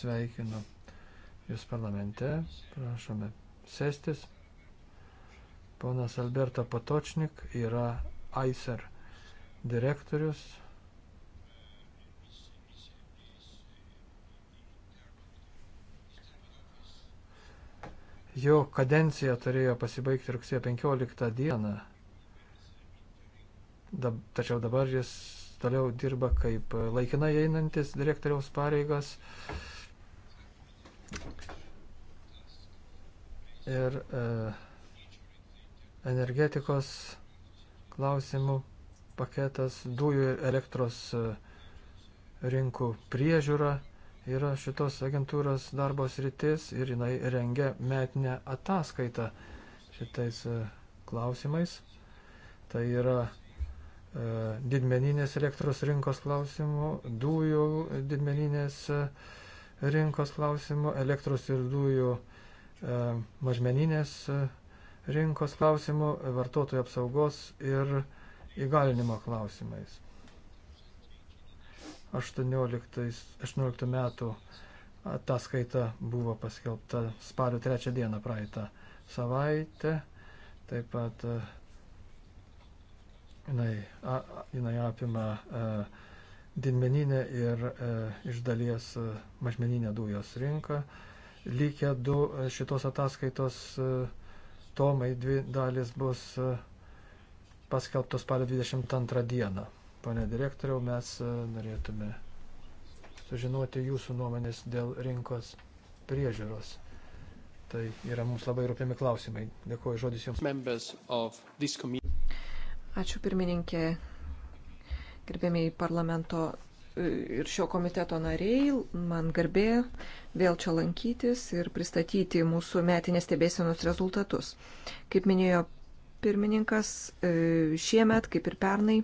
Sveikinu Jūs parlamente, prašome sėstis. Ponas Alberto Patočnik yra AISER direktorius jo kadencija turėjo pasibaigti rugsėjo 15 dieną, Dab, tačiau dabar jis toliau dirba kaip laikinai einantis direktoriaus pareigas. Ir e, energetikos klausimų paketas, dujų ir elektros e, rinkų priežiūra yra šitos agentūros darbos rytis ir jinai rengia metinę ataskaitą šitais e, klausimais. Tai yra e, didmeninės elektros rinkos klausimų, dujų didmeninės e, rinkos klausimų, elektros ir dujų e, mažmeninės e, rinkos klausimų, vartotojų apsaugos ir įgalinimo klausimais. 18, 18 metų ataskaita buvo paskelbta spalio 3 dieną praeitą savaitę. Taip pat e, jinai, a, jinai apima a, e, didmeninę ir a, e, iš dalies a, mažmeninę dujos rinką. Lygia du šitos ataskaitos a, tomai, dvi dalis bus a, paskelbtos spalio 22 dieną. Pane direktoriau, mes e, norėtume sužinoti jūsų nuomonės dėl rinkos priežiūros. Tai yra mums labai rūpimi klausimai. Dėkuoju žodis Jums. Ačiū pirmininkė, gerbėmiai parlamento e, ir šio komiteto nariai. Man garbė vėl čia lankytis ir pristatyti mūsų metinės stebėsienos rezultatus. Kaip minėjo pirmininkas, e, šiemet, kaip ir pernai,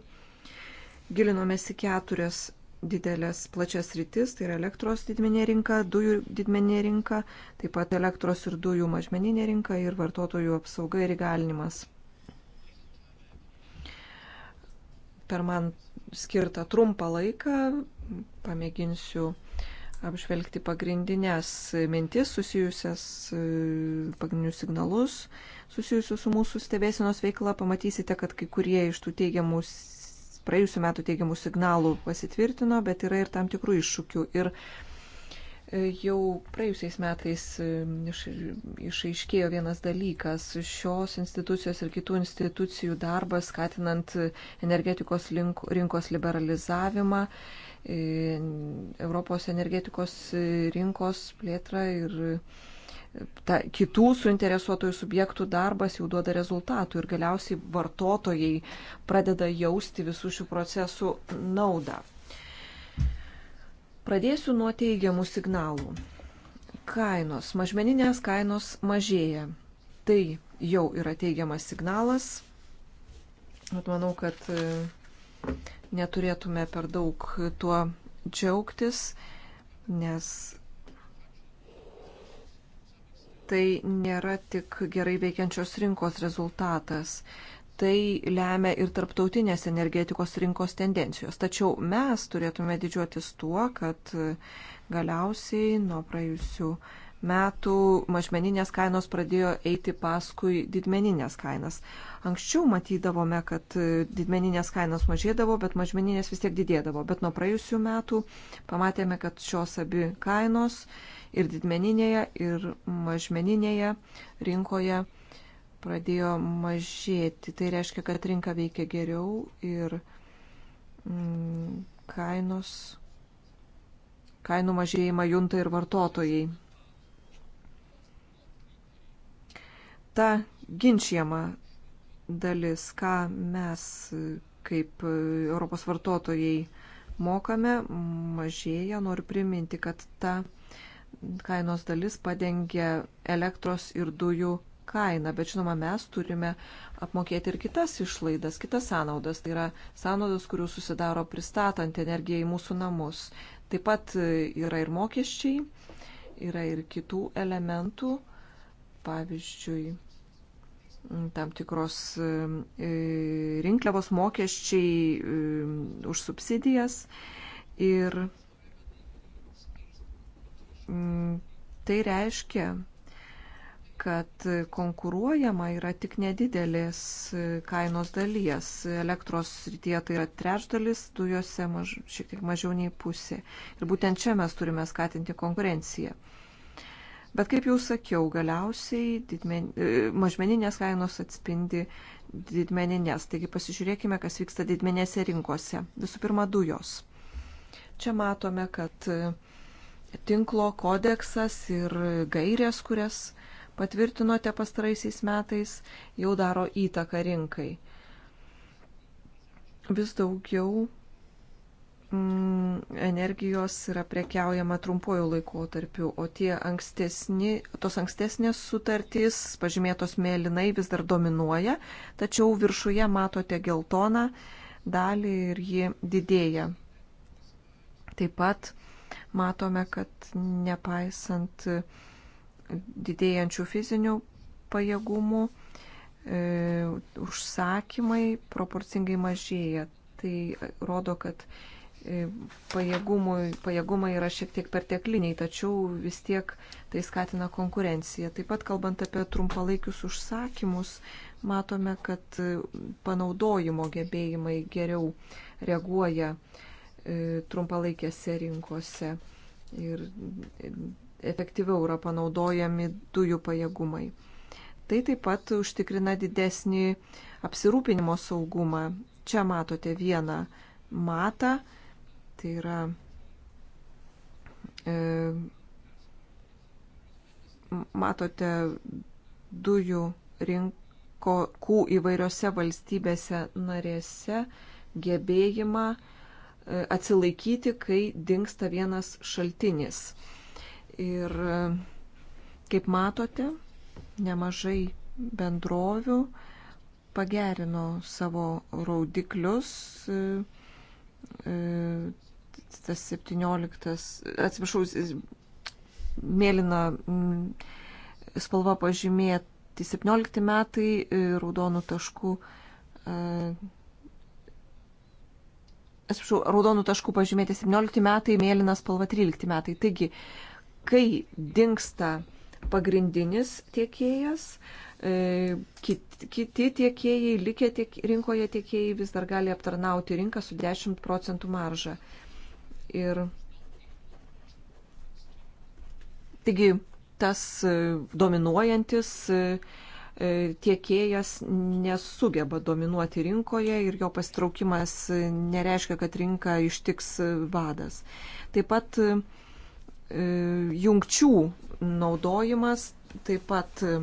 gilinomės į keturias didelės plačias rytis, tai yra elektros didmeninė rinka, dujų didmeninė rinka, taip pat elektros ir dujų mažmeninė rinka ir vartotojų apsauga ir įgalinimas. Per man skirtą trumpą laiką pamėginsiu apžvelgti pagrindinės mintis susijusias, pagrindinius signalus susijusius su mūsų stebėsinos veikla. Pamatysite, kad kai kurie iš tų teigiamus praėjusiu metu teigiamų signalų pasitvirtino, bet yra ir tam tikrų iššūkių. Ir e, jau praėjusiais metais e, iš, išaiškėjo vienas dalykas - šios institucijos ir kitų institucijų darbas skatinant energetikos link, rinkos liberalizavimą, e, Europos energetikos rinkos plėtrą ir ta, kitų suinteresuotojų subjektų darbas jau duoda rezultatų ir galiausiai vartotojai pradeda jausti visų šių procesų naudą. Pradėsiu nuo teigiamų signalų. Kainos, mažmeninės kainos mažėja. Tai jau yra teigiamas signalas. Bet manau, kad e, neturėtume per daug tuo džiaugtis, nes tai nėra tik gerai veikiančios rinkos rezultatas. Tai lemia ir tarptautinės energetikos rinkos tendencijos. Tačiau mes turėtume didžiuotis tuo, kad galiausiai nuo praėjusių metų mažmeninės kainos pradėjo eiti paskui didmeninės kainas. Anksčiau matydavome, kad didmeninės kainos mažėdavo, bet mažmeninės vis tiek didėdavo. Bet nuo praėjusių metų pamatėme, kad šios abi kainos ir didmeninėje, ir mažmeninėje rinkoje pradėjo mažėti. Tai reiškia, kad rinka veikia geriau ir mm, kainos, kainų mažėjimą junta ir vartotojai. Ta ginčiama dalis, ką mes kaip Europos vartotojai mokame, mažėja. Noriu priminti, kad ta kainos dalis padengia elektros ir dujų kainą, bet žinoma, mes turime apmokėti ir kitas išlaidas, kitas sąnaudas, tai yra sąnaudas, kurių susidaro pristatant energiją į mūsų namus. Taip pat yra ir mokesčiai, yra ir kitų elementų, pavyzdžiui, tam tikros e, rinkliavos mokesčiai e, už subsidijas ir Mm, tai reiškia, kad konkuruojama yra tik nedidelės kainos dalies. Elektros srityje tai yra trečdalis, dujose maž, šiek tiek mažiau nei pusė. Ir būtent čia mes turime skatinti konkurenciją. Bet kaip jau sakiau, galiausiai didmen, e, mažmeninės kainos atspindi didmeninės. Taigi pasižiūrėkime, kas vyksta didmenėse rinkose. Visų pirma, dujos. Čia matome, kad tinklo kodeksas ir gairės, kurias patvirtinote pastaraisiais metais, jau daro įtaką rinkai. Vis daugiau mm, energijos yra prekiaujama trumpuoju laikotarpiu, o tie ankstesni, tos ankstesnės sutartys, pažymėtos mėlynai, vis dar dominuoja, tačiau viršuje matote geltoną dalį ir ji didėja. Taip pat matome, kad nepaisant didėjančių fizinių pajėgumų, e, užsakymai proporcingai mažėja. Tai rodo, kad e, pajėgumai, pajėgumai yra šiek tiek pertekliniai, tačiau vis tiek tai skatina konkurenciją. Taip pat kalbant apie trumpalaikius užsakymus, matome, kad e, panaudojimo gebėjimai geriau reaguoja E, trumpalaikėse rinkose ir e, efektyviau yra panaudojami dujų pajėgumai. Tai taip pat užtikrina didesnį apsirūpinimo saugumą. Čia matote vieną matą, tai yra e, matote dujų rinkų įvairiose valstybėse narėse gebėjimą e, atsilaikyti, kai dinksta vienas šaltinis. Ir kaip matote, nemažai bendrovių pagerino savo raudiklius. E, tas 17, atsiprašau, mėlyna spalva pažymėti 17 metai, e, raudonų taškų e, atsiprašau, raudonų taškų pažymėti 17 metai, mėlynas spalva 13 metai. Taigi, kai dinksta pagrindinis tiekėjas, e, kiti tiekėjai, likę tiek, rinkoje tiekėjai vis dar gali aptarnauti rinką su 10 procentų maržą. Ir taigi tas e, dominuojantis e, E, tiekėjas nesugeba dominuoti rinkoje ir jo pastraukimas nereiškia, kad rinka ištiks vadas. Taip pat e, jungčių naudojimas taip pat e,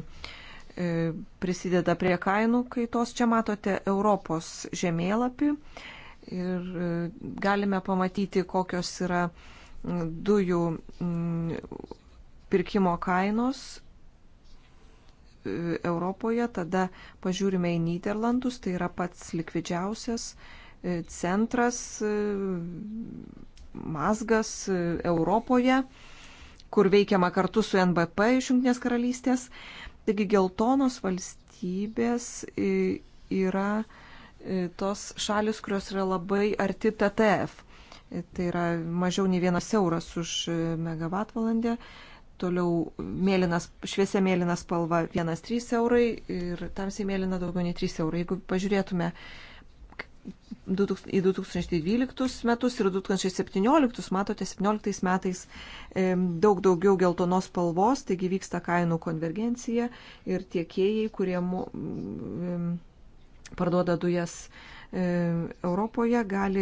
prisideda prie kainų kaitos. Čia matote Europos žemėlapį ir galime pamatyti, kokios yra dujų pirkimo kainos Europoje, tada pažiūrime į Niderlandus, tai yra pats likvidžiausias e, centras, e, mazgas e, Europoje, kur veikiama kartu su NBP iš Junktinės karalystės. Taigi geltonos valstybės yra tos šalis, kurios yra labai arti TTF. Tai yra mažiau nei vienas euras už megavatvalandę. Toliau mėlynas, šviesia mėlyna spalva 1,3 eurai ir tamsiai mėlyna daugiau nei 3 eurai. Jeigu pažiūrėtume į 2012 metus ir 2017, matote, 17 metais daug daugiau geltonos spalvos, taigi vyksta kainų konvergencija ir tiekėjai, kurie parduoda dujas E, Europoje gali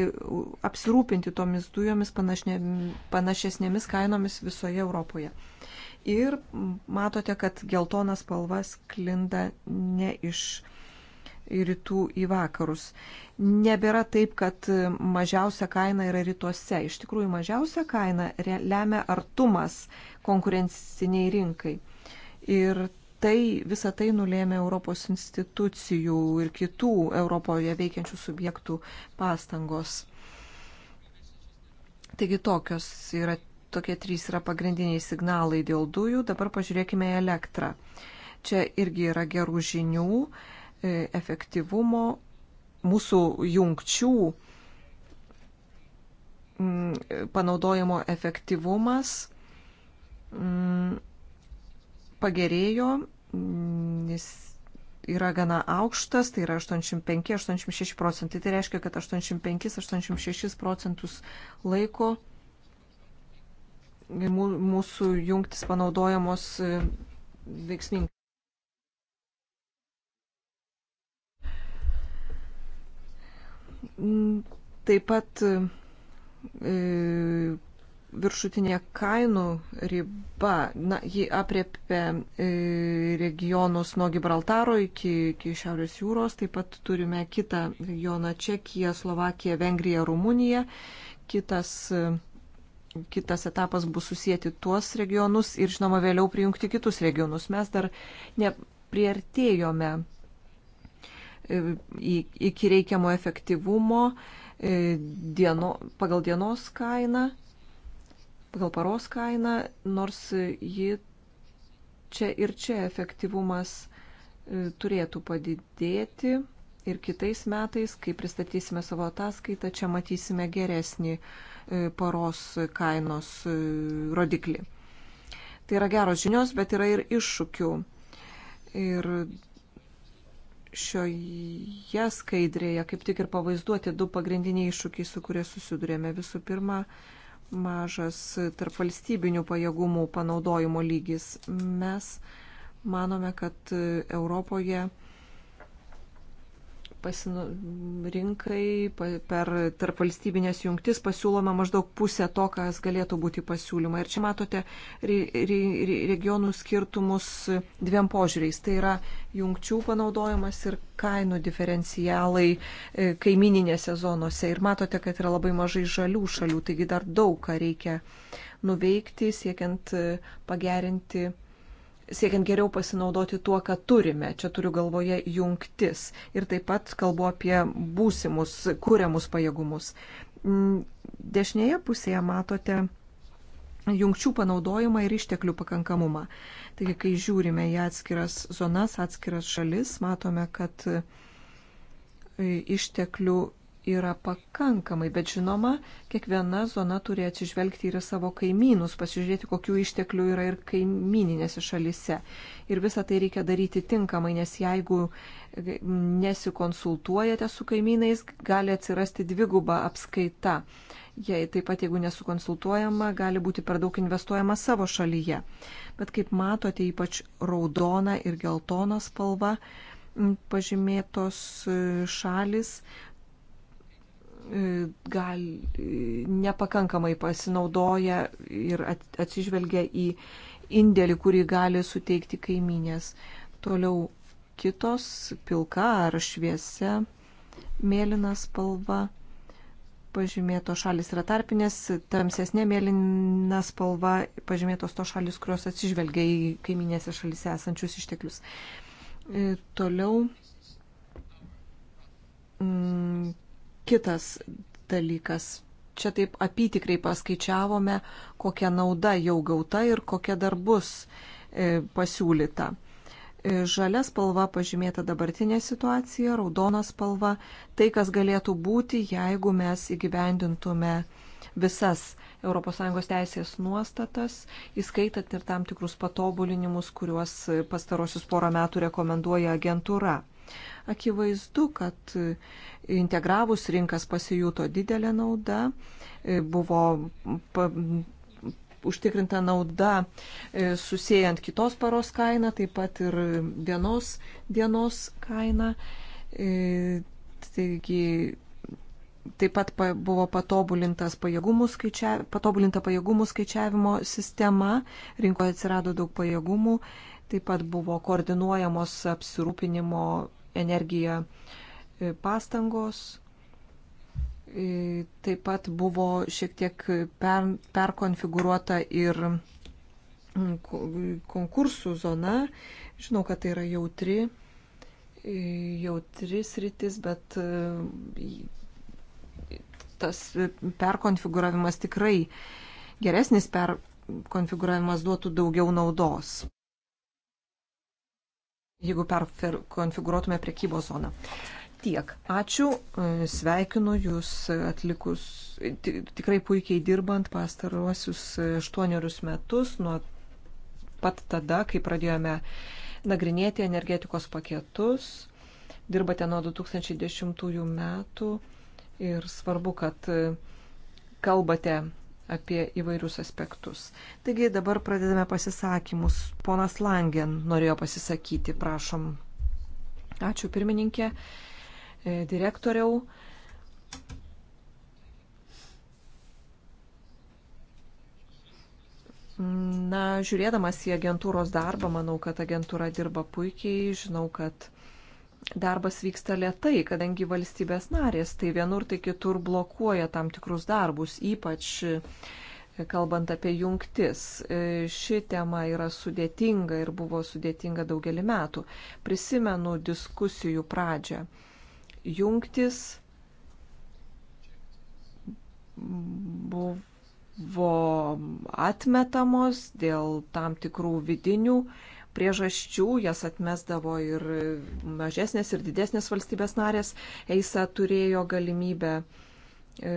apsirūpinti tomis dujomis panašesnėmis kainomis visoje Europoje. Ir matote, kad geltonas spalvas klinda ne iš rytų į vakarus. Nebėra taip, kad mažiausia kaina yra rytuose. Iš tikrųjų, mažiausia kaina lemia artumas konkurenciniai rinkai. Ir tai, visa tai nulėmė Europos institucijų ir kitų Europoje veikiančių subjektų pastangos. Taigi tokios yra, tokie trys yra pagrindiniai signalai dėl dujų. Dabar pažiūrėkime į elektrą. Čia irgi yra gerų žinių, e, efektyvumo, mūsų jungčių mm, panaudojimo efektyvumas mm, pagerėjo, mm, jis yra gana aukštas, tai yra 85-86 procentai. Tai reiškia, kad 85-86 procentus laiko mūsų jungtis panaudojamos e, veiksmingai. Mm, taip pat e, viršutinė kainų riba, na, ji apriepia e, regionus nuo Gibraltaro iki, iki Šiaurės jūros, taip pat turime kitą regioną Čekiją, Slovakiją, Vengriją, Rumuniją. Kitas, e, kitas etapas bus susijęti tuos regionus ir, žinoma, vėliau prijungti kitus regionus. Mes dar nepriartėjome e, iki reikiamo efektyvumo dieno, pagal dienos kainą pagal paros kainą, nors ji čia ir čia efektyvumas e, turėtų padidėti ir kitais metais, kai pristatysime savo ataskaitą, čia matysime geresnį e, paros kainos e, rodiklį. Tai yra geros žinios, bet yra ir iššūkių. Ir šioje skaidrėje kaip tik ir pavaizduoti du pagrindiniai iššūkiai, su kurie susidurėme. Visų pirma, mažas tarp valstybinių pajėgumų panaudojimo lygis. Mes manome, kad Europoje pasinu, rinkai per tarpvalstybinės jungtis pasiūloma maždaug pusė to, kas galėtų būti pasiūlyma. Ir čia matote re, re, re, regionų skirtumus dviem požiūriais. Tai yra jungčių panaudojimas ir kainų diferencialai e, kaimininėse zonose. Ir matote, kad yra labai mažai žalių šalių, taigi dar daug ką reikia nuveikti, siekiant e, pagerinti siekiant geriau pasinaudoti tuo, ką turime. Čia turiu galvoje jungtis ir taip pat kalbu apie būsimus, kūriamus pajėgumus. Mm, dešinėje pusėje matote jungčių panaudojimą ir išteklių pakankamumą. Taigi, kai žiūrime į atskiras zonas, atskiras šalis, matome, kad e, išteklių yra pakankamai, bet žinoma, kiekviena zona turi atsižvelgti ir savo kaimynus, pasižiūrėti, kokių išteklių yra ir kaimininėse šalise. Ir visą tai reikia daryti tinkamai, nes jeigu nesikonsultuojate su kaimynais, gali atsirasti dviguba apskaita. Jei taip pat, jeigu nesukonsultuojama, gali būti per daug investuojama savo šalyje. Bet kaip matote, ypač raudona ir geltona spalva pažymėtos e, šalis E, gal e, nepakankamai pasinaudoja ir atsižvelgia į indėlį, kurį gali suteikti kaiminės. Toliau kitos pilka ar šviesia mėlyna spalva. Pažymėtos šalis yra tarpinės, tamsesnė mėlyna spalva, pažymėtos tos šalis, kurios atsižvelgia į kaiminėse šalise esančius išteklius. E, toliau mm, kitas dalykas. Čia taip apytikriai paskaičiavome, kokia nauda jau gauta ir kokia dar bus e, pasiūlyta. E, žalia spalva pažymėta dabartinė situacija, raudona spalva - tai, kas galėtų būti, jeigu mes įgyvendintume visas ES teisės nuostatas, įskaitant ir tam tikrus patobulinimus, kuriuos pastarosius porą metų rekomenduoja agentūra. Akivaizdu, kad integravus rinkas pasijuto didelė nauda, buvo pa, užtikrinta nauda e, susijęjant kitos paros kainą, taip pat ir vienos dienos kainą. E, taigi, taip pat buvo patobulintas pajėgumų skaičia, patobulinta pajėgumų skaičiavimo sistema, rinkoje atsirado daug pajėgumų, taip pat buvo koordinuojamos apsirūpinimo energiją e, pastangos. E, taip pat buvo šiek tiek per, perkonfigūruota ir mm, konkursų zona. Žinau, kad tai yra jautri, e, jautri sritis, bet tas perkonfigūravimas tikrai geresnis perkonfigūravimas duotų daugiau naudos jeigu perkonfigūruotume prekybos zoną. Tiek. Ačiū, sveikinu Jūs atlikus tikrai puikiai dirbant pastaruosius aštuonerius metus nuo pat tada, kai pradėjome nagrinėti energetikos paketus. Dirbate nuo 2010 metų ir svarbu, kad kalbate apie įvairius aspektus. Taigi dabar pradedame pasisakymus. Ponas Langen norėjo pasisakyti, prašom. Ačiū pirmininkė, e, direktoriau. Na, žiūrėdamas į agentūros darbą, manau, kad agentūra dirba puikiai, žinau, kad darbas vyksta lietai, kadangi valstybės narės tai vienur tai kitur blokuoja tam tikrus darbus, ypač e, kalbant apie jungtis. E, ši tema yra sudėtinga ir buvo sudėtinga daugelį metų. Prisimenu diskusijų pradžią. Jungtis buvo atmetamos dėl tam tikrų vidinių priežasčių, jas atmesdavo ir mažesnės, ir didesnės valstybės narės. Eisa turėjo galimybę e,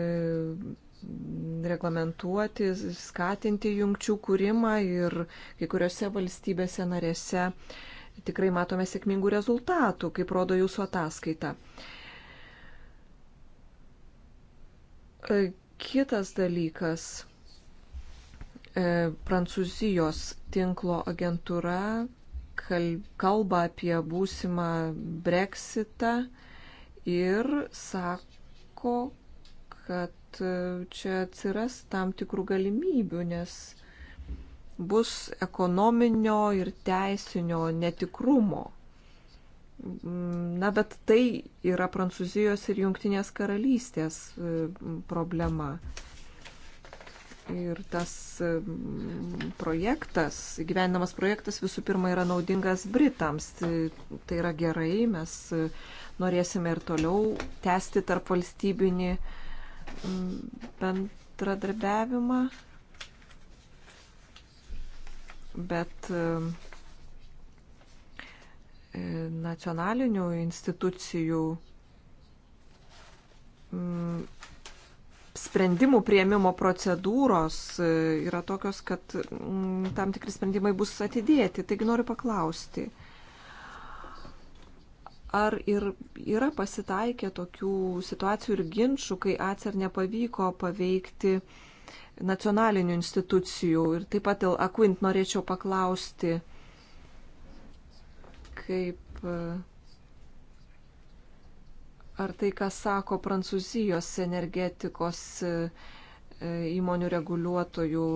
reglamentuoti, skatinti jungčių kūrimą ir kai kuriuose valstybėse narėse tikrai matome sėkmingų rezultatų, kaip rodo jūsų ataskaita. E, kitas dalykas E, Prancūzijos tinklo agentūra kalba apie būsimą breksitą ir sako, kad e, čia atsiras tam tikrų galimybių, nes bus ekonominio ir teisinio netikrumo. Na, bet tai yra Prancūzijos ir Junktinės karalystės e, problema. Ir tas mm, projektas, gyvenamas projektas visų pirma yra naudingas Britams. Tai, tai yra gerai, mes norėsime ir toliau tęsti tarp valstybinį mm, bendradarbiavimą. Bet e, nacionalinių institucijų mm, sprendimų prieimimo procedūros e, yra tokios, kad mm, tam tikri sprendimai bus atidėti. Taigi noriu paklausti, ar ir yra pasitaikę tokių situacijų ir ginčių, kai atsar e nepavyko paveikti nacionalinių institucijų. Ir taip pat dėl Aquint norėčiau paklausti, kaip e, ar tai, ką sako Prancūzijos energetikos e, e, įmonių reguliuotojų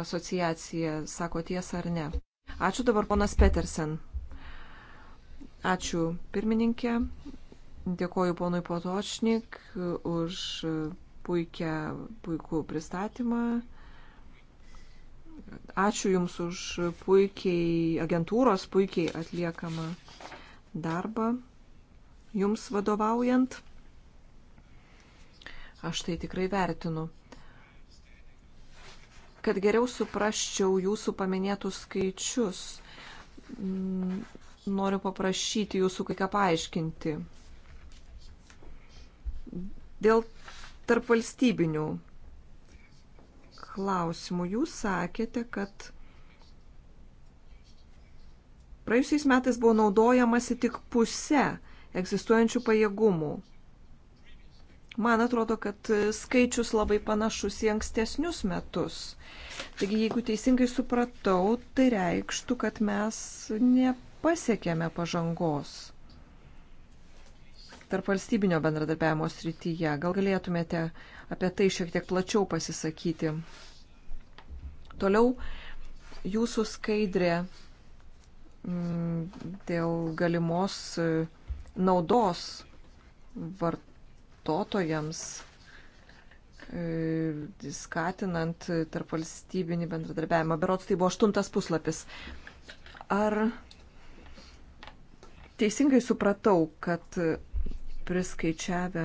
asociacija, sako tiesą ar ne. Ačiū dabar ponas Petersen. Ačiū pirmininkė. Dėkoju ponui Potočnik už puikia, puikų pristatymą. Ačiū Jums už puikiai agentūros, puikiai atliekamą darbą jums vadovaujant. Aš tai tikrai vertinu. Kad geriau suprasčiau jūsų paminėtus skaičius, mm, noriu paprašyti jūsų kai ką paaiškinti. Dėl tarp valstybinių klausimų jūs sakėte, kad praėjusiais metais buvo naudojamasi tik pusę egzistuojančių pajėgumų. Man atrodo, kad skaičius labai panašus į ankstesnius metus. Taigi, jeigu teisingai supratau, tai reikštų, kad mes nepasiekėme pažangos tarp valstybinio bendradarbiavimo srityje. Gal galėtumėte apie tai šiek tiek plačiau pasisakyti. Toliau jūsų skaidrė mm, dėl galimos naudos vartotojams, e, skatinant tarp valstybinį bendradarbiavimą. Berots tai buvo aštuntas puslapis. Ar teisingai supratau, kad priskaičiavę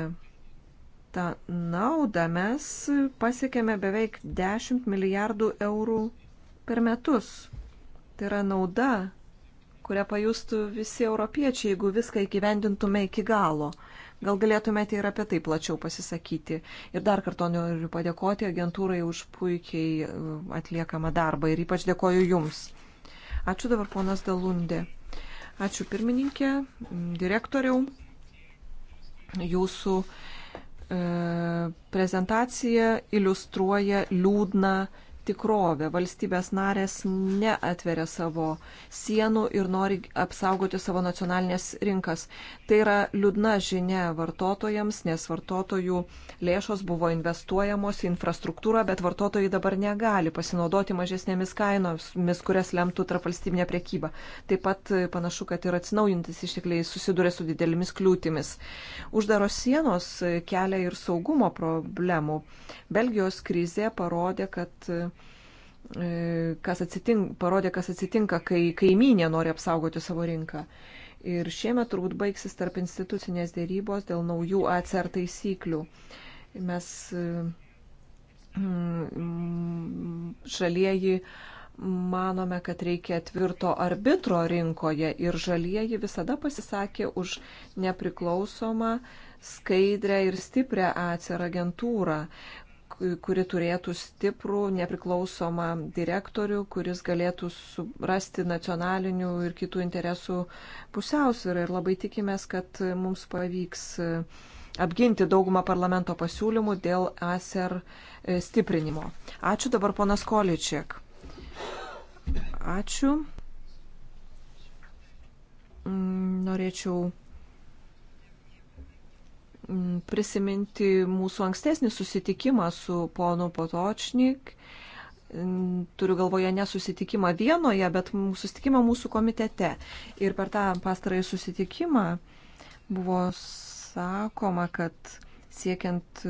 tą naudą mes pasiekėme beveik 10 milijardų eurų per metus. Tai yra nauda kurią pajustų visi europiečiai, jeigu viską įgyvendintume iki galo. Gal galėtumėte ir apie tai plačiau pasisakyti. Ir dar kartą noriu padėkoti agentūrai už puikiai uh, atliekamą darbą ir ypač dėkoju Jums. Ačiū dabar ponas Dalundė. Ačiū pirmininkė, direktoriau. Jūsų e, prezentacija iliustruoja liūdną tikrovė. Valstybės narės neatveria savo sienų ir nori apsaugoti savo nacionalinės rinkas. Tai yra liūdna žinia vartotojams, nes vartotojų lėšos buvo investuojamos į infrastruktūrą, bet vartotojai dabar negali pasinaudoti mažesnėmis kainomis, kurias lemtų tarpvalstybinė priekyba. Taip pat panašu, kad ir atsinaujantis ištekliai susiduria su didelėmis kliūtimis. Uždaros sienos kelia ir saugumo problemų. Belgijos krizė parodė, kad e, kas atsitinka, parodė, kas atsitinka, kai kaimynė nori apsaugoti savo rinką. Ir šiemet turbūt baigsis tarp institucinės dėrybos dėl naujų ACR taisyklių. Mes mm, žalieji manome, kad reikia tvirto arbitro rinkoje ir žalieji visada pasisakė už nepriklausomą, skaidrę ir stiprią ACR agentūrą kuri turėtų stiprų, nepriklausomą direktorių, kuris galėtų surasti nacionalinių ir kitų interesų pusiausvyrą. Ir labai tikimės, kad mums pavyks e, apginti daugumą parlamento pasiūlymų dėl ASER e, stiprinimo. Ačiū dabar ponas Količiek. Ačiū. Mm, norėčiau prisiminti mūsų ankstesnį susitikimą su ponu Potočnik. Turiu galvoje ne susitikimą vienoje, bet susitikimą mūsų komitete. Ir per tą pastarąjį susitikimą buvo sakoma, kad siekiant,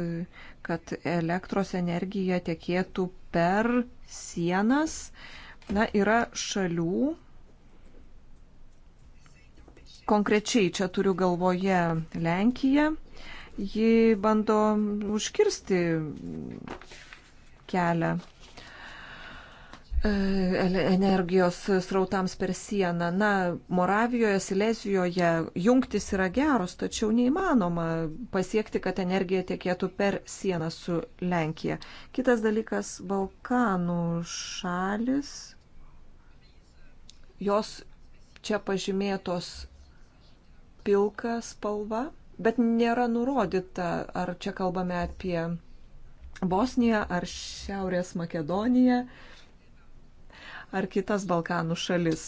kad elektros energija tekėtų per sienas, na, yra šalių, konkrečiai čia turiu galvoje Lenkiją, ji bando užkirsti kelią e, energijos srautams per sieną. Na, Moravijoje, Silesijoje jungtis yra geros, tačiau neįmanoma pasiekti, kad energija tiekėtų per sieną su Lenkija. Kitas dalykas - Balkanų šalis. Jos čia pažymėtos pilka spalva bet nėra nurodyta, ar čia kalbame apie Bosniją ar Šiaurės Makedoniją ar kitas Balkanų šalis.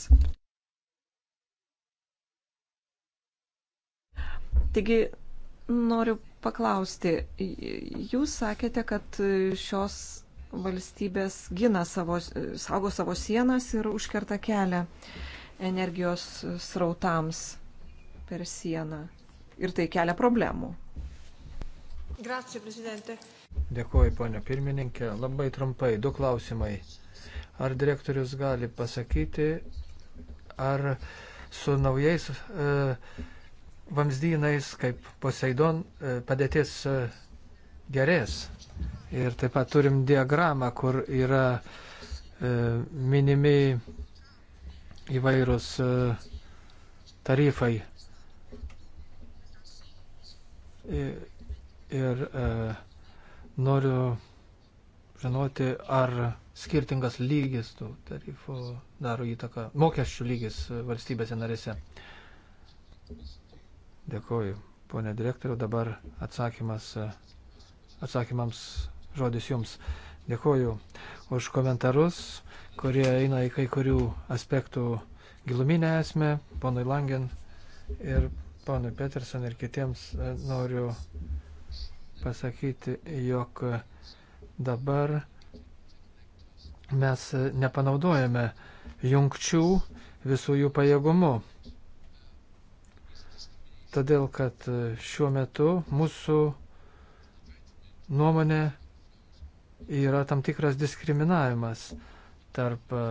Taigi noriu paklausti, jūs sakėte, kad šios valstybės gina savo, saugo savo sienas ir užkerta kelią energijos srautams per sieną ir tai kelia problemų. Grazie, prezidente. Dėkuoju, ponia pirmininkė. Labai trumpai, du klausimai. Ar direktorius gali pasakyti, ar su naujais e, vamzdynais kaip Poseidon e, padėtis e, gerės? Ir taip pat turim diagramą, kur yra e, minimi įvairūs e, tarifai Ir, ir e, noriu žinoti, ar skirtingas lygis tų tarifų daro įtaką, mokesčių lygis valstybėse narėse. Dėkoju, ponė direktoriau, dabar atsakymas, atsakymams žodis jums. Dėkoju už komentarus, kurie eina į kai kurių aspektų giluminę esmę, ponui Langen ir ponui Peterson ir kitiems e, noriu pasakyti, jog dabar mes nepanaudojame jungčių visų jų pajėgumu. Todėl, kad šiuo metu mūsų nuomonė yra tam tikras diskriminavimas tarp e,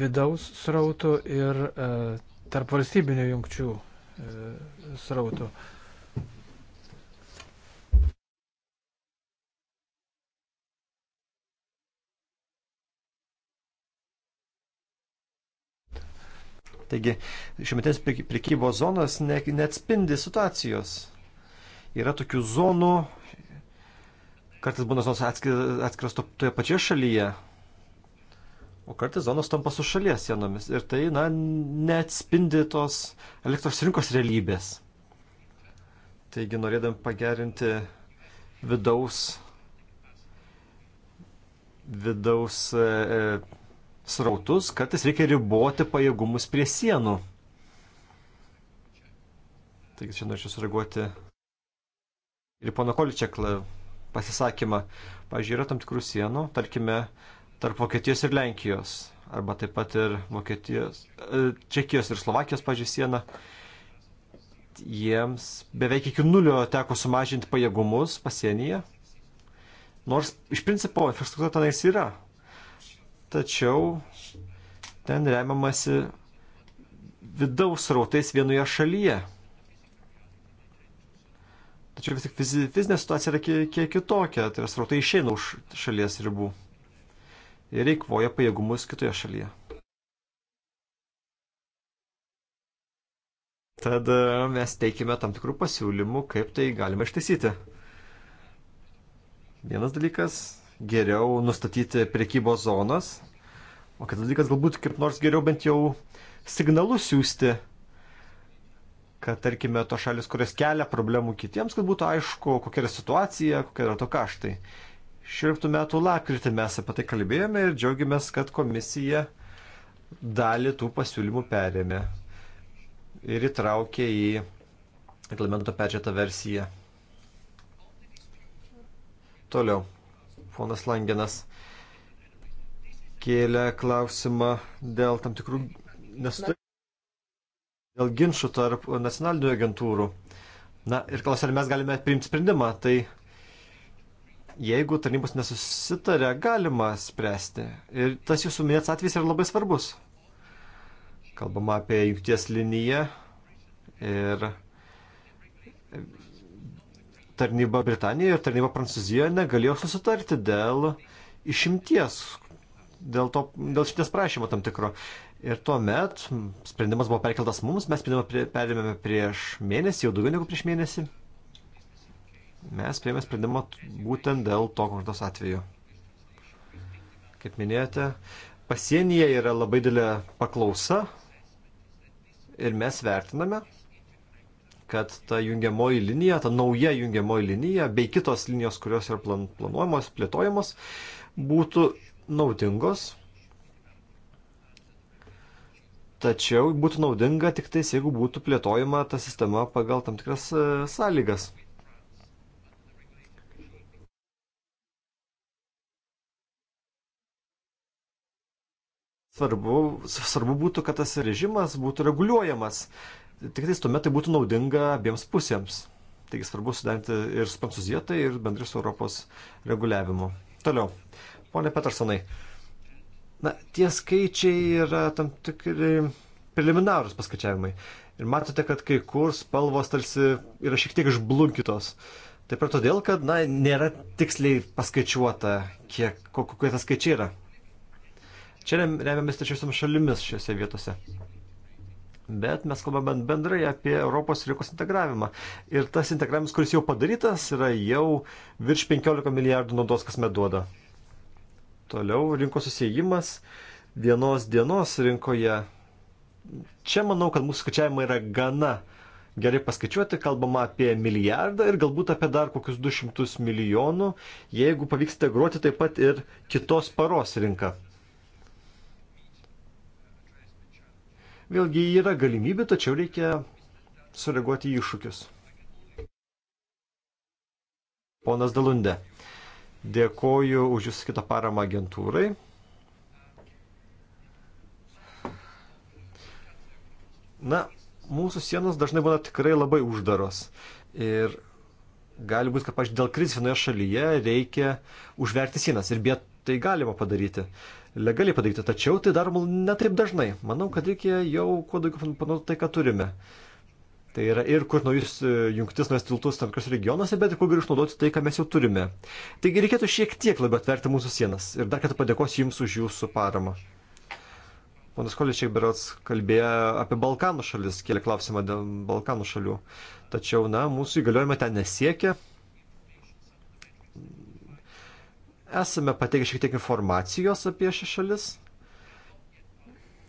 vidaus srautų ir e, tarp valstybinio jungčių e, srautų. Taigi šiuometės prekybos zonas ne, neatspindi situacijos. Yra tokių zonų, kartais būna atskiras toje pačioje šalyje, O kartais zonos tampa su šalies sienomis ir tai, na, neatspindi tos elektros rinkos realybės. Taigi, norėdam pagerinti vidaus, vidaus e, e, srautus, kartais reikia riboti pajėgumus prie sienų. Taigi, čia norėčiau sureaguoti ir pono Količiaklą pasisakymą. Pavyzdžiui, yra tam tikrų sienų, tarkime, tarp Vokietijos ir Lenkijos, arba taip pat ir Vokietijos, e, Čekijos ir Slovakijos, pažiūrėjau, sieną. Jiems beveik iki nulio teko sumažinti pajėgumus pasienyje, nors iš principo infrastruktūra tenais yra. Tačiau ten remiamasi vidaus rautais vienoje šalyje. Tačiau vis tik fizinė situacija yra kiek kitokia, tai yra srautai išeina už šalies ribų ir eikvoja pajėgumus kitoje šalyje. Tad e, mes teikime tam tikrų pasiūlymų, kaip tai galima ištaisyti. Vienas dalykas - geriau nustatyti priekybos zonas, o kitas dalykas - galbūt kaip nors geriau bent jau signalus siūsti, kad tarkime to šalis, kurios kelia problemų kitiems, kad būtų aišku, kokia yra situacija, kokia yra to kaštai. 16 metų lapkritį mes apie tai kalbėjome ir džiaugiamės, kad komisija dalį tų pasiūlymų perėmė ir įtraukė į reglamento peržiūrėtą versiją. Toliau, ponas Langenas kėlė klausimą dėl tam tikrų nesutarimų, dėl ginčių tarp nacionalinių agentūrų. Na ir klausia, ar mes galime priimti sprendimą, tai jeigu tarnybos nesusitarė, galima spręsti. Ir tas jūsų minėtas atvejis yra labai svarbus. Kalbama apie jungties liniją ir tarnyba Britanijoje ir tarnyba Prancūzijoje negalėjo susitarti dėl išimties, dėl, to, dėl šimties prašymo tam tikro. Ir tuomet sprendimas buvo perkeltas mums, mes sprendimą perėmėme prieš mėnesį, jau daugiau negu prieš mėnesį mes prieėmė sprendimą būtent dėl to konkretos atveju. Kaip minėjote, pasienyje yra labai didelė paklausa ir mes vertiname, kad ta jungiamoji linija, ta nauja jungiamoji linija bei kitos linijos, kurios yra plan, planuojamos, plėtojamos, būtų naudingos. Tačiau būtų naudinga tik tais, jeigu būtų plėtojama ta sistema pagal tam tikras e, sąlygas. Svarbu, svarbu būtų, kad tas režimas būtų reguliuojamas. Tik tais tuomet tai būtų naudinga abiems pusėms. Taigi svarbu sudaryti ir su Prancūzija, tai ir bendrai su Europos reguliavimu. Toliau, ponė Petersonai, na, tie skaičiai yra tam tikri preliminarūs paskaičiavimai. Ir matote, kad kai kur spalvos tarsi yra šiek tiek išblunkitos. Taip ir todėl, kad, na, nėra tiksliai paskaičiuota, kiek, kokie tie skaičiai yra. Čia remiamės trečiosiomis šalimis šiuose vietose. Bet mes kalbame bendrai apie Europos rinkos integravimą. Ir tas integravimas, kuris jau padarytas, yra jau virš 15 milijardų naudos kasmet duoda. Toliau rinkos susijimas vienos dienos rinkoje. Čia manau, kad mūsų skaičiavimai yra gana gerai paskaičiuoti, kalbama apie milijardą ir galbūt apie dar kokius 200 milijonų, jeigu pavyks integruoti taip pat ir kitos paros rinką. Vėlgi yra galimybių, tačiau reikia sureaguoti į iššūkius. Ponas Dalundė, dėkoju už Jūsų kitą paramą agentūrai. Na, mūsų sienos dažnai būna tikrai labai uždaros. Ir gali būti, kad, pažiūrėjau, dėl krizės vienoje šalyje reikia užverti sienas. Ir bet tai galima padaryti legaliai padaryti, tačiau tai daroma netaip dažnai. Manau, kad reikia jau kuo daugiau panaudoti tai, ką turime. Tai yra ir kur naujus e, jungtis, naujus tiltus tam kas regionuose, bet ir kur geriau išnaudoti tai, ką mes jau turime. Taigi reikėtų šiek tiek labiau atverti mūsų sienas. Ir dar kartą padėkosiu Jums už Jūsų paramą. Ponas Količiai Berots kalbėjo apie Balkanų šalis, kėlė klausimą dėl Balkanų šalių. Tačiau, na, mūsų įgaliojimai ten nesiekia, Esame pateikę šiek tiek informacijos apie šias šalis,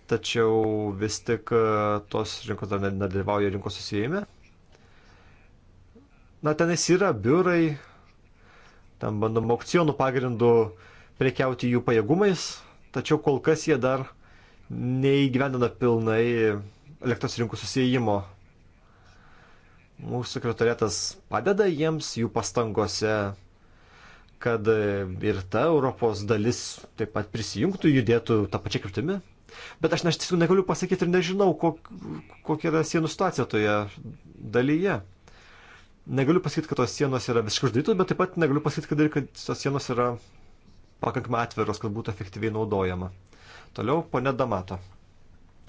tačiau vis tik e, tos rinkos dar nedalyvauja rinkos susijėjime. Na, tenais yra biurai, tam bandom aukcionų pagrindų prekiauti jų pajėgumais, tačiau kol kas jie dar neįgyvendina pilnai elektros rinkų susijimo. Mūsų sekretariatas padeda jiems jų pastangose kad e, ir ta Europos dalis taip pat prisijungtų, judėtų tą pačią kryptimį. Bet aš, aš tiesiog negaliu pasakyti ir nežinau, kok, kokia yra sienų situacija toje dalyje. Negaliu pasakyti, kad tos sienos yra visiškai uždarytos, bet taip pat negaliu pasakyti, kad ir kad tos sienos yra pakankamai atviros, kad būtų efektyviai naudojama. Toliau ponė Damato,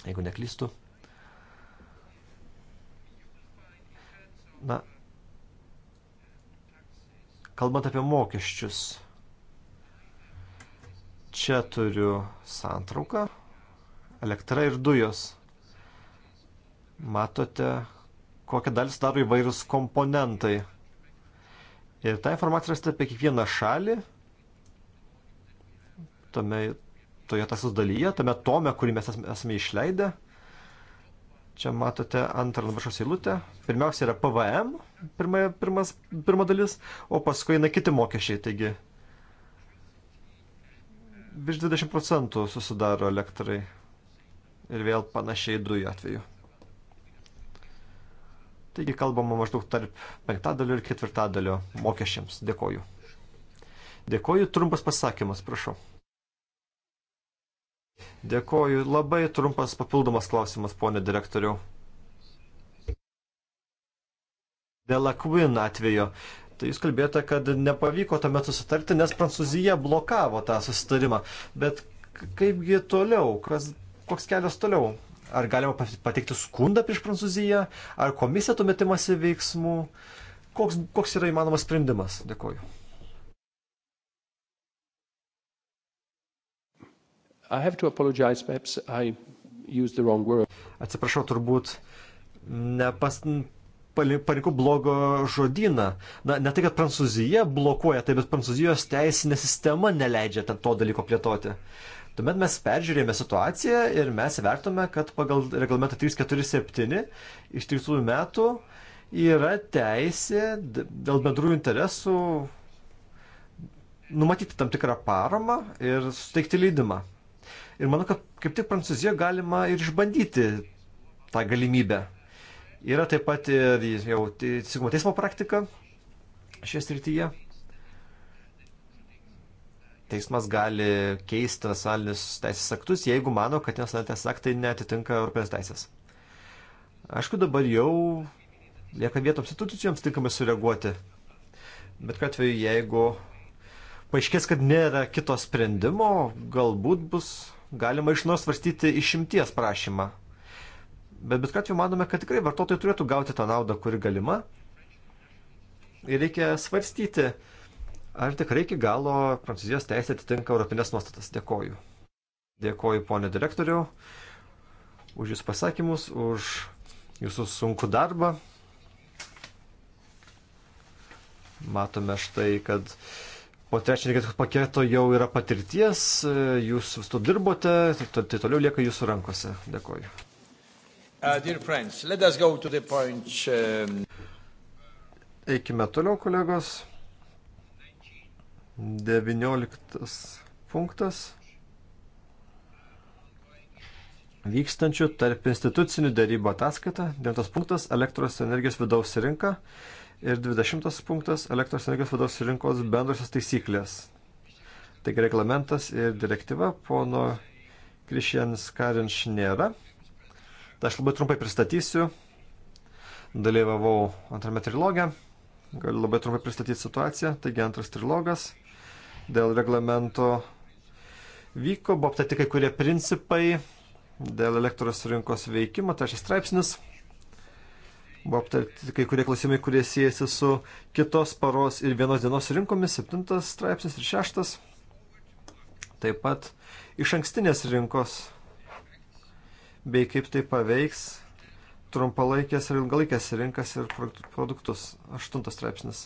jeigu neklystu. Na, Kalbant apie mokesčius, čia turiu santrauką, elektra ir dujos. Matote, kokią dalį sudaro įvairūs komponentai. Ir ta informacija rasite apie kiekvieną šalį, tame, toje tasos dalyje, tame tome, kurį mes esame išleidę. Čia matote antrą nubrašos eilutę. Pirmiausia yra PVM, pirma, pirmas, pirma dalis, o paskui eina kiti mokesčiai. Taigi virš 20 procentų susidaro elektrai ir vėl panašiai dujų atveju. Taigi kalbama maždaug tarp penktadalio ir ketvirtadalio mokesčiams. Dėkoju. Dėkoju, trumpas pasakymas, prašau. Dėkoju. Labai trumpas papildomas klausimas, ponė direktoriau. Dėl Aquin atvejo. Tai jūs kalbėjote, kad nepavyko tuomet susitarti, nes Prancūzija blokavo tą susitarimą. Bet kaipgi toliau? Kas, koks kelias toliau? Ar galima pateikti skundą prieš Prancūziją? Ar komisija tuomet imasi veiksmų? Koks, koks yra įmanomas sprendimas? Dėkoju. Atsiprašau, turbūt nepas, paliku blogo žodyną. Na, ne tai, kad Prancūzija blokuoja tai, bet Prancūzijos teisinė sistema neleidžia to dalyko plėtoti. Tuomet mes peržiūrėjome situaciją ir mes vertome, kad pagal reglamentą 347 iš 30 metų yra teisė dėl bendrųjų interesų numatyti tam tikrą paramą ir suteikti leidimą. Ir manau, kad kaip tik Prancūzijoje galima ir išbandyti tą galimybę. Yra taip pat ir jau teisingumo teismo praktika šioje srityje. Teismas gali keisti nacionalinius teisės aktus, jeigu mano, kad nacionaliniai teisės aktai netitinka Europės teisės. Aišku, dabar jau lieka vietos institucijoms tinkamai sureaguoti. Bet kad atveju, jeigu paaiškės, kad nėra kito sprendimo, galbūt bus galima iš nuos svarstyti išimties prašymą. Bet bet kokiu manome, kad tikrai vartotojai turėtų gauti tą naudą, kuri galima. Ir reikia svarstyti, ar tikrai iki galo Prancūzijos teisė atitinka europinės nuostatas. Dėkoju. Dėkoju, ponė direktoriau, už Jūsų pasakymus, už Jūsų sunku darbą. Matome štai, kad po trečio energetikos paketo jau yra patirties, jūs su to dirbote, tai, tai toliau lieka jūsų rankose. Dėkoju. Uh, friends, point, um... Eikime toliau, kolegos. 19 punktas. Vykstančių tarp institucinių darybų ataskaita. 9 punktas - elektros energijos vidaus rinka. Uh, Ir 20 punktas - elektros energijos vidaus rinkos bendrosios taisyklės. Taigi reglamentas ir direktyva pono Krišienis Karinš nėra. Tai aš labai trumpai pristatysiu. Dalyvavau antrame trilogė. Galiu labai trumpai pristatyti situaciją. Taigi antras trilogas dėl reglamento vyko, buvo aptati kai kurie principai dėl elektros rinkos veikimo, trečias straipsnis. Buvo aptarti kai kurie klausimai, kurie siejasi su kitos paros ir vienos dienos rinkomis, septintas straipsnis ir šeštas. Taip pat iš ankstinės rinkos bei kaip tai paveiks trumpalaikės ir ilgalaikės rinkas ir produktus. Aštuntas straipsnis.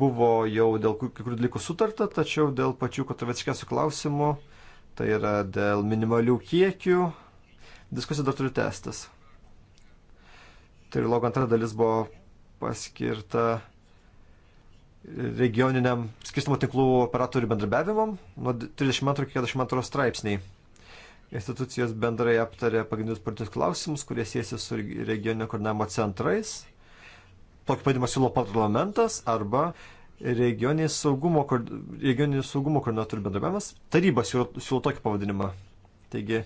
Buvo jau dėl kai kurių dalykų sutarta, tačiau dėl pačių kontroversiškiausių klausimų, tai yra dėl minimalių kiekių, diskusija dar turi testas trilogo antra dalis buvo paskirta regioniniam skirstimo tinklų operatorių bendrabiavimam nuo 32 iki 42 straipsniai. Institucijos bendrai aptarė pagrindinius politinius klausimus, kurie siejasi su regioninio koordinavimo centrais. Tokį pavadimą siūlo parlamentas arba regioninis saugumo, regioninis saugumo koordinatorių bendrabiavimas. Taryba siūlo, siūlo tokį pavadinimą. Taigi,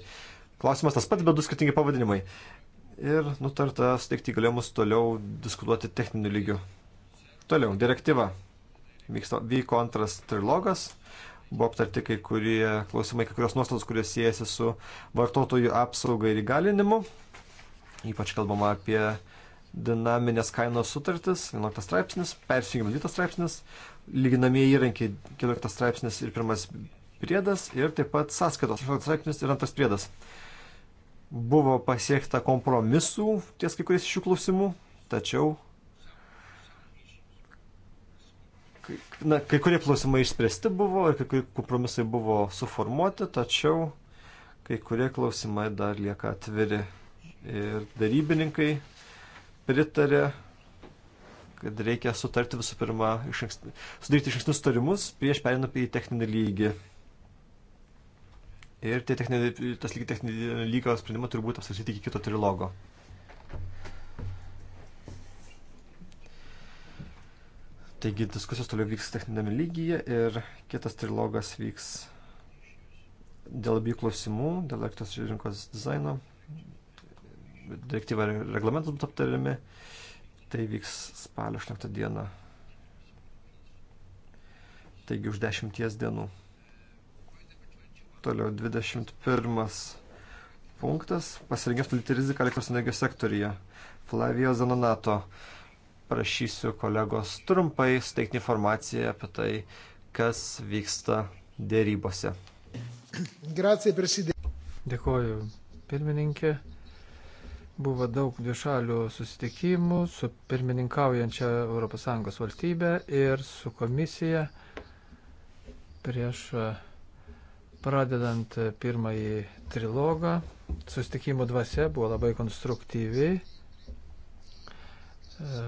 klausimas tas pats, bet du skirtingi pavadinimai ir nutarta suteikti įgaliojimus toliau diskutuoti techniniu lygiu. Toliau, direktyva. Vyksta, vyko antras trilogas, buvo aptarti kai kurie klausimai, kai kurios nuostatos, kurios siejasi su vartotojų apsauga ir įgalinimu. Ypač kalbama apie dinaminės kainos sutartis, 11 straipsnis, persijungimas 2 straipsnis, lyginamieji įrankiai 14 straipsnis ir pirmas priedas ir taip pat sąskaitos 14 straipsnis ir antras priedas. Buvo pasiekta kompromisų ties kai kuriais šių klausimų, tačiau na, kai kurie klausimai išspręsti buvo ir kai kurie kompromisai buvo suformuoti, tačiau kai kurie klausimai dar lieka atviri. Ir darybininkai pritarė, kad reikia sutarti visų pirma, iš anksti, sudaryti iš ankstinius sutarimus prieš perinant į techninį lygį. Ir tie techninė, tas lygiai techninio lygio sprendimą turi būti apsvarstyti iki kito trilogo. Taigi diskusijos toliau vyks techninėme lygyje ir kitas trilogas vyks dėl abiejų klausimų, dėl elektros rinkos dizaino. Direktyva ir reglamentas bus aptariami. Tai vyks spalio 8 dieną. Taigi už dešimties dienų. Toliau 21 punktas. Pasirinkimas plėti riziką elektros energijos sektorija. Flavio Zanonato. Prašysiu kolegos trumpai suteikti informaciją apie tai, kas vyksta dėrybose. Gracija prisidė. Dėkoju, pirmininkė. Buvo daug dvišalių susitikimų su pirmininkaujančia ES valstybė ir su komisija prieš pradedant pirmąjį trilogą, sustikimų dvasia buvo labai konstruktyvi. E,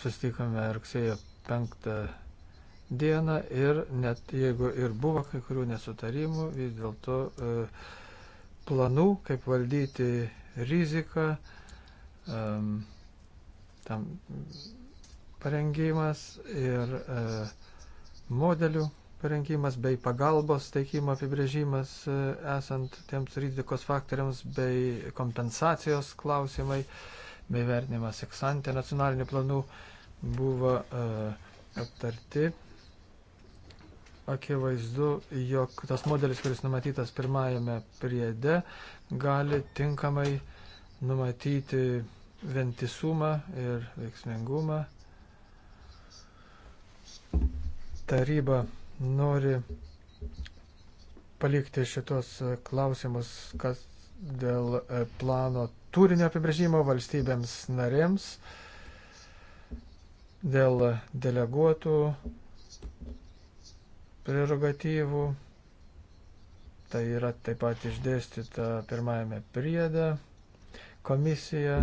Sustikome rugsėjo 5 dieną ir net jeigu ir buvo kai kurių nesutarimų, vis dėlto e, planų, kaip valdyti riziką, e, tam parengimas ir modelių parengimas bei pagalbos teikimo apibrėžimas e, esant tiems rizikos faktoriams bei kompensacijos klausimai bei vertinimas eksantė nacionalinių planų buvo uh, aptarti. Akivaizdu, jog tas modelis, kuris numatytas pirmajame priede, gali tinkamai numatyti ventisumą ir veiksmingumą taryba nori palikti šitos klausimus, kas dėl e, plano turinio apibrėžimo valstybėms narėms, dėl deleguotų prerogatyvų. Tai yra taip pat išdėstyta pirmajame priede. Komisija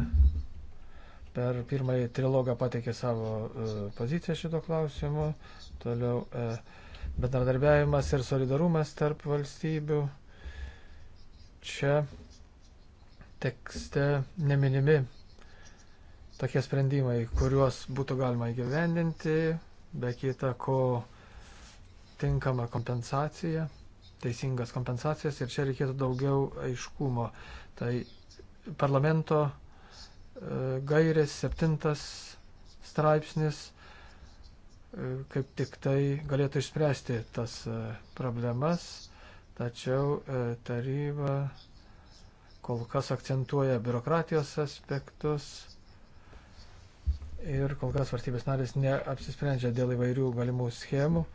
per pirmąjį trilogą pateikė savo e, poziciją šito klausimu. Toliau e, bendradarbiavimas ir solidarumas tarp valstybių. Čia tekste neminimi tokie sprendimai, kuriuos būtų galima įgyvendinti, be kita ko tinkama kompensacija, teisingas kompensacijas ir čia reikėtų daugiau aiškumo. Tai parlamento e, gairės septintas straipsnis kaip tik tai galėtų išspręsti tas e, problemas, tačiau e, taryba kol kas akcentuoja biurokratijos aspektus ir kol kas valstybės narės neapsisprendžia dėl įvairių galimų schemų.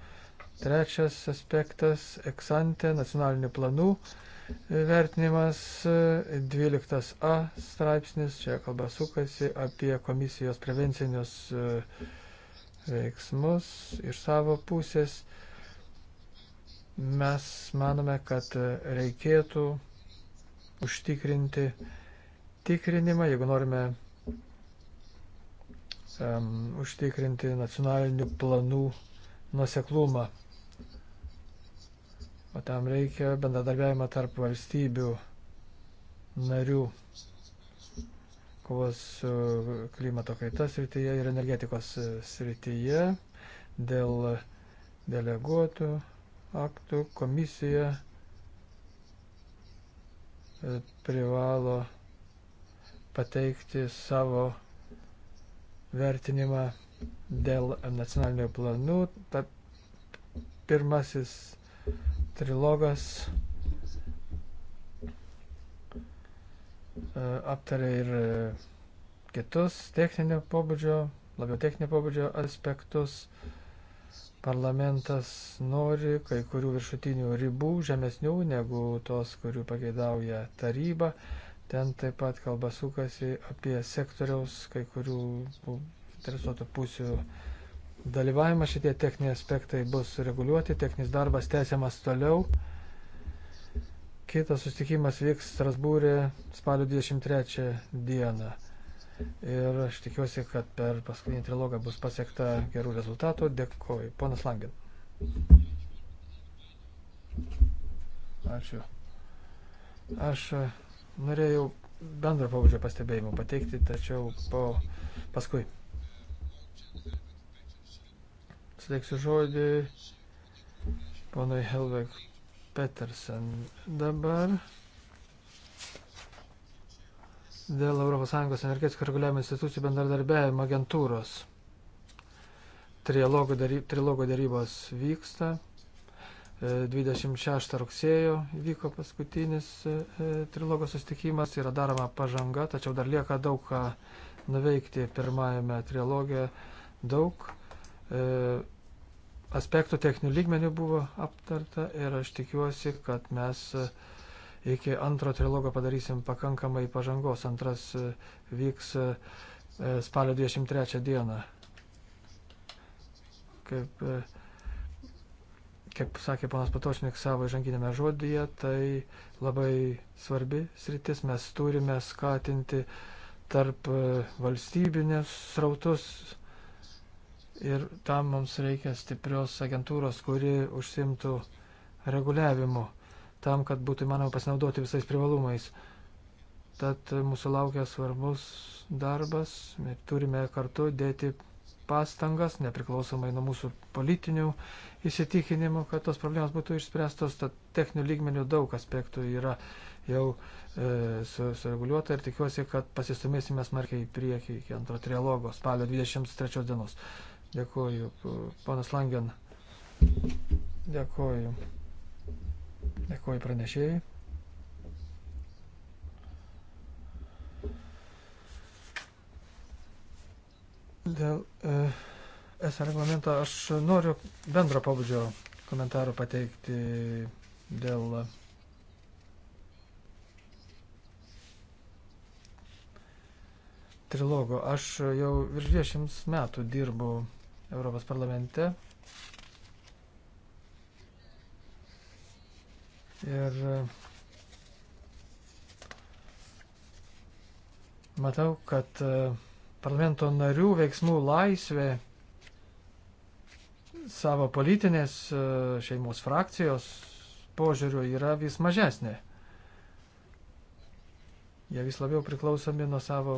Trečias aspektas - eksante nacionalinių planų e, vertinimas 12a straipsnis, čia kalba sukasi apie komisijos prevencinius uh, veiksmus iš savo pusės. Mes manome, kad reikėtų užtikrinti tikrinimą, jeigu norime um, užtikrinti nacionalinių planų nuseklumą. O tam reikia bendradarbiavimą tarp valstybių narių kovos su klimato kaita srityje ir energetikos srityje dėl deleguotų aktų komisija e, privalo pateikti savo vertinimą dėl nacionalinių planų. Ta pirmasis trilogas E, aptarė ir e, kitus techninio pobūdžio, labiau techninio pobūdžio aspektus. Parlamentas nori kai kurių viršutinių ribų, žemesnių negu tos, kurių pageidauja taryba. Ten taip pat kalba sukasi apie sektoriaus kai kurių interesuotų pusių dalyvavimą. Šitie techniniai aspektai bus reguliuoti, techninis darbas tęsiamas toliau. Kitas susitikimas vyks Strasbūrė spalio 23 dieną. Ir aš tikiuosi, kad per paskutinį trilogą bus pasiekta gerų rezultatų. Dėkuoju. Ponas Langin. Ačiū. Aš e, norėjau bendrą pavadžio pastebėjimą pateikti, tačiau po, paskui. Suteiksiu žodį ponui Helvek Petersen. Dabar dėl ES energetikos reguliavimo institucijų bendradarbiavimo agentūros. Trilogo darybos vyksta. 26 e, rugsėjo vyko paskutinis e, e, trilogo sustikimas, yra daroma pažanga, tačiau dar lieka daug ką nuveikti pirmajame trilogė, daug e, aspektų techninių lygmenių buvo aptarta ir aš tikiuosi, kad mes e, iki antro trilogo padarysim pakankamai pažangos. Antras e, vyks e, spalio 23 dieną. Kaip, kaip sakė panas Patošnik savo įžanginėme žodyje, tai labai svarbi sritis. Mes turime skatinti tarp valstybinės srautus ir tam mums reikia stiprios agentūros, kuri užsimtų reguliavimu, tam, kad būtų įmanoma pasinaudoti visais privalumais. Tad mūsų laukia svarbus darbas, turime kartu dėti pastangas, nepriklausomai nuo mūsų politinių įsitikinimų, kad tos problemos būtų išspręstos, tad techninių lygmenių daug aspektų yra jau e, sureguliuota ir tikiuosi, kad pasistumėsime smarkiai į priekį iki antro trialogo spalio 23 dienos. Dėkuoju, ponas Langen. Dėkuoju. Dėkuoju pranešėjai. Dėl e, S reglamento aš noriu bendro pabudžio komentarų pateikti dėl trilogo. Aš jau virš 10 metų dirbau Europos parlamente. Ir e, matau, kad e, parlamento narių veiksmų laisvė savo politinės e, šeimos frakcijos požiūrių yra vis mažesnė. Jie vis labiau priklausomi nuo savo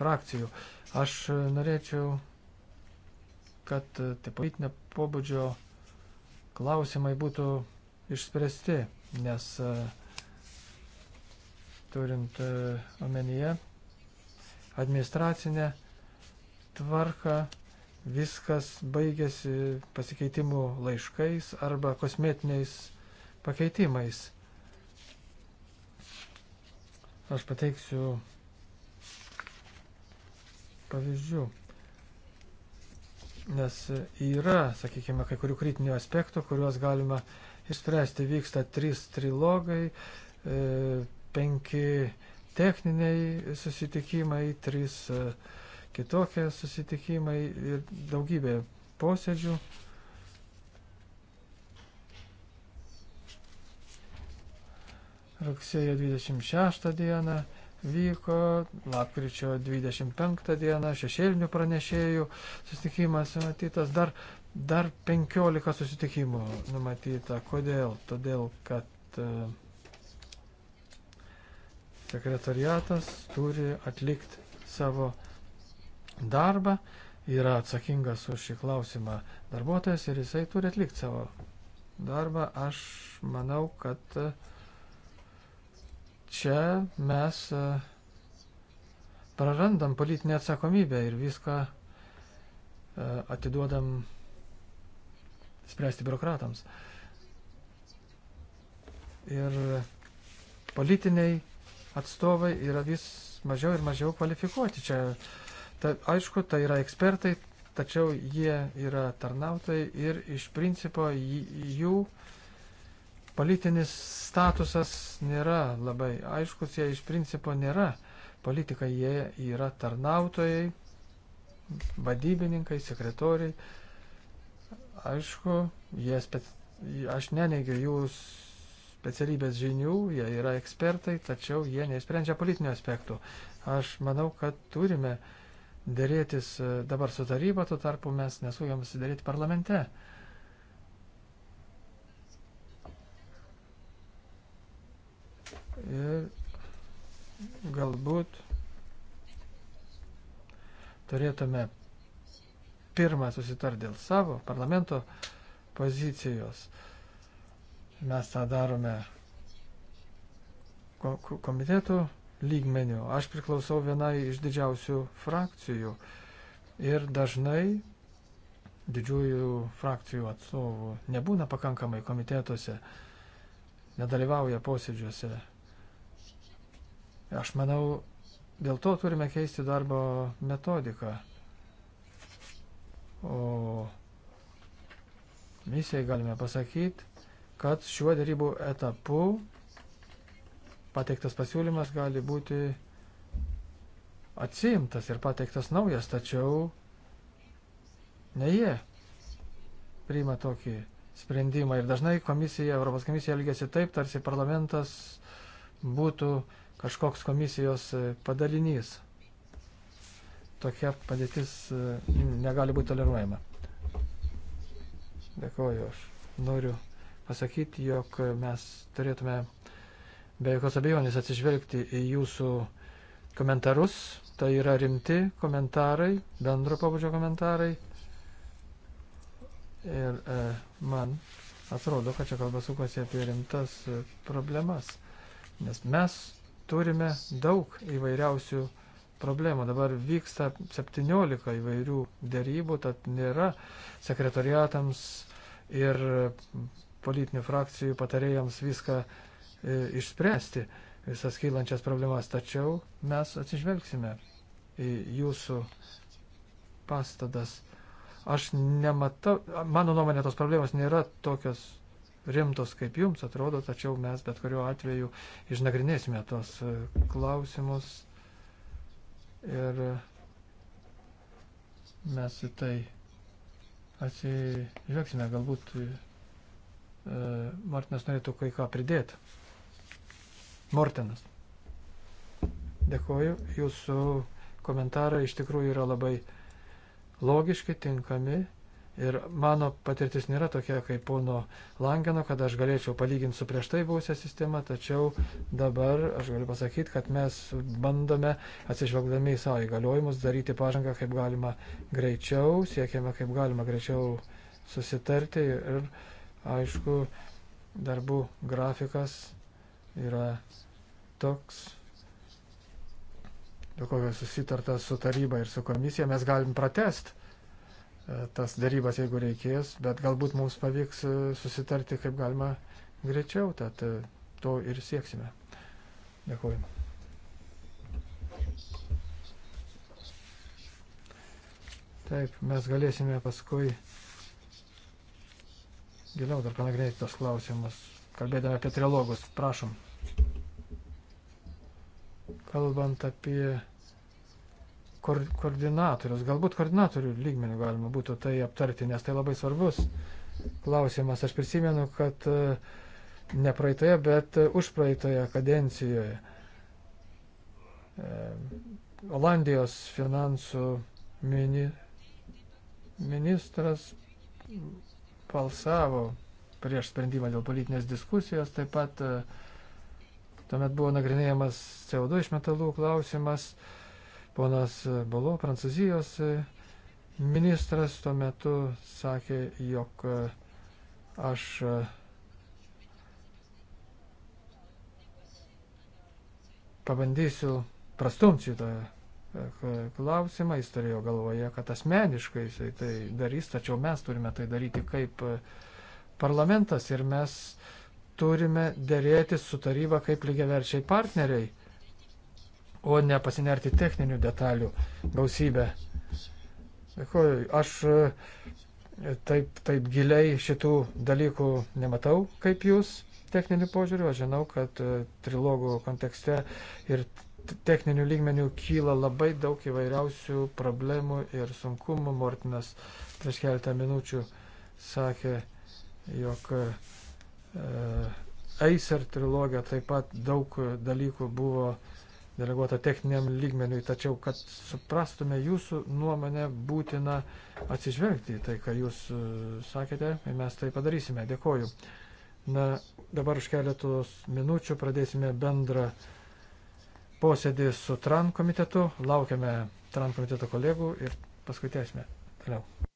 frakcijų. Aš norėčiau kad tai politinio pobūdžio klausimai būtų išspręsti, nes e, turint e, omenyje administracinę tvarką, viskas baigėsi pasikeitimų laiškais arba kosmetiniais pakeitimais. Aš pateiksiu pavyzdžių nes yra, sakykime, kai kurių kritinių aspektų, kuriuos galima išspręsti. Vyksta trys trilogai, e, penki techniniai susitikimai, trys e, kitokie susitikimai ir daugybė posėdžių. Rugsėjo 26 dieną vyko lapkričio 25 dieną šešėlinių pranešėjų susitikimas numatytas, dar, dar 15 susitikimų numatyta. Kodėl? Todėl, kad e, sekretariatas turi atlikti savo darbą, yra atsakingas už šį klausimą darbuotojas ir jisai turi atlikti savo darbą. Aš manau, kad uh, čia mes e, prarandam politinę atsakomybę ir viską e, atiduodam spręsti biurokratams. Ir politiniai atstovai yra vis mažiau ir mažiau kvalifikuoti. Čia, ta, aišku, tai yra ekspertai, tačiau jie yra tarnautojai ir iš principo jų politinis statusas nėra labai aiškus, jie iš principo nėra politikai, jie yra tarnautojai, vadybininkai, sekretoriai. Aišku, jie spec... aš neneigiu jų specialybės žinių, jie yra ekspertai, tačiau jie neįsprendžia politinių aspektų. Aš manau, kad turime dėrėtis e, dabar su taryba, tuo tarpu mes nesugėm sudaryti parlamente. Uh, Ir galbūt turėtume pirmą susitar dėl savo parlamento pozicijos. Mes tą darome komitetų lygmenių. Aš priklausau vienai iš didžiausių frakcijų ir dažnai didžiųjų frakcijų atstovų nebūna pakankamai komitetuose, nedalyvauja posėdžiuose Aš manau, dėl to turime keisti darbo metodiką. O misijai galime pasakyti, kad šiuo darybų etapu pateiktas pasiūlymas gali būti atsiimtas ir pateiktas naujas, tačiau ne jie priima tokį sprendimą. Ir dažnai komisija, Europos komisija elgesi taip, tarsi parlamentas būtų uh, kažkoks komisijos e, padalinys. Tokia padėtis e, negali būti toleruojama. Dėkoju, aš noriu pasakyti, jog mes turėtume be jokios abejonės atsižvelgti į jūsų komentarus. Tai yra rimti komentarai, bendro pabudžio komentarai. Ir e, man atrodo, kad čia kalba sukasi apie rimtas e, problemas. Nes mes turime daug įvairiausių problemų. Dabar vyksta 17 įvairių dėrybų, tad nėra sekretariatams ir politinių frakcijų patarėjams viską e, išspręsti, visas kylančias problemas. Tačiau mes atsižvelgsime į jūsų pastadas. Aš nematau, mano nuomonė, tos problemos nėra tokios rimtos, kaip jums atrodo, tačiau mes bet kuriuo atveju išnagrinėsime tos e, klausimus ir mes į tai atsižvelgsime. Galbūt e, Martinas norėtų kai ką pridėti. Mortinas. Dėkoju, jūsų komentarai iš tikrųjų yra labai logiški, tinkami Ir mano patirtis nėra tokia kaip pono Langeno, kad aš galėčiau palyginti su prieš tai buvusią sistemą, tačiau dabar aš galiu pasakyti, kad mes bandome atsižvelgdami į savo įgaliojimus daryti pažangą kaip galima greičiau, siekiame kaip galima greičiau susitarti ir aišku, darbų grafikas yra toks dėl kokio susitarta su taryba ir su komisija, mes galim pratest E, tas darybas, jeigu reikės, bet galbūt mums pavyks e, susitarti kaip galima greičiau, tad e, to ir sieksime. Dėkuoju. Taip, mes galėsime paskui giliau dar panagrinėti tos klausimus, kalbėdami apie trilogus. Prašom. Kalbant apie koordinatorius. Galbūt koordinatorių lygmenių galima būtų tai aptarti, nes tai labai svarbus klausimas. Aš prisimenu, kad e, ne praeitoje, bet už praeitoje kadencijoje e, Olandijos finansų mini, ministras balsavo prieš sprendimą dėl politinės diskusijos, taip pat e, tuomet buvo nagrinėjamas CO2 išmetalų klausimas. E, Ponas Bolo, Prancūzijos ministras, tuo metu sakė, jog aš pabandysiu prastumti šitą klausimą, jis turėjo galvoje, kad asmeniškai jisai tai darys, tačiau mes turime tai daryti kaip parlamentas ir mes turime dėrėti su taryba kaip lygiaverčiai partneriai o ne pasinerti techninių detalių gausybę. Dėkuoju, aš e, taip, taip giliai šitų dalykų nematau, kaip jūs techninių požiūrių. Aš žinau, kad e, trilogų kontekste ir techninių lygmenių kyla labai daug įvairiausių problemų ir sunkumų. Mortinas prieš keletą minučių sakė, jog e, Acer trilogija taip pat daug dalykų buvo deleguota techniniam lygmeniui, tačiau, kad suprastume jūsų nuomonę, būtina atsižvelgti į tai, ką jūs e, sakėte, ir mes tai padarysime. Dėkoju. Na, dabar už keletos minučių pradėsime bendrą posėdį su TRAN komitetu. Laukiame TRAN komiteto kolegų ir paskui tęsime toliau.